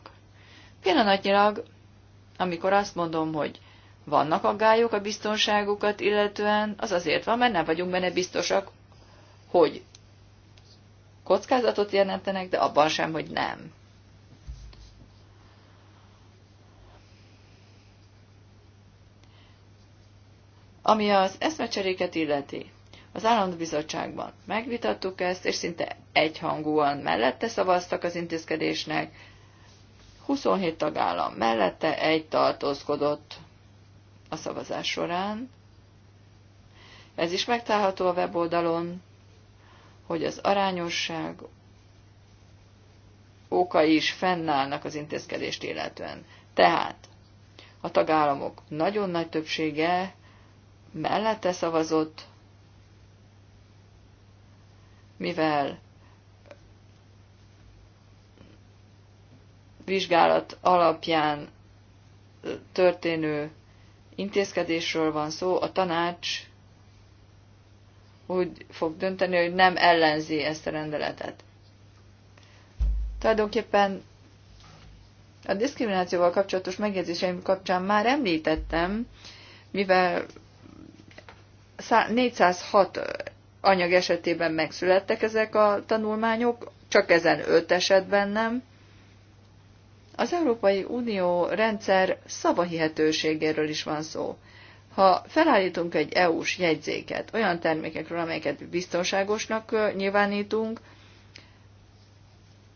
Pillanatnyilag, amikor azt mondom, hogy vannak aggályok a biztonságukat illetően, az azért van, mert nem vagyunk benne biztosak, hogy kockázatot jelentenek, de abban sem, hogy nem. Ami az eszmecseréket illeti, az állandó bizottságban megvitattuk ezt, és szinte egyhangúan mellette szavaztak az intézkedésnek, 27 tagállam mellette egy tartózkodott, a szavazás során. Ez is megtalálható a weboldalon, hogy az arányosság okai is fennállnak az intézkedést illetően. Tehát a tagállamok nagyon nagy többsége mellette szavazott, mivel vizsgálat alapján történő intézkedésről van szó, a tanács úgy fog dönteni, hogy nem ellenzi ezt a rendeletet. Tulajdonképpen a diszkriminációval kapcsolatos megjegyzéseim kapcsán már említettem, mivel 406 anyag esetében megszülettek ezek a tanulmányok, csak ezen 5 esetben nem, az Európai Unió rendszer szavahihetőségéről is van szó. Ha felállítunk egy EU-s jegyzéket olyan termékekről, amelyeket biztonságosnak nyilvánítunk,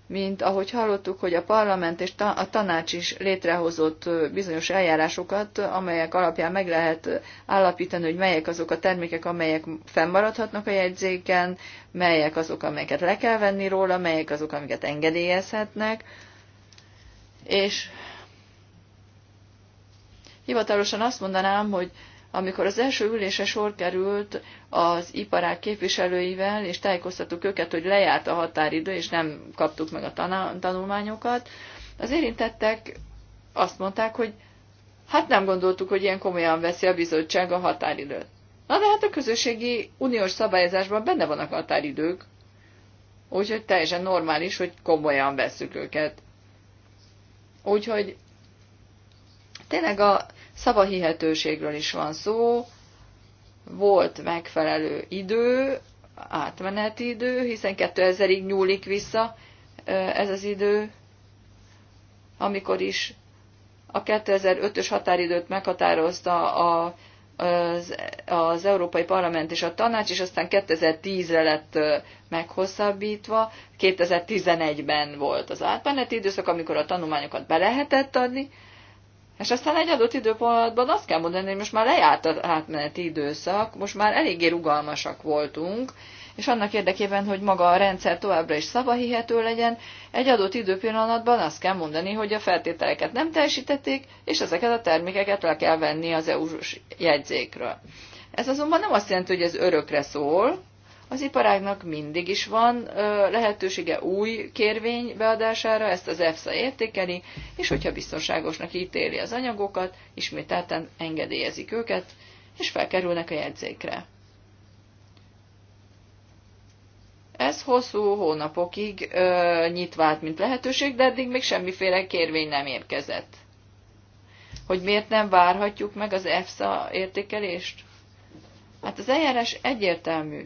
mint ahogy hallottuk, hogy a parlament és a tanács is létrehozott bizonyos eljárásokat, amelyek alapján meg lehet állapítani, hogy melyek azok a termékek, amelyek fennmaradhatnak a jegyzéken, melyek azok, amelyeket le kell venni róla, melyek azok, amiket engedélyezhetnek és hivatalosan azt mondanám, hogy amikor az első ülése sor került az iparák képviselőivel, és tájékoztattuk őket, hogy lejárt a határidő, és nem kaptuk meg a tanulmányokat, az érintettek azt mondták, hogy hát nem gondoltuk, hogy ilyen komolyan veszi a bizottság a határidőt. Na de hát a közösségi uniós szabályozásban benne vannak határidők, úgyhogy teljesen normális, hogy komolyan veszük őket. Úgyhogy tényleg a szavahihetőségről is van szó, volt megfelelő idő, átmeneti idő, hiszen 2000-ig nyúlik vissza ez az idő, amikor is a 2005-ös határidőt meghatározta a az, az Európai Parlament és a Tanács, és aztán 2010-re lett meghosszabbítva. 2011-ben volt az átmeneti időszak, amikor a tanulmányokat be lehetett adni, és aztán egy adott időpontban azt kell mondani, hogy most már lejárt az átmeneti időszak, most már eléggé rugalmasak voltunk, és annak érdekében, hogy maga a rendszer továbbra is szavahihető legyen, egy adott időpillanatban azt kell mondani, hogy a feltételeket nem teljesítették, és ezeket a termékeket le kell venni az EU-s jegyzékről. Ez azonban nem azt jelenti, hogy ez örökre szól, az iparágnak mindig is van lehetősége új kérvény beadására, ezt az EFSA értékeli, és hogyha biztonságosnak ítéli az anyagokat, ismételten engedélyezik őket, és felkerülnek a jegyzékre. Ez hosszú hónapokig ö, nyitva állt, mint lehetőség, de eddig még semmiféle kérvény nem érkezett. Hogy miért nem várhatjuk meg az EFSA értékelést? Hát az eljárás egyértelmű.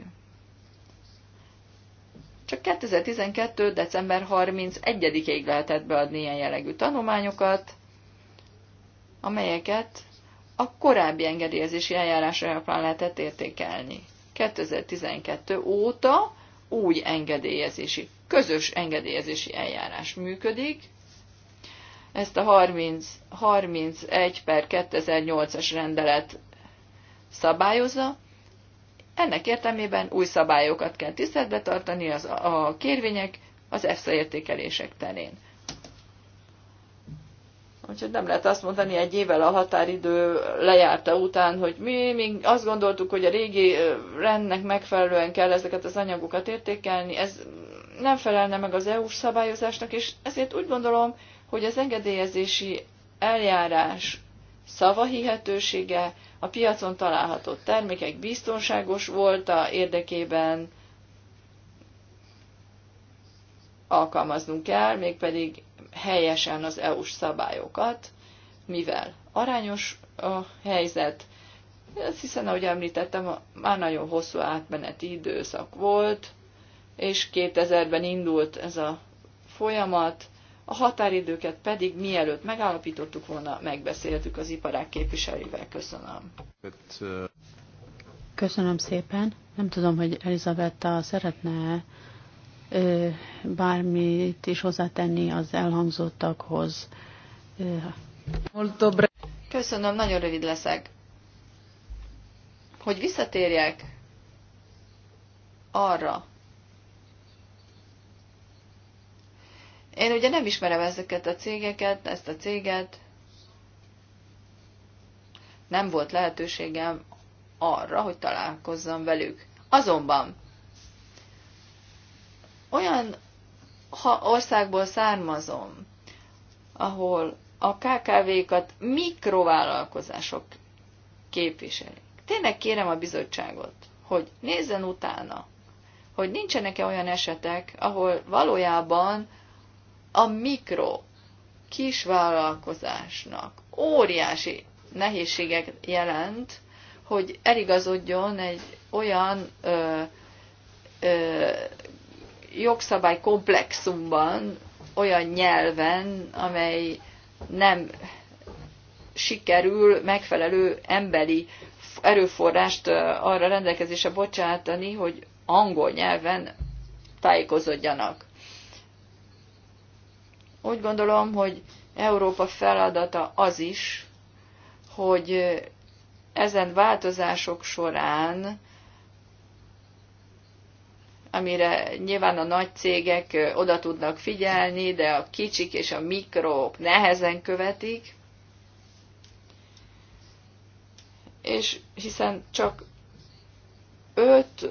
Csak 2012. december 31-ig lehetett beadni ilyen jellegű tanulmányokat, amelyeket a korábbi engedélyezési eljárás lehetett értékelni. 2012 óta új engedélyezési, közös engedélyezési eljárás működik. Ezt a 30, 31 per 2008-as rendelet szabályozza. Ennek értelmében új szabályokat kell tiszteletbe tartani az, a kérvények az EFSA értékelések terén. Úgyhogy nem lehet azt mondani egy évvel a határidő lejárta után, hogy mi, mi azt gondoltuk, hogy a régi rendnek megfelelően kell ezeket az anyagokat értékelni, ez nem felelne meg az EU-s szabályozásnak, és ezért úgy gondolom, hogy az engedélyezési eljárás szavahihetősége, a piacon található termékek biztonságos volt a érdekében alkalmaznunk kell, mégpedig helyesen az EU-s szabályokat, mivel arányos a helyzet, hiszen, ahogy említettem, már nagyon hosszú átmeneti időszak volt, és 2000-ben indult ez a folyamat, a határidőket pedig mielőtt megállapítottuk volna, megbeszéltük az iparák képviselővel. Köszönöm. Köszönöm szépen. Nem tudom, hogy Elizabetta szeretne bármit is hozzátenni az elhangzottakhoz. Köszönöm, nagyon rövid leszek. Hogy visszatérjek arra, Én ugye nem ismerem ezeket a cégeket, ezt a céget. Nem volt lehetőségem arra, hogy találkozzam velük. Azonban olyan ha országból származom, ahol a KKV-kat mikrovállalkozások képviselik. Tényleg kérem a bizottságot, hogy nézzen utána, hogy nincsenek-e olyan esetek, ahol valójában a mikro kisvállalkozásnak óriási nehézségek jelent, hogy eligazodjon egy olyan ö, ö, jogszabálykomplexumban, komplexumban, olyan nyelven, amely nem sikerül megfelelő emberi erőforrást arra rendelkezésre bocsátani, hogy angol nyelven tájékozódjanak. Úgy gondolom, hogy Európa feladata az is, hogy ezen változások során amire nyilván a nagy cégek oda tudnak figyelni, de a kicsik és a mikrók nehezen követik, és hiszen csak öt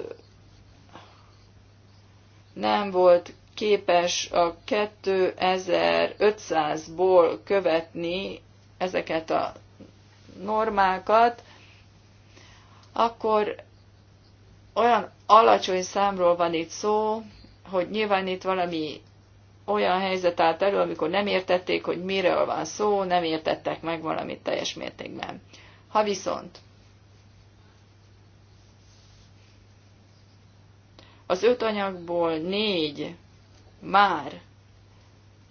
nem volt képes a 2500-ból követni ezeket a normákat, akkor olyan alacsony számról van itt szó, hogy nyilván itt valami olyan helyzet állt elő, amikor nem értették, hogy miről van szó, nem értettek meg valamit teljes mértékben. Ha viszont az öt anyagból négy már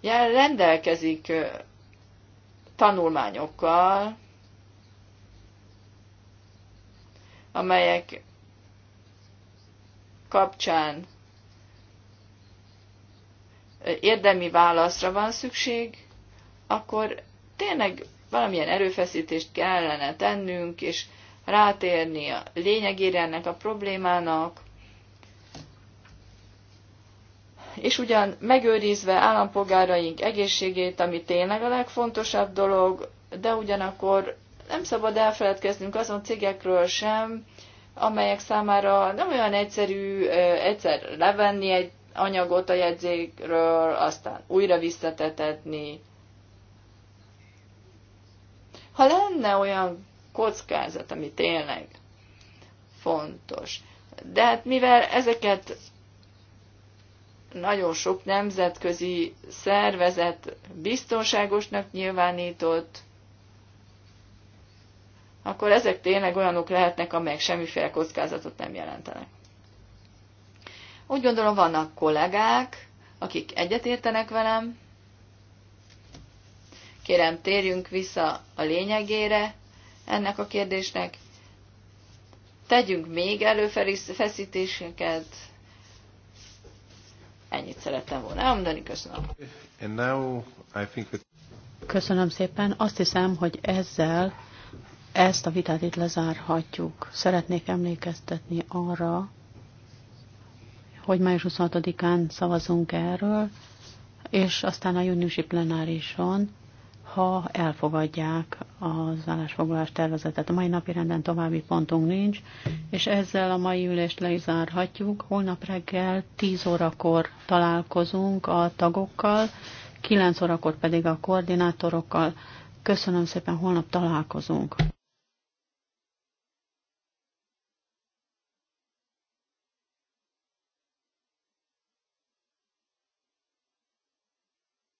jel rendelkezik tanulmányokkal, amelyek kapcsán érdemi válaszra van szükség, akkor tényleg valamilyen erőfeszítést kellene tennünk, és rátérni a lényegére ennek a problémának, és ugyan megőrizve állampolgáraink egészségét, ami tényleg a legfontosabb dolog, de ugyanakkor nem szabad elfeledkeznünk azon cégekről sem, amelyek számára nem olyan egyszerű egyszer levenni egy anyagot a jegyzékről, aztán újra visszatetetni. Ha lenne olyan kockázat, ami tényleg fontos. De hát mivel ezeket nagyon sok nemzetközi szervezet biztonságosnak nyilvánított, akkor ezek tényleg olyanok lehetnek, amelyek semmiféle kockázatot nem jelentenek. Úgy gondolom, vannak kollégák, akik egyetértenek velem. Kérem, térjünk vissza a lényegére ennek a kérdésnek. Tegyünk még előfeszítéseket. Ennyit szerettem volna elmondani. Köszönöm. Köszönöm szépen. Azt hiszem, hogy ezzel ezt a vitát itt lezárhatjuk. Szeretnék emlékeztetni arra, hogy május 26-án szavazunk erről, és aztán a júniusi plenárison, ha elfogadják az állásfoglalás tervezetet. A mai napi renden további pontunk nincs, és ezzel a mai ülést le is zárhatjuk. Holnap reggel 10 órakor találkozunk a tagokkal, 9 órakor pedig a koordinátorokkal. Köszönöm szépen, holnap találkozunk.